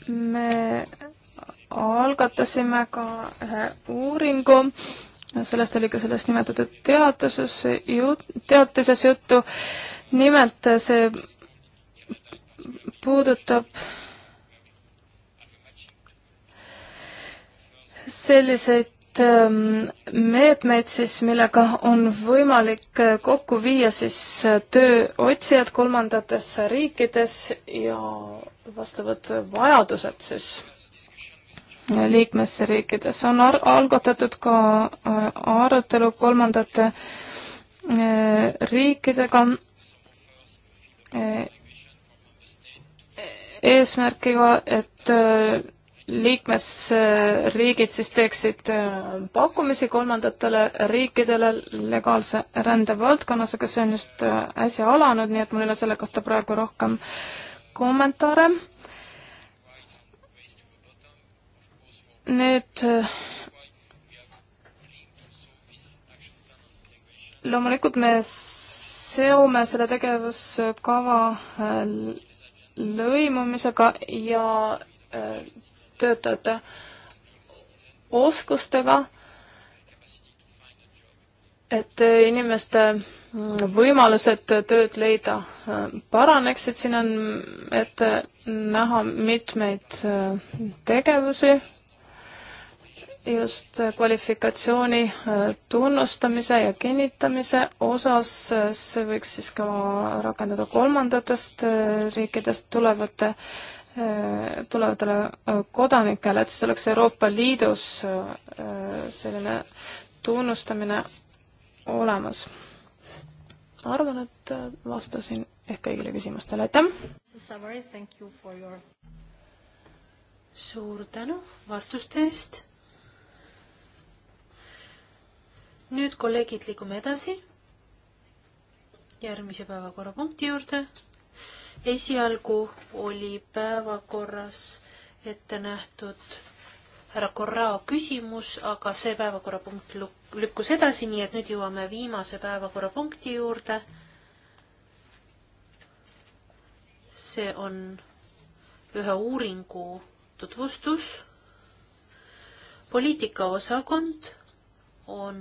me algatasime ka ühe uuringu sellest oli ka selles nimetatud teaduses ju-, teatises juttu, nimelt äh, see puudutab selliseid ähm, meetmeid siis, millega on võimalik äh, kokku viia siis äh, tööotsijad kolmandates riikides ja vastavad vajadused siis liikmesriikides. on ar-, algatatud ka äh, arutelu kolmandate äh, riikidega äh, eesmärgiga, et liikmesriigid siis teeksid pakkumisi kolmandatele riikidele legaalse rände valdkonnas, aga see on just äsja alanud, nii et mul ei ole selle kohta praegu rohkem kommentaare. nüüd loomulikult me seome selle tegevuskava äh, lõimumisega ja äh, töötajate oskustega, et inimeste mm, võimalused tööd leida äh, paraneksid, siin on ette näha mitmeid tegevusi just kvalifikatsiooni äh, tunnustamise ja kinnitamise osas, äh, see võiks siis ka rakenduda kolmandatest äh, riikidest tulevate, tulevatele kodanikele, et siis oleks Euroopa Liidus selline tunnustamine olemas. ma arvan, et vastasin ehk kõigile küsimustele, aitäh! suur tänu vastuste eest! nüüd, kolleegid, liigume edasi järgmise päevakorrapunkti juurde. esialgu oli päevakorras ette nähtud härra Corrao küsimus, aga see päevakorrapunkt lükkus edasi, nii et nüüd jõuame viimase päevakorrapunkti juurde. see on ühe uuringu tutvustus. poliitikaosakond on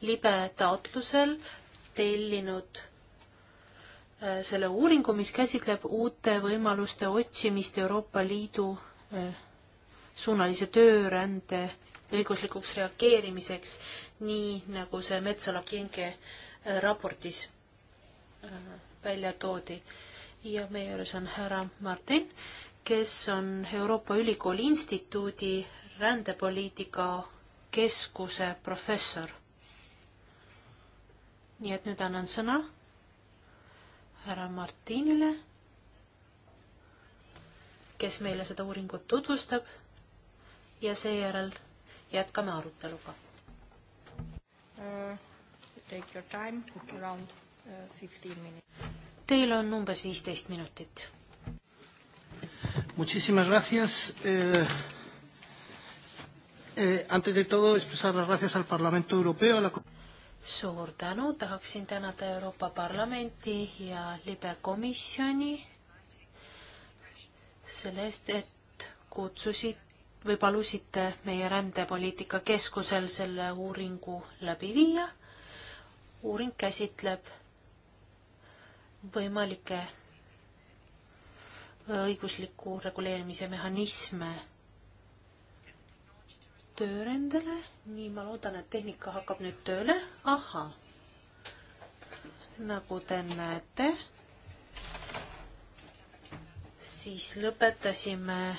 libe taotlusel tellinud äh, selle uuringu, mis käsitleb uute võimaluste otsimist Euroopa Liidu äh, suunalise töörände õiguslikuks reageerimiseks, nii nagu see Metsola Kinge äh, raportis välja toodi. ja meie juures on härra Martin, kes on Euroopa Ülikooli Instituudi rändepoliitika keskuse professor nii et nüüd annan sõna härra Martinile, kes meile seda uuringut tutvustab ja seejärel jätkame aruteluga uh,. Take your time, around uh, fifteen uh, minutes. Teil on umbes viisteist minutit. Muchísimas gracias. Eh, eh, antes de todo, expresar las gracias al Parlamento Europeo, a la Comisión suur tänu, tahaksin tänada Euroopa Parlamenti ja libe komisjoni sellest, et kutsusid või palusite meie rändepoliitika keskusel selle uuringu läbi viia. uuring käsitleb võimalikke õigusliku reguleerimise mehhanisme töörendele, nii ma loodan, et tehnika hakkab nüüd tööle, ahhaa. nagu te näete, siis lõpetasime äh,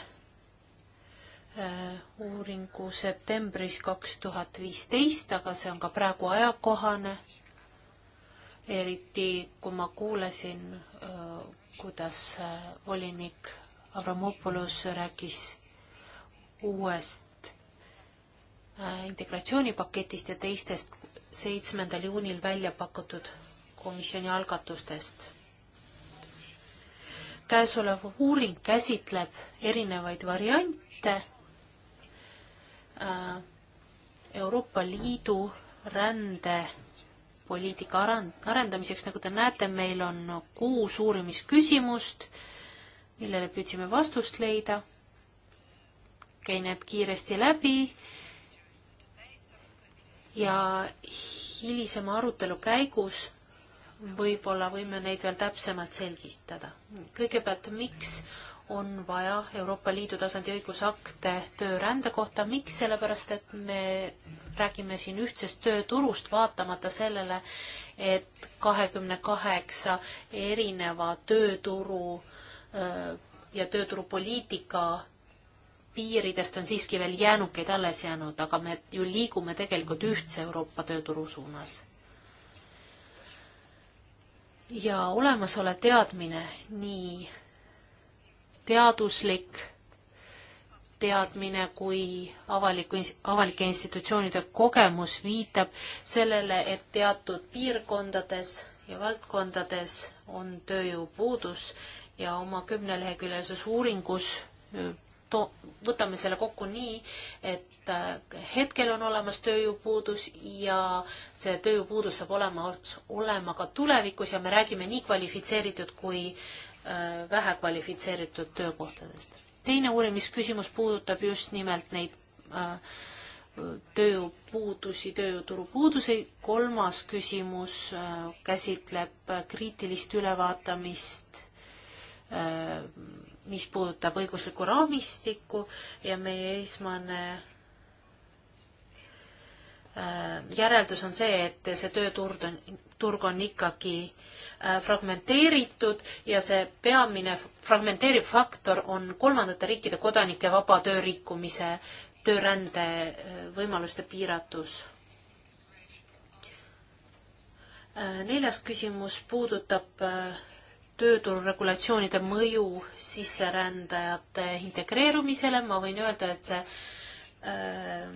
uuringu septembris kaks tuhat viisteist, aga see on ka praegu ajakohane. eriti kui ma kuulasin, äh, kuidas äh, volinik Avramopoulos rääkis uuest integratsioonipaketist ja teistest seitsmendal juunil välja pakutud komisjoni algatustest. käesolev uuring käsitleb erinevaid variante äh, Euroopa Liidu rändepoliitika arendamiseks, nagu te näete, meil on kuus uurimisküsimust, millele püüdsime vastust leida. käin need kiiresti läbi ja hilisema arutelu käigus võib-olla võime neid veel täpsemalt selgitada. kõigepealt, miks on vaja Euroopa Liidu tasandi õigusakte töörände kohta, miks, sellepärast et me räägime siin ühtsest tööturust, vaatamata sellele, et kahekümne kaheksa erineva tööturu ja tööturupoliitika piiridest on siiski veel jäänukeid alles jäänud, aga me ju liigume tegelikult ühtse Euroopa tööturu suunas. ja olemasolev teadmine, nii teaduslik teadmine kui avaliku, avalike institutsioonide kogemus viitab sellele, et teatud piirkondades ja valdkondades on tööjõupuudus ja oma kümneleheküljelises uuringus to-, võtame selle kokku nii, et äh, hetkel on olemas tööjõupuudus ja see tööjõupuudus saab olema, olema ka tulevikus ja me räägime nii kvalifitseeritud kui äh, vähe kvalifitseeritud töökohtadest. teine uurimisküsimus puudutab just nimelt neid äh, tööjõupuudusi, tööjõuturu puuduseid, kolmas küsimus käsitleb kriitilist ülevaatamist mis puudutab õiguslikku raamistikku ja meie esmane äh, järeldus on see, et see tööturg on, turg on ikkagi äh, fragmenteeritud ja see peamine fragmenteeriv faktor on kolmandate riikide kodanike vaba töö rikkumise, töörände äh, võimaluste piiratus. neljas küsimus puudutab töötururegulatsioonide mõju sisserändajate integreerumisele, ma võin öelda, et see äh,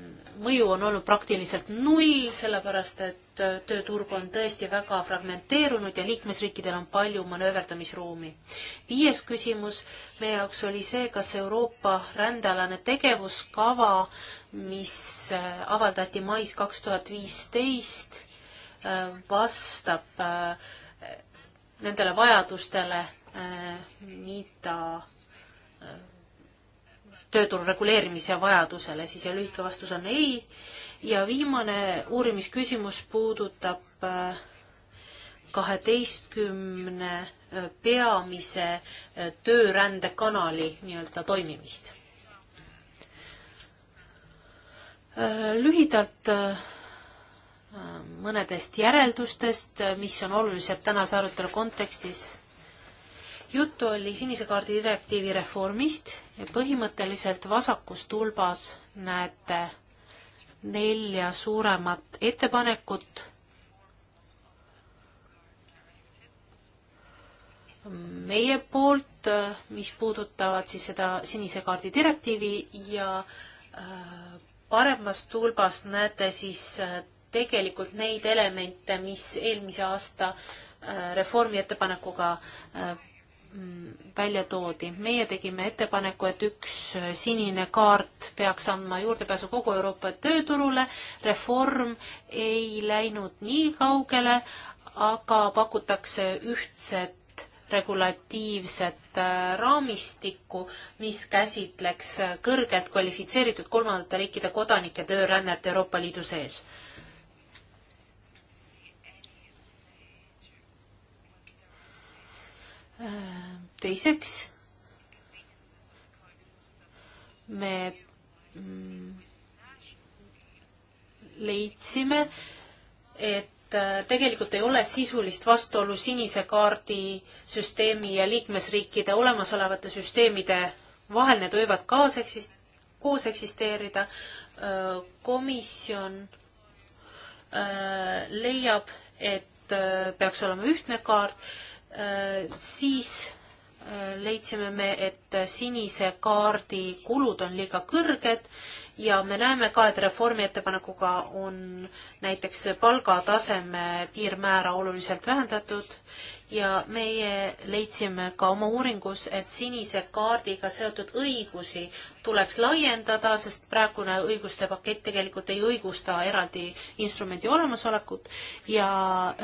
mõju on olnud praktiliselt null, sellepärast et äh, tööturg on tõesti väga fragmenteerunud ja liikmesriikidel on palju manööverdamisruumi. viies küsimus meie jaoks oli see, kas Euroopa rändealane tegevuskava, mis äh, avaldati mais kaks tuhat viisteist, vastab äh, nendele vajadustele, eh, mida eh, tööturu reguleerimise vajadusele, siis ja lühike vastus on ei. ja viimane uurimisküsimus puudutab eh, kaheteistkümne peamise töörändekanali nii-öelda toimimist. lühidalt mõnedest järeldustest, mis on olulised tänase arutelu kontekstis. juttu oli sinise kaardi direktiivi reformist ja põhimõtteliselt vasakus tulbas näete nelja suuremat ettepanekut, meie poolt, mis puudutavad siis seda sinise kaardi direktiivi ja äh, paremas tulbas näete siis äh, tegelikult neid elemente, mis eelmise aasta äh, reformi ettepanekuga äh, mm, välja toodi. meie tegime ettepaneku, et üks äh, sinine kaart peaks andma juurdepääsu kogu Euroopa tööturule, reform ei läinud nii kaugele, aga pakutakse ühtset regulatiivset raamistikku, mis käsitleks kõrgelt kvalifitseeritud kolmandate riikide kodanike töörännet Euroopa Liidu sees teiseks, me mm, leidsime, et äh, tegelikult ei ole sisulist vastuolu sinise kaardi süsteemi ja liikmesriikide olemasolevate süsteemide vahel, need võivad kaas eksist-, koos eksisteerida. Äh, komisjon äh, leiab, et peaks olema ühtne kaart Äh, siis äh, leidsime me, et sinise kaardi kulud on liiga kõrged ja me näeme ka, et reformi ettepanekuga on näiteks palgataseme piirmäära oluliselt vähendatud ja meie leidsime ka oma uuringus, et sinise kaardiga seotud õigusi tuleks laiendada, sest praegune õiguste pakett tegelikult ei õigusta eraldi instrumendi olemasolekut ja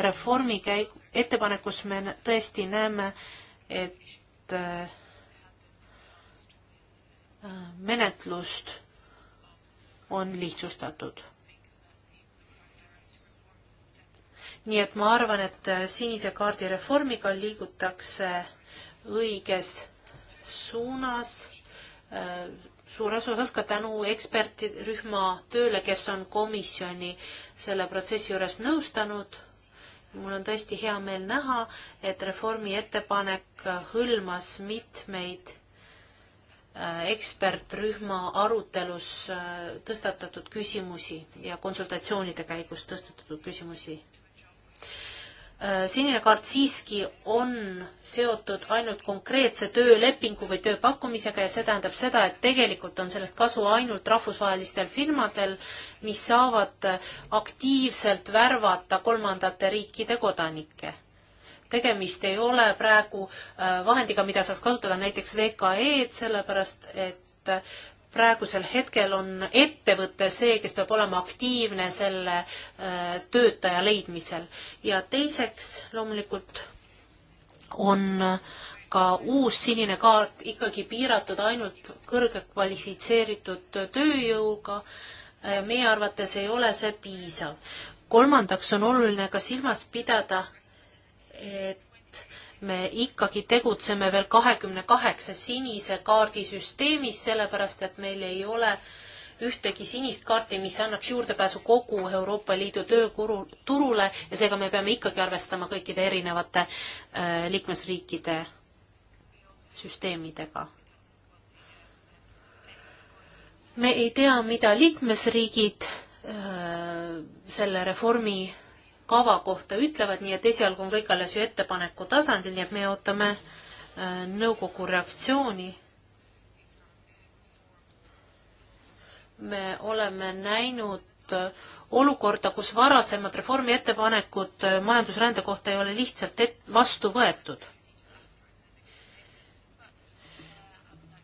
reformi käig-, ettepanekus me tõesti näeme, et äh, menetlust on lihtsustatud. nii et ma arvan, et äh, sinise kaardi reformiga liigutakse õiges suunas, äh, suures osas ka tänu ekspertirühma tööle, kes on komisjoni selle protsessi juures nõustanud mul on tõesti hea meel näha, et reformi ettepanek hõlmas mitmeid äh, ekspertrühma arutelus äh, tõstatatud küsimusi ja konsultatsioonide käigus tõstatatud küsimusi. Äh, sinine kaart siiski on seotud ainult konkreetse töölepingu või tööpakkumisega ja see tähendab seda, et tegelikult on sellest kasu ainult rahvusvahelistel firmadel, mis saavad aktiivselt värvata kolmandate riikide kodanikke. tegemist ei ole praegu äh, vahendiga, mida saaks kasutada näiteks VKE-d, sellepärast et praegusel hetkel on ettevõte see, kes peab olema aktiivne selle äh, töötaja leidmisel. ja teiseks loomulikult on ka uus sinine kaart ikkagi piiratud ainult kõrge kvalifitseeritud tööjõuga. Äh, meie arvates ei ole see piisav. kolmandaks on oluline ka silmas pidada, et me ikkagi tegutseme veel kahekümne kaheksa sinise kaardi süsteemis, sellepärast et meil ei ole ühtegi sinist kaarti, mis annaks juurdepääsu kogu Euroopa Liidu töökuru, turule ja seega me peame ikkagi arvestama kõikide erinevate äh, liikmesriikide süsteemidega. me ei tea, mida liikmesriigid äh, selle reformi kava kohta ütlevad, nii et esialgu on kõik alles ju ettepaneku tasandil, nii et me ootame äh, nõukogu reaktsiooni. me oleme näinud äh, olukorda, kus varasemad reformi ettepanekud äh, majandusrände kohta ei ole lihtsalt et-, vastu võetud.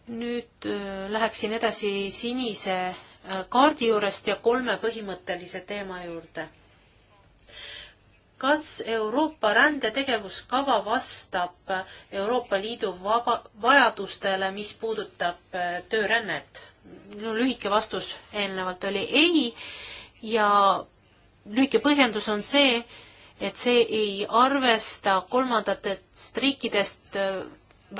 nüüd läheksin edasi sinise kaardi juurest ja kolme põhimõttelise teema juurde kas Euroopa rändetegevuskava vastab Euroopa Liidu vaba, vajadustele, mis puudutab äh, töörännet? minu lühike vastus eelnevalt oli ei ja lühike põhjendus on see, et see ei arvesta kolmandatest riikidest äh,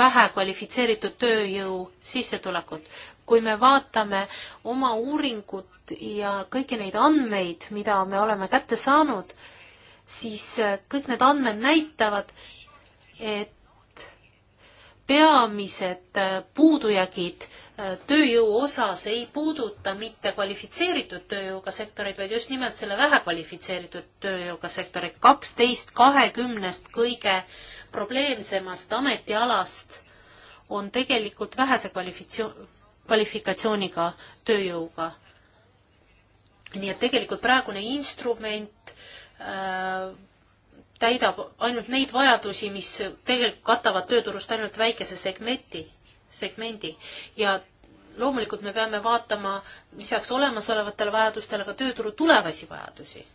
vähe kvalifitseeritud tööjõu sissetulekut. kui me vaatame oma uuringut ja kõiki neid andmeid, mida me oleme kätte saanud, siis äh, kõik need andmed näitavad, et peamised äh, puudujäägid äh, tööjõu osas ei puuduta mitte kvalifitseeritud tööjõuga sektoreid, vaid just nimelt selle vähekvalifitseeritud tööjõuga sektorit. kaksteist kahekümnest kõige probleemsemast ametialast on tegelikult vähese kvalifitsioon, kvalifikatsiooniga tööjõuga. nii et tegelikult praegune instrument Äh, täidab ainult neid vajadusi, mis tegelikult katavad tööturust ainult väikese segmenti, segmendi ja loomulikult me peame vaatama lisaks olemasolevatele vajadustele ka tööturu tulevasi vajadusi.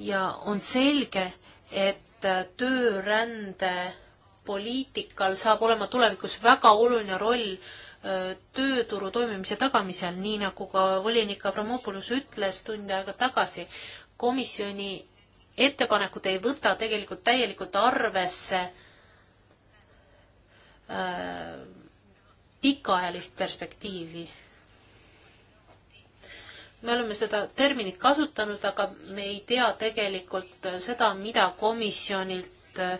ja on selge, et töörände poliitikal saab olema tulevikus väga oluline roll äh, tööturu toimimise tagamisel, nii nagu ka volinik Avramopoulos ütles tund aega tagasi, komisjoni ettepanekud ei võta tegelikult täielikult arvesse pikaajalist perspektiivi. me oleme seda terminit kasutanud, aga me ei tea tegelikult seda, mida komisjonilt äh,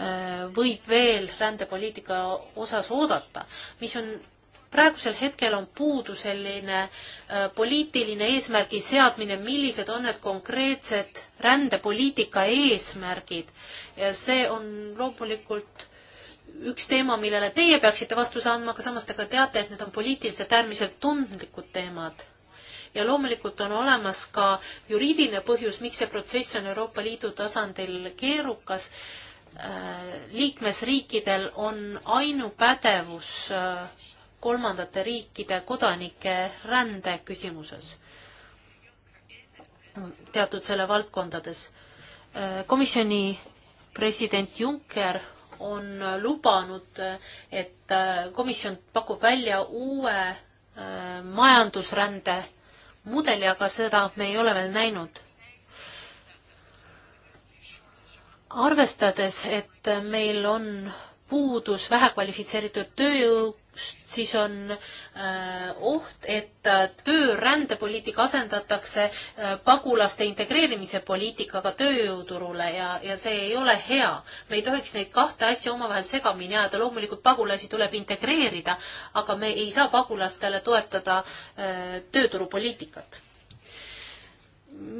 Äh, võib veel rändepoliitika osas oodata, mis on praegusel hetkel on puudu selline äh, poliitiline eesmärgi seadmine, millised on need konkreetsed rändepoliitika eesmärgid ja see on loomulikult üks teema, millele teie peaksite vastuse andma, aga samas te ka teate, et need on poliitiliselt äärmiselt tundlikud teemad. ja loomulikult on olemas ka juriidiline põhjus, miks see protsess on Euroopa Liidu tasandil keerukas Äh, liikmesriikidel on ainupädevus äh, kolmandate riikide kodanike rände küsimuses, äh, teatud selle valdkondades. komisjoni president Juncker on lubanud, et komisjon pakub välja uue majandusrände mudeli, aga seda me ei ole veel näinud arvestades, et meil on puudus vähekvalifitseeritud tööjõust, siis on äh, oht, et äh, töörändepoliitika asendatakse äh, pagulaste integreerimise poliitikaga tööjõuturule ja, ja see ei ole hea. me ei tohiks neid kahte asja omavahel segamini ajada, loomulikult pagulasi tuleb integreerida, aga me ei saa pagulastele toetada tööturupoliitikat.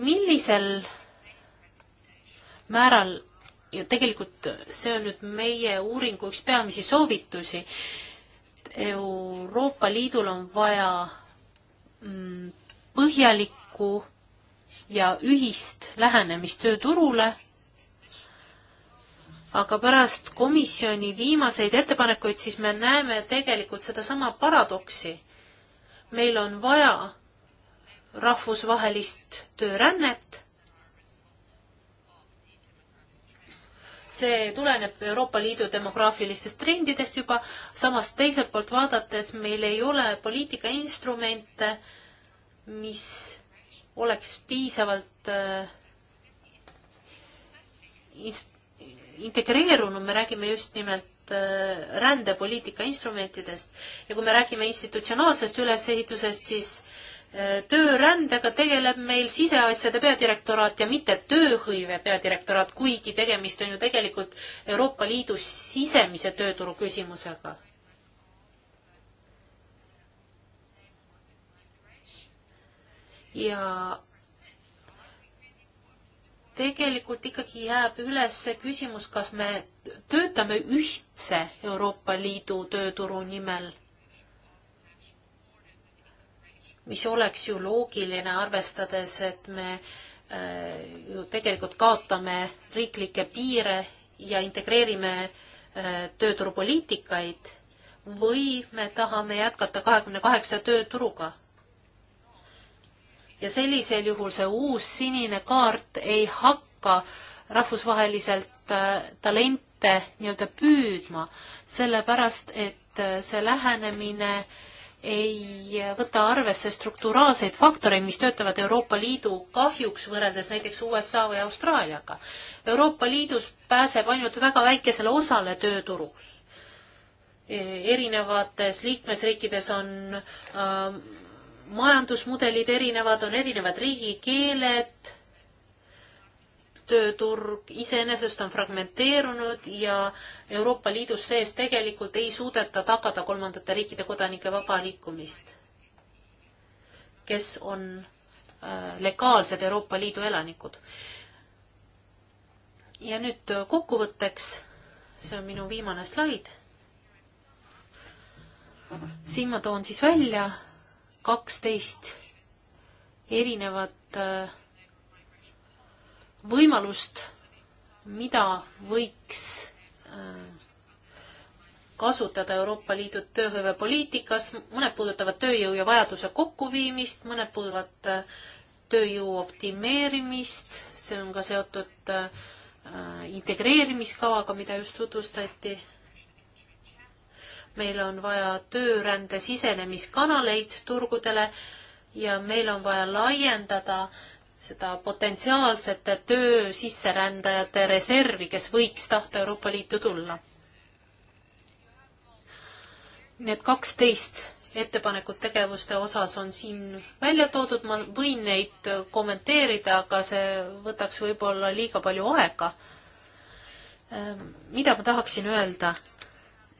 millisel määral ja tegelikult see on nüüd meie uuringu üks peamisi soovitusi. Euroopa Liidul on vaja mm, põhjalikku ja ühist lähenemist tööturule, aga pärast komisjoni viimaseid ettepanekuid siis me näeme tegelikult sedasama paradoksi. meil on vaja rahvusvahelist töörännet see tuleneb Euroopa Liidu demograafilistest trendidest juba, samas teiselt poolt vaadates meil ei ole poliitikainstrumente, mis oleks piisavalt äh, integreerunud, me räägime just nimelt äh, rändepoliitika instrumentidest ja kui me räägime institutsionaalsest ülesehitusest, siis äh, töörändega tegeleb meil siseasjade peadirektoraat ja mitte tööhõive peadirektoraat, kuigi tegemist on ju tegelikult Euroopa Liidu sisemise tööturu küsimusega. ja tegelikult ikkagi jääb üles see küsimus, kas me töötame ühtse Euroopa Liidu tööturu nimel mis oleks ju loogiline, arvestades, et me äh, ju tegelikult kaotame riiklikke piire ja integreerime äh, tööturupoliitikaid või me tahame jätkata kahekümne kaheksa tööturuga. ja sellisel juhul see uus sinine kaart ei hakka rahvusvaheliselt äh, talente nii-öelda püüdma, sellepärast et see lähenemine äh, ei võta arvesse strukturaalseid faktoreid, mis töötavad Euroopa Liidu kahjuks võrreldes näiteks USA või Austraaliaga. Euroopa Liidus pääseb ainult väga väikesele osale tööturus. E, erinevates liikmesriikides on äh, majandusmudelid erinevad, on erinevad riigikeeled tööturg iseenesest on fragmenteerunud ja Euroopa Liidus sees tegelikult ei suudeta tagada kolmandate riikide kodanike vaba liikumist, kes on äh, legaalsed Euroopa Liidu elanikud. ja nüüd kokkuvõtteks, see on minu viimane slaid, siin ma toon siis välja kaksteist erinevat äh, võimalust, mida võiks äh, kasutada Euroopa Liidu tööhõivepoliitikas, mõned puudutavad tööjõu ja vajaduse kokkuviimist, mõned puudutavad äh, tööjõu optimeerimist, see on ka seotud äh, integreerimiskavaga, mida just tutvustati. meil on vaja töörände sisenemiskanaleid turgudele ja meil on vaja laiendada äh, seda potentsiaalsete töösisserändajate reservi, kes võiks tahta Euroopa Liitu tulla. Need kaksteist ettepanekud tegevuste osas on siin välja toodud, ma võin neid kommenteerida, aga see võtaks võib-olla liiga palju aega. Ähm, mida ma tahaksin öelda?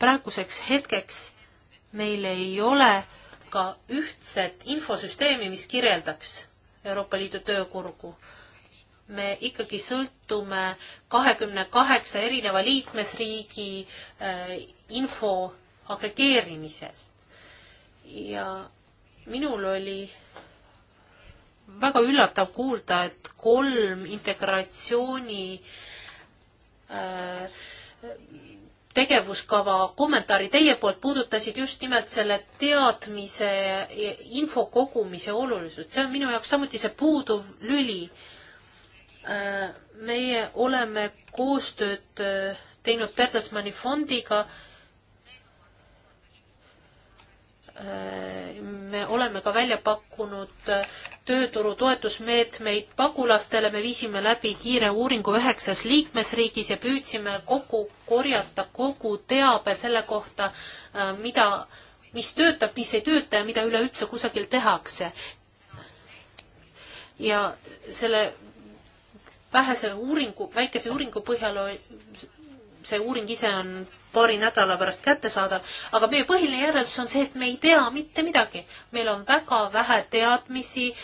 praeguseks hetkeks meil ei ole ka ühtset infosüsteemi, mis kirjeldaks Euroopa Liidu töökurgu. me ikkagi sõltume kahekümne kaheksa erineva liikmesriigi äh, info agregeerimisest. ja minul oli väga üllatav kuulda, et kolm integratsiooni äh, tegevuskava kommentaari teie poolt puudutasid just nimelt selle teadmise ja info kogumise olulisust. see on minu jaoks samuti see puuduv lüli. Äh, meie oleme koostööd äh, teinud Bertelsmanni fondiga me oleme ka välja pakkunud tööturu toetusmeetmeid pagulastele, me viisime läbi kiire uuringu üheksas liikmesriigis ja püüdsime kokku korjata kogu teabe selle kohta, äh, mida, mis töötab, mis ei tööta ja mida üleüldse kusagil tehakse. ja selle vähese uuringu, väikese uuringu põhjal see uuring ise on paari nädala pärast kättesaadav, aga meie põhiline järeldus on see, et me ei tea mitte midagi. meil on väga vähe teadmisi, äh,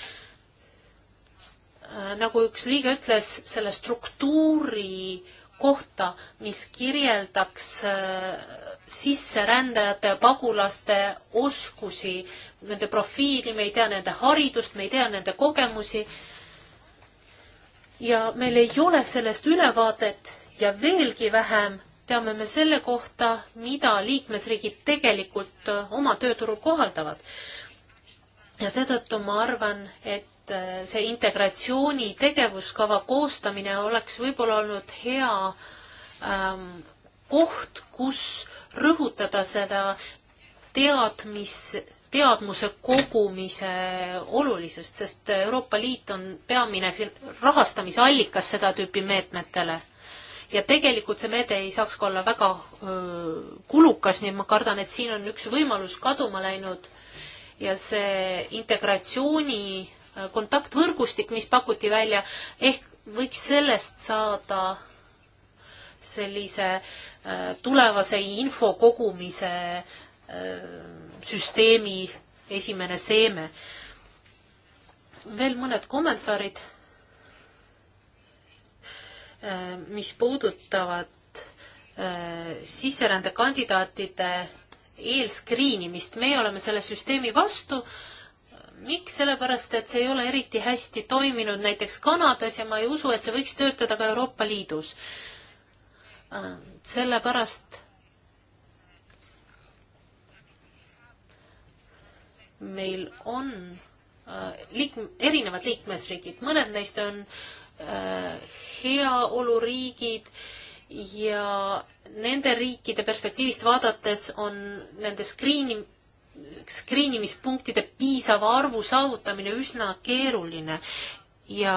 nagu üks liige ütles, selle struktuuri kohta, mis kirjeldaks äh, sisserändajate ja pagulaste oskusi, nende profiili, me ei tea nende haridust, me ei tea nende kogemusi ja meil ei ole sellest ülevaadet ja veelgi vähem teame me selle kohta, mida liikmesriigid tegelikult äh, oma tööturul kohaldavad. ja seetõttu ma arvan, et äh, see integratsiooni tegevuskava koostamine oleks võib-olla olnud hea ähm, koht, kus rõhutada seda teadmis, teadmuse kogumise olulisust, sest Euroopa Liit on peamine rahastamise allikas seda tüüpi meetmetele ja tegelikult see meede ei saaks ka olla väga öö, kulukas, nii et ma kardan, et siin on üks võimalus kaduma läinud ja see integratsiooni kontaktvõrgustik, mis pakuti välja, ehk võiks sellest saada sellise öö, tulevase info kogumise süsteemi esimene seeme. veel mõned kommentaarid Äh, mis puudutavad äh, sisserändekandidaatide eelskriinimist. meie oleme selle süsteemi vastu. miks? sellepärast, et see ei ole eriti hästi toiminud näiteks Kanadas ja ma ei usu, et see võiks töötada ka Euroopa Liidus. Äh, sellepärast meil on liik-, erinevad liikmesriigid, mõned neist on äh, Äh, heaoluriigid ja nende riikide perspektiivist vaadates on nende screening skriinimispunktide piisava arvu saavutamine üsna keeruline ja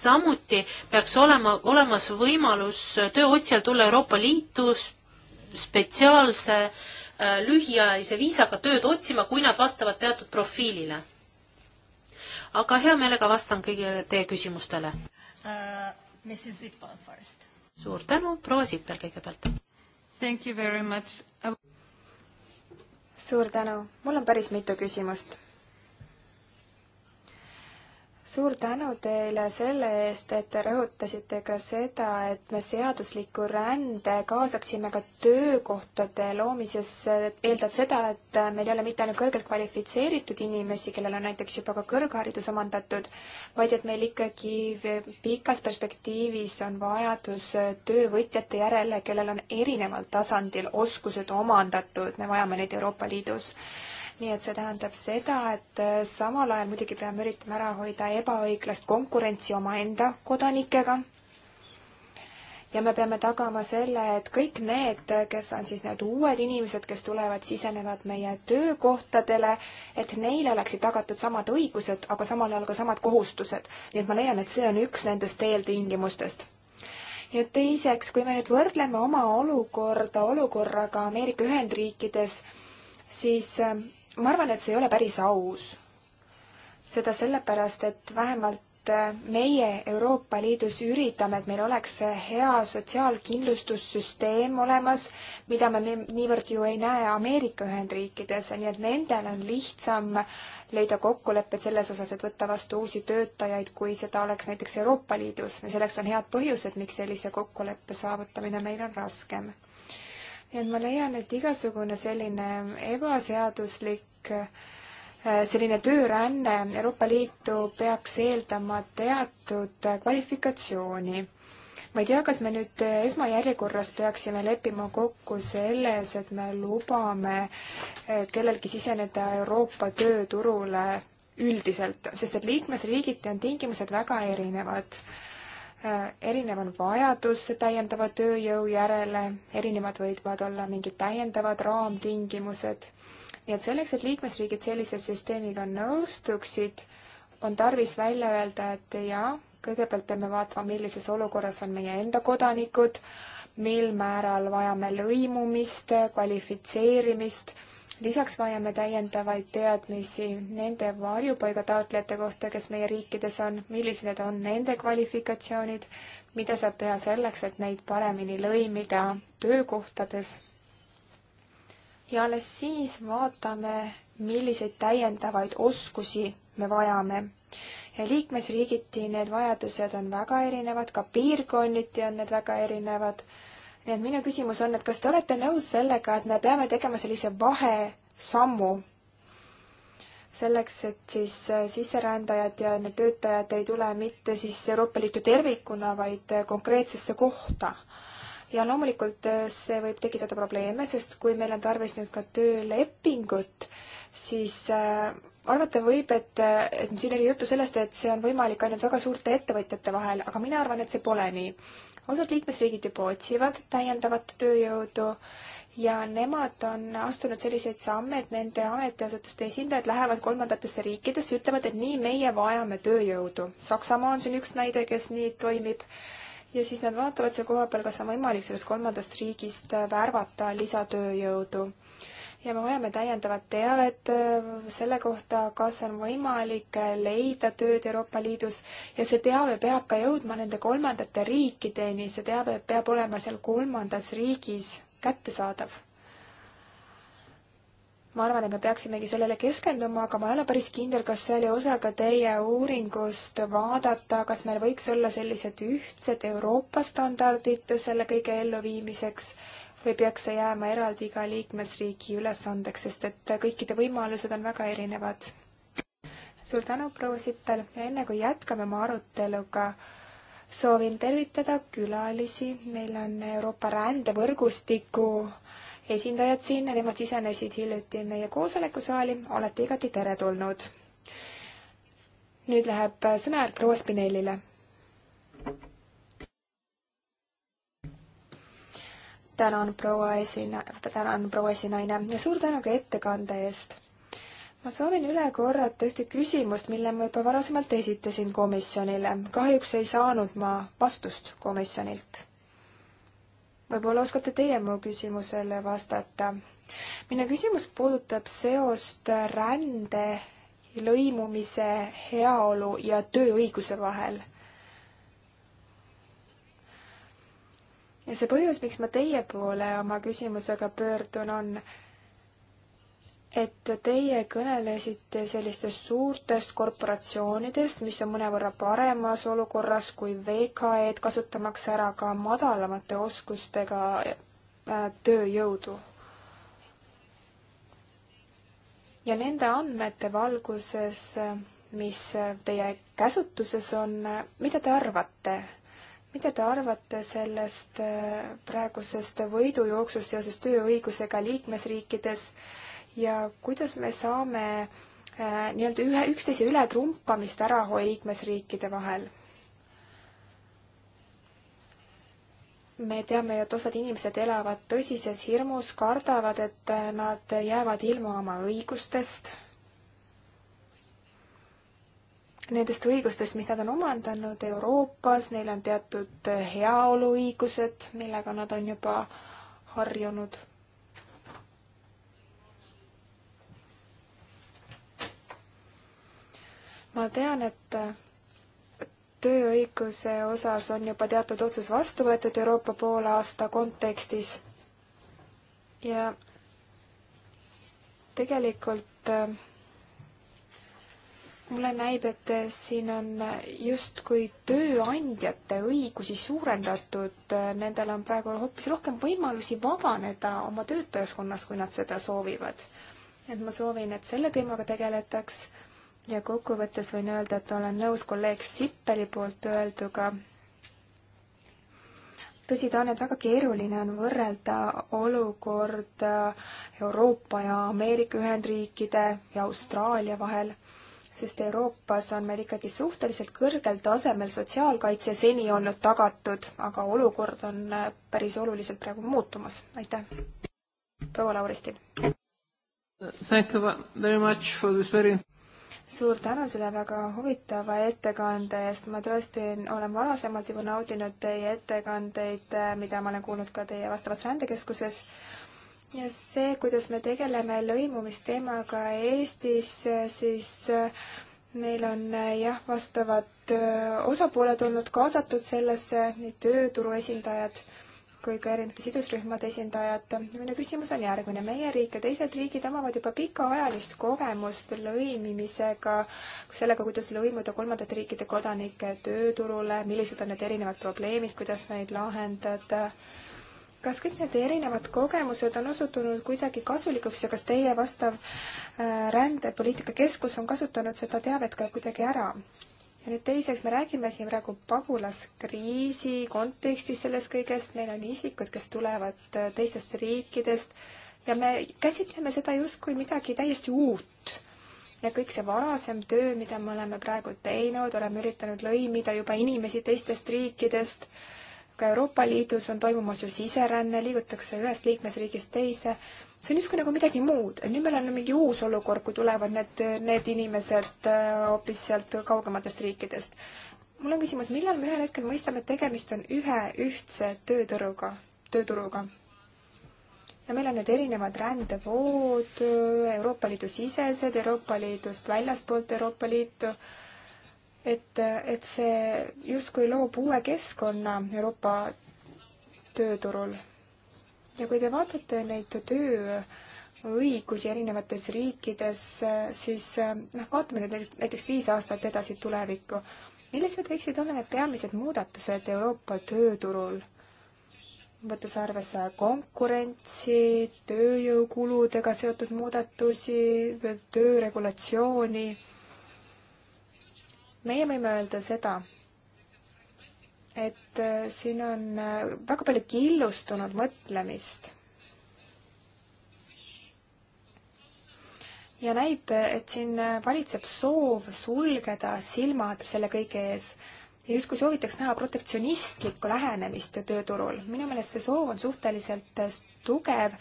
samuti peaks olema olemas võimalus tööotsijal tulla Euroopa Liitu spetsiaalse äh, lühiajalise viisaga tööd otsima, kui nad vastavad teatud profiilile. aga hea meelega vastan kõigile teie küsimustele uh, Mrs Zippel first. suur tänu, proua Zippel kõigepealt. Thank you very much. suur tänu, mul on päris mitu küsimust suur tänu teile selle eest, et te rõhutasite ka seda, et me seadusliku rände kaasaksime ka töökohtade loomises, eeldab seda, et meil ei ole mitte ainult kõrgelt kvalifitseeritud inimesi, kellel on näiteks juba ka kõrgharidus omandatud, vaid et meil ikkagi pikas perspektiivis on vajadus töövõtjate järele, kellel on erineval tasandil oskused omandatud, me vajame neid Euroopa Liidus nii et see tähendab seda, et äh, samal ajal muidugi peame üritama ära hoida ebaõiglast konkurentsi omaenda kodanikega. ja me peame tagama selle, et kõik need, kes on siis need uued inimesed, kes tulevad, sisenevad meie töökohtadele, et neile oleksid tagatud samad õigused, aga samal ajal ka samad kohustused. nii et ma leian, et see on üks nendest eeltingimustest ja teiseks, kui me nüüd võrdleme oma olukorda olukorraga Ameerika Ühendriikides, siis ähm, ma arvan, et see ei ole päris aus. seda sellepärast, et vähemalt äh, meie Euroopa Liidus üritame, et meil oleks hea sotsiaalkindlustussüsteem olemas, mida me niivõrd ju ei näe Ameerika Ühendriikides, nii et nendel on lihtsam leida kokkulepped selles osas, et võtta vastu uusi töötajaid, kui seda oleks näiteks Euroopa Liidus ja selleks on head põhjused, miks sellise kokkuleppe saavutamine meil on raskem nii et ma leian, et igasugune selline ebaseaduslik äh, selline tööränne Euroopa Liitu peaks eeldama teatud kvalifikatsiooni. ma ei tea, kas me nüüd esmajärjekorras peaksime leppima kokku selles, et me lubame äh, kellelgi siseneda Euroopa tööturule üldiselt, sest et liikmesriigiti on tingimused väga erinevad Äh, erinev on vajadus täiendava tööjõu järele, erinevad võivad olla mingid täiendavad raamtingimused. nii et selleks, et liikmesriigid sellise süsteemiga nõustuksid, on tarvis välja öelda, et jaa, kõigepealt peame vaatama, millises olukorras on meie enda kodanikud, mil määral vajame lõimumist, kvalifitseerimist lisaks vajame täiendavaid teadmisi nende varjupaiga taotlejate kohta, kes meie riikides on, millised on nende kvalifikatsioonid, mida saab teha selleks, et neid paremini lõimida töökohtades. ja alles siis vaatame, milliseid täiendavaid oskusi me vajame. ja liikmesriigiti need vajadused on väga erinevad, ka piirkonniti on need väga erinevad nii et minu küsimus on, et kas te olete nõus sellega, et me peame tegema sellise vahesammu selleks, et siis äh, sisserändajad ja need töötajad ei tule mitte siis Euroopa Liitu tervikuna, vaid äh, konkreetsesse kohta. ja loomulikult äh, see võib tekitada probleeme, sest kui meil on tarvis nüüd ka töölepingut, siis arvata võib, et, et siin oli juttu sellest, et see on võimalik ainult väga suurte ettevõtjate vahel, aga mina arvan, et see pole nii osad liikmesriigid juba otsivad täiendavat tööjõudu ja nemad on astunud selliseid samme, et nende ametiasutuste esindajad lähevad kolmandatesse riikidesse, ütlevad, et nii, meie vajame tööjõudu. Saksamaa on siin üks näide, kes nii toimib. ja siis nad vaatavad seal kohapeal, kas on võimalik sellest kolmandast riigist värvata lisatööjõudu ja me vajame täiendavat teavet äh, selle kohta, kas on võimalik äh, leida tööd Euroopa Liidus ja see teave peab ka jõudma nende kolmandate riikideni, see teave peab olema seal kolmandas riigis kättesaadav. ma arvan, et me peaksimegi sellele keskenduma, aga ma ei ole päris kindel, kas see oli osa ka teie uuringust vaadata, kas meil võiks olla sellised ühtsed Euroopa standardid selle kõige elluviimiseks või peaks see jääma eraldi iga liikmesriigi ülesandeks, sest et kõikide võimalused on väga erinevad. suur tänu, proua Sippel ja enne kui jätkame oma aruteluga, soovin tervitada külalisi, meil on Euroopa rändevõrgustiku esindajad siin, nemad sisenesid hiljuti meie koosolekusaali, olete igati teretulnud. nüüd läheb sõnajärg proua Spinellile. tänan, proua esina-, tänan, proua esinaine ja suur tänu ka ettekande eest. ma soovin üle korrata ühte küsimust, mille ma juba varasemalt esitasin komisjonile. kahjuks ei saanud ma vastust komisjonilt. võib-olla oskate teie mu küsimusele vastata. minu küsimus puudutab seost rände, lõimumise, heaolu ja tööõiguse vahel ja see põhjus, miks ma teie poole oma küsimusega pöördun, on, et teie kõnelesite sellistest suurtest korporatsioonidest, mis on mõnevõrra paremas olukorras kui VKE-d, kasutamaks ära ka madalamate oskustega äh, tööjõudu. ja nende andmete valguses, mis teie käsutuses on, mida te arvate, mida te arvate sellest äh, praegusest võidujooksust seoses tööõigusega liikmesriikides ja kuidas me saame äh, nii-öelda ühe, üksteise ületrumpamist ära hoida liikmesriikide vahel? me teame ju, et osad inimesed elavad tõsises hirmus, kardavad, et äh, nad jäävad ilma oma õigustest nendest õigustest, mis nad on omandanud Euroopas, neil on teatud heaoluõigused, millega nad on juba harjunud. ma tean, et tööõiguse osas on juba teatud otsus vastu võetud Euroopa poolaasta kontekstis ja tegelikult äh, mulle näib, et siin on justkui tööandjate õigusi suurendatud, nendel on praegu hoopis rohkem võimalusi vabaneda oma töötajaskonnas, kui nad seda soovivad. et ma soovin, et selle teemaga tegeletaks ja kokkuvõttes võin öelda, et olen nõus kolleeg Sippeli poolt öelduga. tõsi ta on, et väga keeruline on võrrelda olukorda Euroopa ja Ameerika Ühendriikide ja Austraalia vahel sest Euroopas on meil ikkagi suhteliselt kõrgel tasemel sotsiaalkaitse seni olnud tagatud, aga olukord on äh, päris oluliselt praegu muutumas. aitäh, proua Lauristin! Very... suur tänu selle väga huvitava ettekande eest, ma tõesti olen varasemalt juba naudinud teie ettekandeid, äh, mida ma olen kuulnud ka teie vastavas rändekeskuses, ja see, kuidas me tegeleme lõimumisteemaga Eestis, siis äh, meil on äh, jah, vastavad äh, osapooled olnud kaasatud sellesse, nii tööturu esindajad kui ka erinevate sidusrühmade esindajad. minu küsimus on järgmine. meie riik ja teised riigid omavad juba pikaajalist kogemust lõimimisega, sellega, kuidas lõimuda kolmandate riikide kodanikke tööturule, millised on need erinevad probleemid, kuidas neid lahendada kas kõik need erinevad kogemused on osutunud kuidagi kasulikuks ja kas teie vastav äh, rändepoliitika keskus on kasutanud seda teavet ka kuidagi ära? ja nüüd teiseks, me räägime siin praegu pagulaskriisi kontekstis sellest kõigest, meil on isikud, kes tulevad äh, teistest riikidest ja me käsitleme seda justkui midagi täiesti uut ja kõik see varasem töö, mida me oleme praegu teinud, oleme üritanud lõimida juba inimesi teistest riikidest äh, ka Euroopa Liidus on toimumas ju siseränne, liigutakse ühest liikmesriigist teise. see on justkui nagu midagi muud. nüüd meil on mingi uus olukord, kui tulevad need, need inimesed äh, hoopis sealt kaugematest riikidest. mul on küsimus, millal me ühel hetkel mõistame, et tegemist on ühe ühtse tööturuga, tööturuga? ja meil on need erinevad rändevood, Euroopa Liidu sisesed, Euroopa Liidust väljaspoolt Euroopa Liitu et, et see justkui loob uue keskkonna Euroopa tööturul. ja kui te vaatate neid töö õigusi erinevates riikides, siis noh, vaatame nüüd näiteks viis aastat edasi tulevikku. millised võiksid olla need peamised muudatused Euroopa tööturul? võttes arvesse konkurentsi, tööjõukuludega seotud muudatusi, tööregulatsiooni meie võime öelda seda, et äh, siin on äh, väga palju killustunud mõtlemist. ja näib, et siin äh, valitseb soov sulgeda silmad selle kõige ees ja justkui soovitaks näha protektsionistlikku lähenemist tööturul. minu meelest see soov on suhteliselt tugev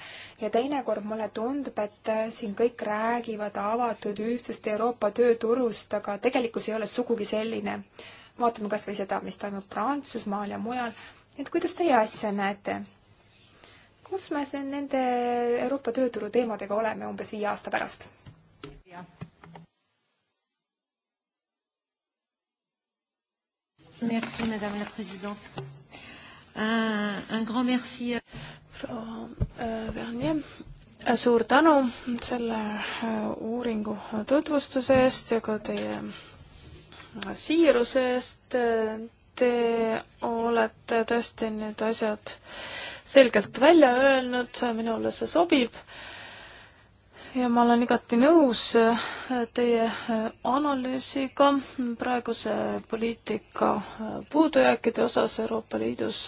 ja teinekord mulle tundub, et äh, siin kõik räägivad avatud ühtsust Euroopa tööturust, aga tegelikkus ei ole sugugi selline. vaatame kas või seda, mis toimub Prantsusmaal ja mujal, et kuidas teie asja näete? kus me siin nende Euroopa tööturu teemadega oleme umbes viie aasta pärast? Merci, Madame la Présidente. Un, un grand merci proua äh, Vernier, äh, suur tänu selle äh, uuringu tutvustuse eest ja ka teie siiruse eest. Te olete tõesti need asjad selgelt välja öelnud, minule see sobib ja ma olen igati nõus teie analüüsiga praeguse poliitika puudujääkide osas Euroopa Liidus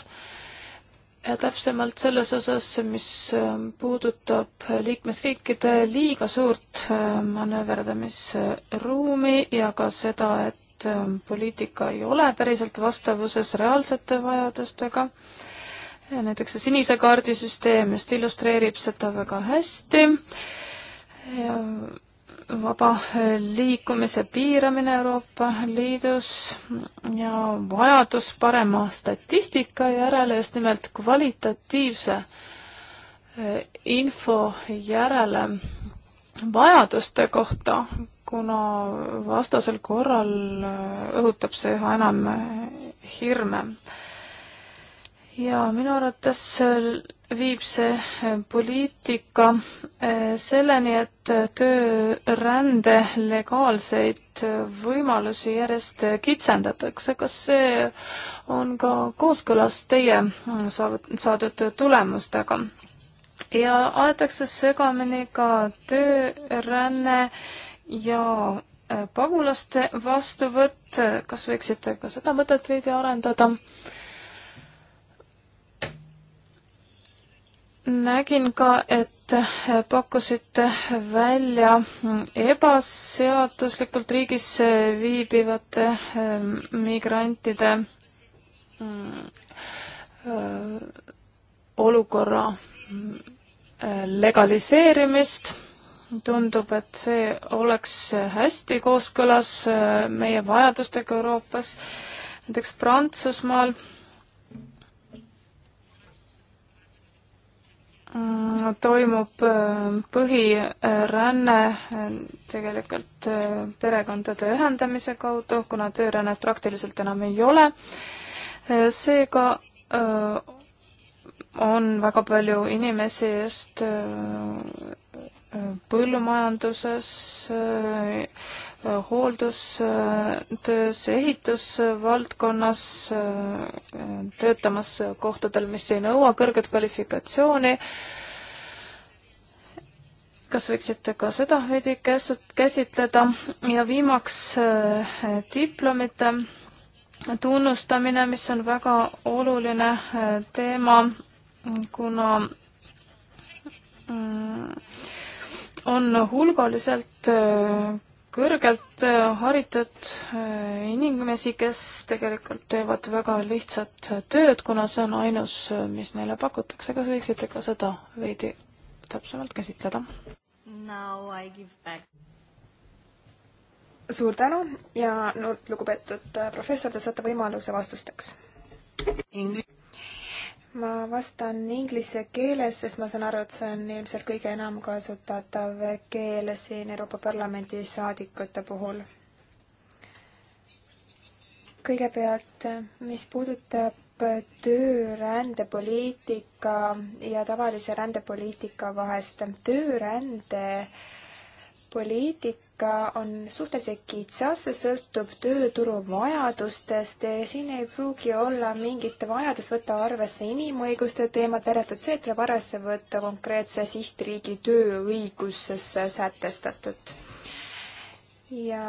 ja täpsemalt selles osas, mis ähm, puudutab liikmesriikide liiga suurt ähm, manööverdamisruumi ja ka seda, et ähm, poliitika ei ole päriselt vastavuses reaalsete vajadustega. näiteks see sinise kaardi süsteem just illustreerib seda väga hästi ja vaba liikumise piiramine Euroopa Liidus ja vajadus parema statistika järele, just nimelt kvalitatiivse eh, info järele vajaduste kohta, kuna vastasel korral eh, õhutab see üha enam eh, hirme. ja minu arvates viib see eh, poliitika eh, selleni, et eh, töörände legaalseid võimalusi järjest kitsendatakse. kas see on ka kooskõlas teie mm, saadud tulemustega? ja aetakse segamini ka tööränne ja pagulaste vastuvõtt, kas võiksite ka seda mõtet veidi arendada? nägin ka, et pakkusite välja ebaseaduslikult riigis viibivate ähm, migrantide äh, olukorra äh, legaliseerimist. tundub, et see oleks hästi kooskõlas äh, meie vajadustega Euroopas. näiteks Prantsusmaal Mm, toimub äh, põhiränne äh, tegelikult äh, perekondade ühendamise kaudu, kuna töörännet praktiliselt enam ei ole. seega on väga palju inimesi just põllumajanduses hooldustöös, ehitusvaldkonnas töötamas kohtadel, mis ei nõua kõrget kvalifikatsiooni. kas võiksite ka seda veidi käsitleda ja viimaks eh, diplomite tunnustamine, mis on väga oluline eh, teema, kuna mm, on hulgaliselt eh, kõrgelt äh, haritud äh, inimesi, kes tegelikult teevad väga lihtsat tööd, kuna see on ainus, äh, mis neile pakutakse. kas võiksite ka seda veidi täpsemalt käsitleda? suur tänu ja no, lugupeetud professor, te saate võimaluse vastusteks. Ingl- ma vastan inglise keeles, sest ma saan aru, et see on ilmselt kõige enam kasutatav keel siin Euroopa Parlamendi saadikute puhul. kõigepealt, mis puudutab töörändepoliitika ja tavalise rändepoliitika vahest. töörändepoliitika on suhteliselt kitsas, see sõltub tööturu vajadustest, siin ei pruugi olla mingit vajadust võtta arvesse inimõiguste teemat, järelikult see tuleb arvesse võtta konkreetse sihtriigi tööõiguses sätestatut. ja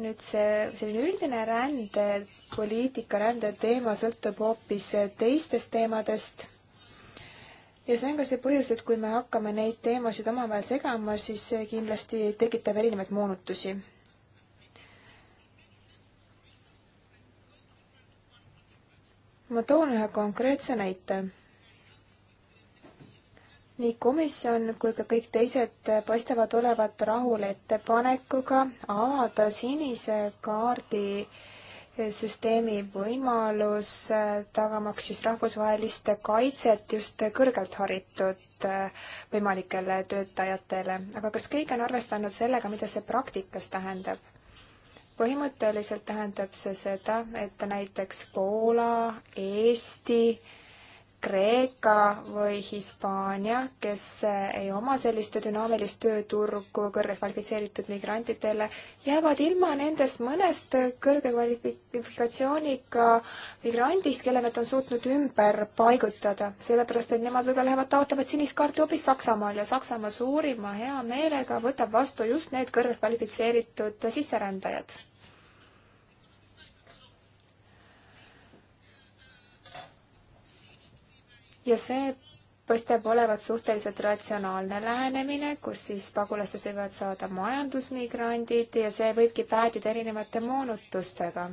nüüd see selline üldine rändepoliitika, rändeteema sõltub hoopis teistest teemadest ja see on ka see põhjus, et kui me hakkame neid teemasid omavahel segama, siis see kindlasti tekitab erinevaid moonutusi. ma toon ühe konkreetse näite. nii komisjon kui ka kõik teised paistavad olevat rahul ettepanekuga avada sinise kaardi äh, süsteemi võimalus äh, tagamaks siis rahvusvahelist kaitset just kõrgelt haritud äh, võimalikele töötajatele. aga kas keegi on arvestanud sellega, mida see praktikas tähendab? põhimõtteliselt tähendab see seda, et näiteks Poola, Eesti Kreeka või Hispaania, kes ei oma sellist dünaamilist tööturgu kõrgekvalifitseeritud migrantidele, jäävad ilma nendest mõnest kõrge kvalifikatsiooniga migrandist, kelle nad on suutnud ümber paigutada. sellepärast, et nemad võib-olla lähevad taotlevad sinist kaarti hoopis Saksamaal ja Saksamaa suurima heameelega võtab vastu just need kõrgekvalifitseeritud sisserändajad ja see paistab olevat suhteliselt ratsionaalne lähenemine, kus siis pagulastest võivad saada majandusmigrandid ja see võibki päädida erinevate moonutustega.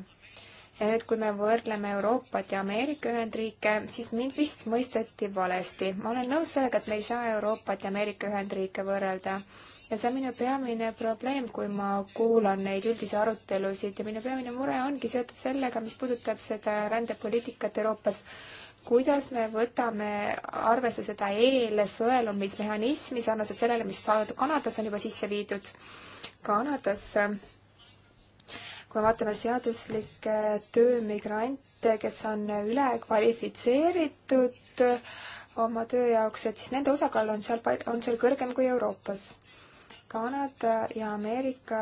ja nüüd, kui me võrdleme Euroopat ja Ameerika Ühendriike, siis mind vist mõisteti valesti. ma olen nõus sellega, et me ei saa Euroopat ja Ameerika Ühendriike võrrelda. ja see on minu peamine probleem, kui ma kuulan neid üldisi arutelusid ja minu peamine mure ongi seotud sellega, mis puudutab seda rändepoliitikat Euroopas kuidas me võtame arvesse seda eelsõelumismehhanismi sarnaselt sellele, mis Kanadas on juba sisse viidud. Kanadas, kui me vaatame seaduslikke töömigrante, kes on ülekvalifitseeritud oma töö jaoks, et siis nende osakaal on seal, on seal kõrgem kui Euroopas Kanada ja Ameerika,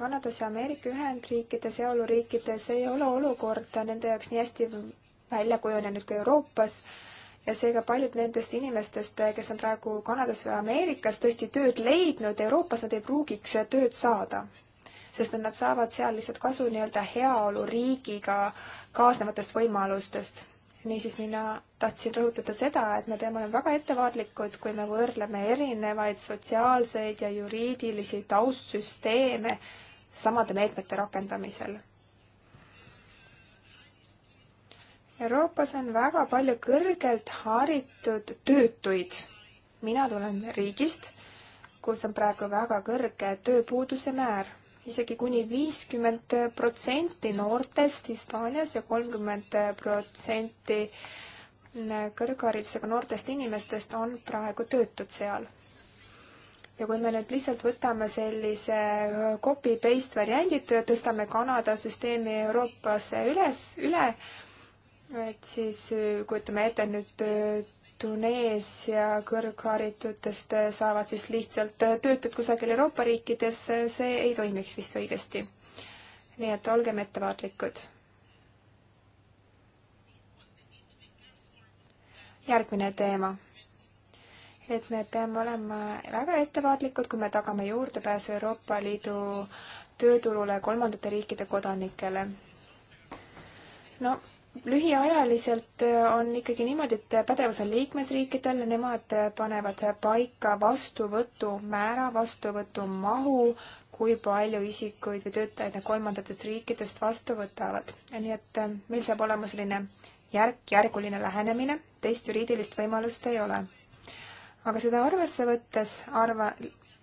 Kanadas ja Ameerika Ühendriikides ja oluriikides ei ole olukord nende jaoks nii hästi välja kujunenud ka Euroopas ja seega paljud nendest inimestest, kes on praegu Kanadas või Ameerikas tõesti tööd leidnud, Euroopas nad ei pruugiks tööd saada, sest nad saavad seal lihtsalt kasu nii-öelda heaoluriigiga kaasnevatest võimalustest. niisiis mina tahtsin rõhutada seda, et me peame olema väga ettevaatlikud, kui me võrdleme erinevaid sotsiaalseid ja juriidilisi taustsüsteeme samade meetmete rakendamisel Euroopas on väga palju kõrgelt haritud töötuid. mina tulen riigist, kus on praegu väga kõrge tööpuuduse määr isegi, isegi kuni viiskümmend protsenti noortest Hispaanias ja kolmkümmend protsenti kõrgharidusega noortest inimestest on praegu töötud seal ja kui me nüüd lihtsalt võtame sellise copy-paste variandid, tõstame Kanada süsteemi Euroopasse üles, üle, et siis äh, kujutame ette, et nüüd äh, Tuneesia kõrgharitutest äh, saavad siis lihtsalt töötud kusagil Euroopa riikides, see ei toimiks vist õigesti. nii et olgem ettevaatlikud. järgmine teema. et me peame olema väga ettevaatlikud, kui me tagame juurdepääsu Euroopa Liidu tööturule kolmandate riikide kodanikele. no lühiajaliselt äh, on ikkagi niimoodi, et pädevus on liikmesriikidel, nemad äh, panevad paika vastuvõtumäära, vastuvõtumahu, kui palju isikuid või töötajaid nad kolmandatest riikidest vastu võtavad. nii et äh, meil saab olema selline järk-järguline lähenemine, teist juriidilist võimalust ei ole. aga seda arvesse võttes arva,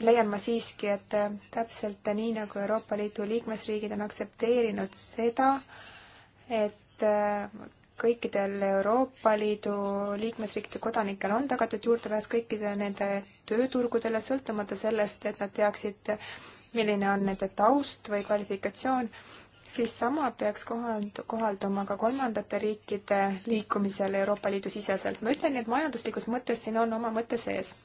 leian ma siiski, et täpselt nii, nagu Euroopa Liidu liikmesriigid on aktsepteerinud seda, et et äh, kõikidel Euroopa Liidu liikmesriikide kodanikel on tagatud juurdepääs kõikide nende tööturgudele, sõltumata sellest, et nad teaksid, milline on nende taust või kvalifikatsioon, siis sama peaks kohald-, kohalduma ka kolmandate riikide liikumisel Euroopa Liidu siseselt. ma ütlen, et majanduslikus mõttes siin on oma mõte sees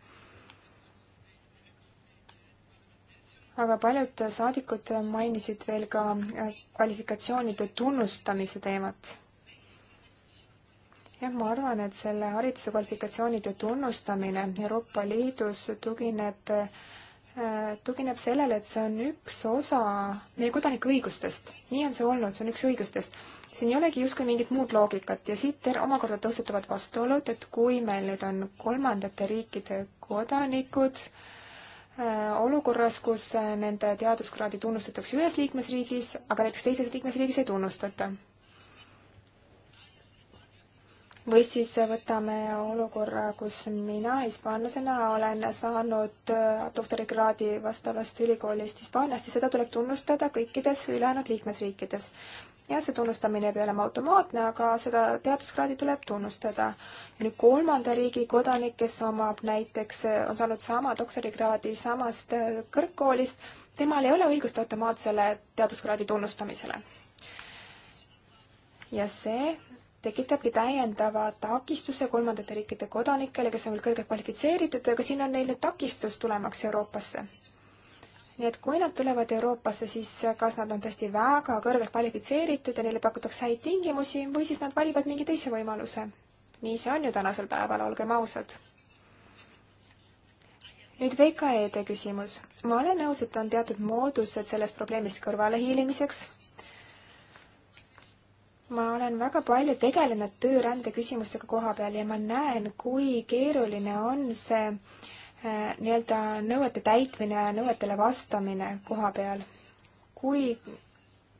aga paljud saadikud mainisid veel ka äh, kvalifikatsioonide tunnustamise teemat. jah, ma arvan, et selle hariduse kvalifikatsioonide tunnustamine Euroopa Liidus tugineb, äh, tugineb sellele, et see on üks osa meie kodanike õigustest. nii on see olnud, see on üks õigustest. siin ei olegi justkui mingit muud loogikat ja siit omakorda tõusetuvad vastuolud, et kui meil nüüd on kolmandate riikide kodanikud, Äh, olukorras, kus äh, nende teaduskraadi tunnustatakse ühes liikmesriigis, aga näiteks teises liikmesriigis ei tunnustata. või siis äh, võtame olukorra, kus mina hispaanlasena olen saanud doktorikraadi vastavast ülikoolist Hispaaniast ja seda tuleb tunnustada kõikides ülejäänud liikmesriikides ja see tunnustamine ei pea olema automaatne, aga seda teaduskraadi tuleb tunnustada. ja nüüd kolmanda riigi kodanik, kes omab näiteks, on saanud sama doktorikraadi samast äh, kõrgkoolist, temal ei ole õigust automaatsele teaduskraadi tunnustamisele. ja see tekitabki täiendava takistuse kolmandate riikide kodanikele, kes on veel kõrge kvalifitseeritud, aga siin on neil nüüd takistus tulemaks Euroopasse nii et kui nad tulevad Euroopasse, siis kas nad on tõesti väga kõrgelt kvalifitseeritud ja neile pakutakse häid tingimusi või siis nad valivad mingi teise võimaluse. nii see on ju tänasel päeval, olgem ausad nüüd VKE-de küsimus. ma olen nõus, et on teatud moodused sellest probleemist kõrvalehiilimiseks. ma olen väga palju tegelenud töörände küsimustega koha peal ja ma näen, kui keeruline on see Äh, nii-öelda nõuete täitmine ja nõuetele vastamine koha peal. kui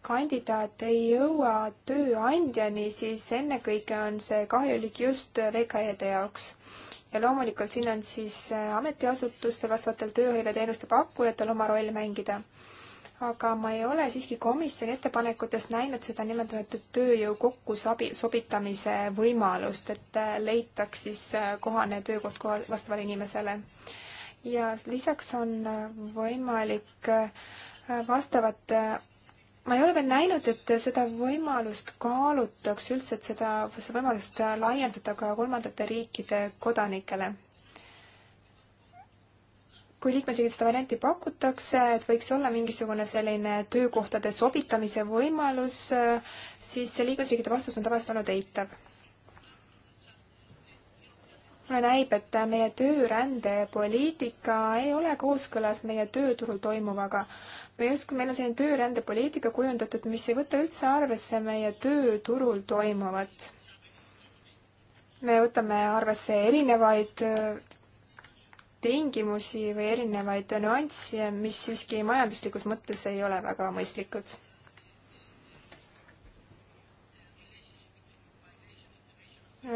kandidaat ei jõua tööandjani, siis ennekõike on see kahjulik just VKE-de jaoks. ja loomulikult siin on siis äh, ametiasutustel, vastavatel tööhõiveteenuste pakkujatel oma roll mängida aga ma ei ole siiski komisjoni ettepanekutest näinud seda nimetatud tööjõu kokkusobi-, sobitamise võimalust, et äh, leitaks siis äh, kohane töökoht koha, vastavale inimesele. ja lisaks on äh, võimalik vastavat ma ei ole veel näinud, et seda võimalust kaalutaks üldse, et seda, see võimalust laiendada ka kolmandate riikide kodanikele kui liikmesriigid seda varianti pakutakse, et võiks olla mingisugune selline töökohtade sobitamise võimalus, siis liikmesriigide vastus on tavaliselt olnud eitav. mulle näib, et meie töörändepoliitika ei ole kooskõlas meie tööturul toimuvaga. me justkui, meil on selline töörändepoliitika kujundatud, mis ei võta üldse arvesse meie tööturul toimuvat. me võtame arvesse erinevaid tingimusi või erinevaid nüansse, mis siiski majanduslikus mõttes ei ole väga mõistlikud.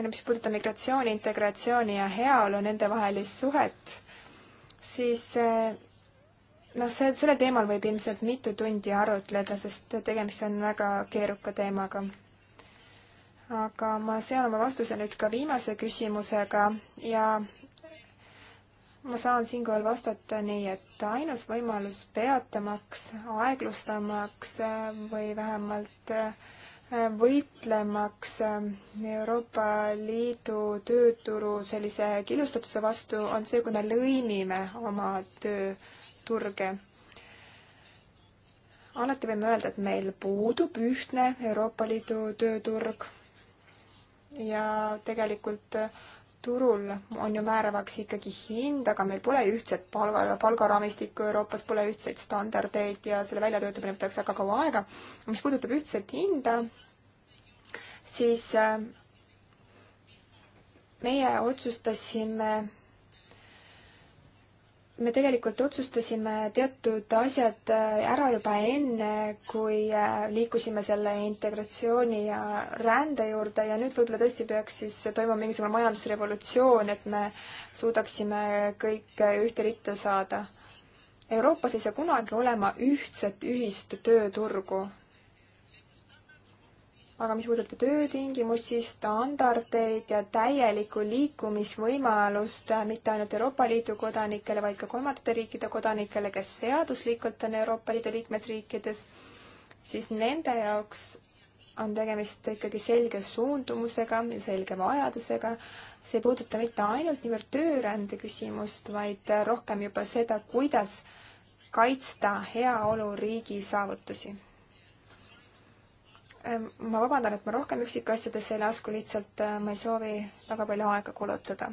mis puudutab migratsiooni, integratsiooni ja heaolu, nendevahelist suhet, siis eh, noh, see, selle teemal võib ilmselt mitu tundi arutleda, sest tegemist on väga keeruka teemaga aga ma sean oma vastuse nüüd ka viimase küsimusega ja ma saan siinkohal vastata nii, et ainus võimalus peatamaks, aeglustamaks või vähemalt võitlemaks Euroopa Liidu tööturu sellise killustatuse vastu, on see, kui me lõimime oma tööturge alati võime öelda, et meil puudub ühtne Euroopa Liidu tööturg ja tegelikult äh, turul on ju määravaks ikkagi hind, aga meil pole ühtset palga, palgaraamistikku Euroopas, pole ühtseid standardeid ja selle väljatöötamine võtaks väga kaua aega. mis puudutab ühtset hinda, siis äh, meie otsustasime me tegelikult otsustasime teatud asjad äh, ära juba enne, kui äh, liikusime selle integratsiooni ja rände juurde ja nüüd võib-olla tõesti peaks siis toimuma mingisugune majandusrevolutsioon, et me suudaksime kõik äh, ühte ritta saada. Euroopas ei saa kunagi olema ühtset ühist tööturgu aga mis puudutab töötingimusi, standardeid ja täielikku liikumisvõimalust äh, mitte ainult Euroopa Liidu kodanikele, vaid ka kolmandate riikide kodanikele, kes seaduslikult on Euroopa Liidu liikmesriikides, siis nende jaoks on tegemist ikkagi selge suundumusega ja selge vajadusega. see ei puuduta mitte ainult niivõrd töörände küsimust, vaid äh, rohkem juba seda, kuidas kaitsta heaoluriigi saavutusi Ehm, ma vabandan, et ma rohkem üksikasjadesse ei lasku, lihtsalt äh, ma ei soovi väga palju aega kulutada.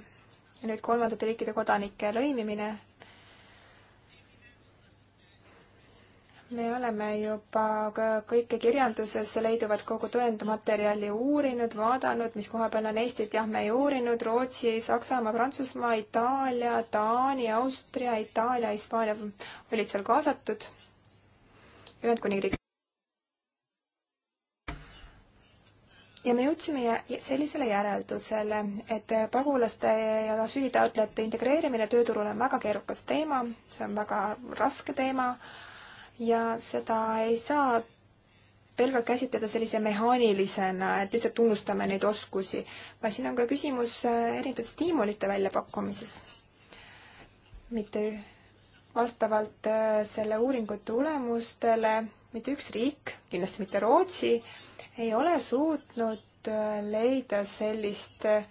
ja nüüd kolmandate riikide kodanike lõimimine. me oleme juba kõike kirjanduses leiduvat kogu tõendmaterjali uurinud, vaadanud, mis koha peal on Eestit, jah, me ei uurinud Rootsi, Saksamaa, Prantsusmaa, Itaalia, Taani, Austria, Itaalia, Hispaania olid seal kaasatud. Ühendkuningriik. ja me jõudsime sellisele järeldusele, et pagulaste ja asüülitaotlejate integreerimine tööturul on väga keerukas teema, see on väga raske teema ja seda ei saa pelgalt käsitleda sellise mehaanilisena, et lihtsalt tunnustame neid oskusi, vaid siin on ka küsimus äh, erinevate stiimulite väljapakkumises. mitte vastavalt äh, selle uuringu tulemustele mitte üks riik, kindlasti mitte Rootsi, ei ole suutnud äh, leida sellist äh,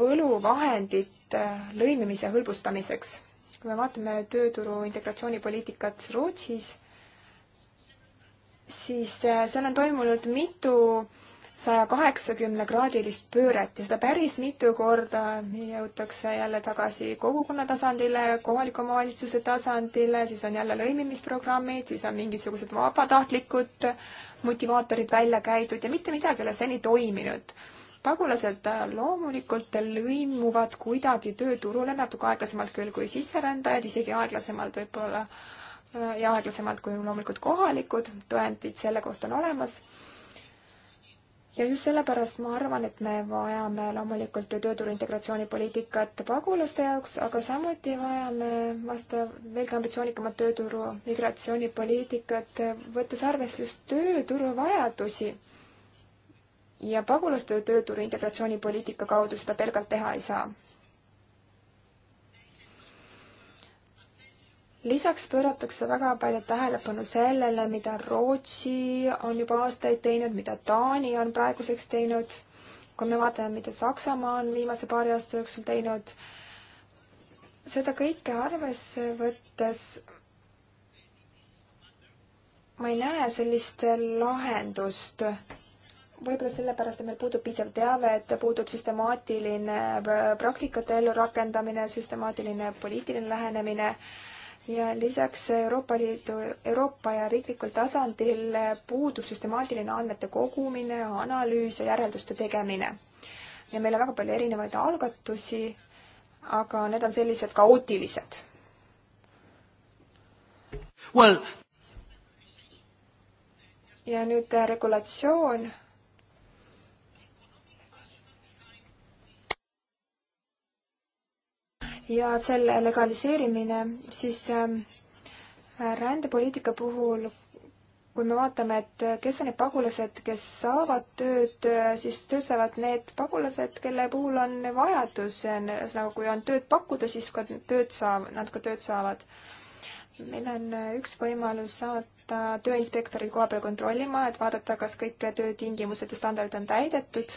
võluvahendit äh, lõimimise hõlbustamiseks. kui me vaatame tööturu integratsioonipoliitikat Rootsis, siis seal on toimunud mitu saja kaheksakümne kraadilist pööret ja seda päris mitu korda jõutakse jälle tagasi kogukonna tasandile, kohaliku omavalitsuse tasandile, siis on jälle lõimimisprogrammid, siis on mingisugused vabatahtlikud äh, motivaatorid välja käidud ja mitte midagi ei ole seni toiminud. pagulased äh, loomulikult lõimuvad kuidagi tööturule natuke aeglasemalt küll kui sisserändajad, isegi aeglasemalt võib-olla äh, ja aeglasemalt kui loomulikult kohalikud, tõendid selle kohta on olemas ja just sellepärast ma arvan, et me vajame loomulikult tööturu integratsioonipoliitikat pagulaste jaoks, aga samuti vajame vastav, veelgi ambitsioonikamat tööturu migratsioonipoliitikat, võttes arvesse just tööturu vajadusi. ja pagulaste tööturu integratsioonipoliitika kaudu seda pelgalt teha ei saa lisaks pööratakse väga palju tähelepanu sellele, mida Rootsi on juba aastaid teinud, mida Taani on praeguseks teinud. kui me vaatame, mida Saksamaa on viimase paari aasta jooksul teinud, seda kõike arvesse võttes ma ei näe sellist lahendust. võib-olla sellepärast, et meil puudub piisav teave, et puudub süstemaatiline praktikate ellurakendamine, süstemaatiline poliitiline lähenemine ja lisaks Euroopa Liidu, Euroopa ja riiklikul tasandil puudub süstemaatiline andmete kogumine, analüüs ja järelduste tegemine. ja meil on väga palju erinevaid algatusi, aga need on sellised kaootilised well.. ja nüüd äh, regulatsioon ja selle legaliseerimine siis ähm, rändepoliitika puhul, kui me vaatame, et kes on need pagulased, kes saavad tööd, siis töötavad need pagulased, kelle puhul on vajadus, ühesõnaga, kui on tööd pakkuda, siis ka tööd saab, nad ka tööd saavad. meil on üks võimalus saata tööinspektorid koha peal kontrollima, et vaadata, kas kõik töötingimused ja standardid on täidetud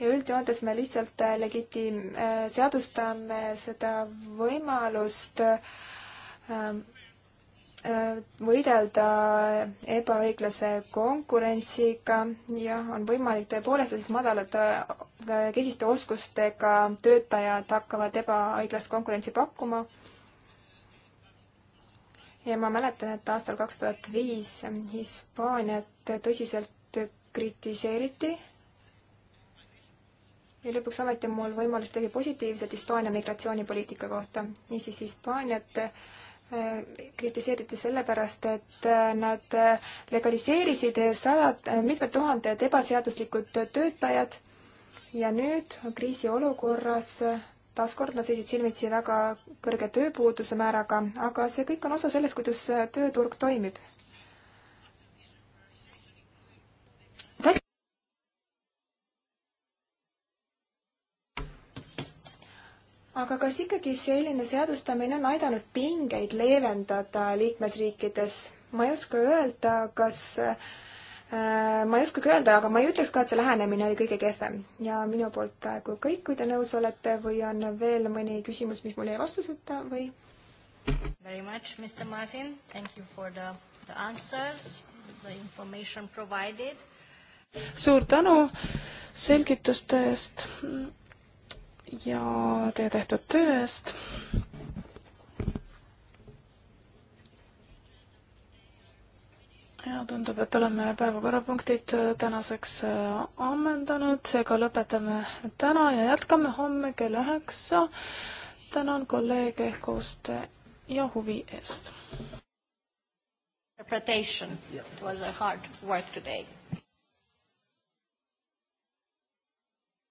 ja üldjoontes me lihtsalt äh, legitiim-, äh, seadustame seda võimalust ähm, äh, võidelda ebaõiglase konkurentsiga ja on võimalik tõepoolest siis madalate kesiste oskustega töötajad hakkavad ebaõiglast konkurentsi pakkuma. ja ma mäletan, et aastal kaks tuhat viis Hispaaniat tõsiselt kritiseeriti ja lõpuks ometi on mul võimalus midagi positiivset Hispaania migratsioonipoliitika kohta. niisiis, Hispaaniat äh, kritiseeriti sellepärast, et äh, nad äh, legaliseerisid sajad, mitmed tuhanded ebaseaduslikud töötajad ja nüüd kriisiolukorras taaskord nad seisid silmitsi väga kõrge tööpuuduse määraga, aga see kõik on osa sellest, kuidas tööturg toimib aga kas ikkagi selline seadustamine on aidanud pingeid leevendada liikmesriikides? ma ei oska öelda, kas äh, ma ei oskagi öelda, aga ma ei ütleks ka, et see lähenemine oli kõige kehvem. ja minu poolt praegu kõik, kui te nõus olete või on veel mõni küsimus, mis mul jäi vastuseta või? Very much, Mr Martin, thank you for the, the answers, the information provided. suur tänu selgituste eest ja teie tehtud töö eest. ja tundub, et oleme päevakorrapunktid tänaseks äh, ammendanud, seega lõpetame täna ja jätkame homme kell üheksa. tänan kolleege koostöö ja huvi eest. Interpretation yeah. was a hard work today.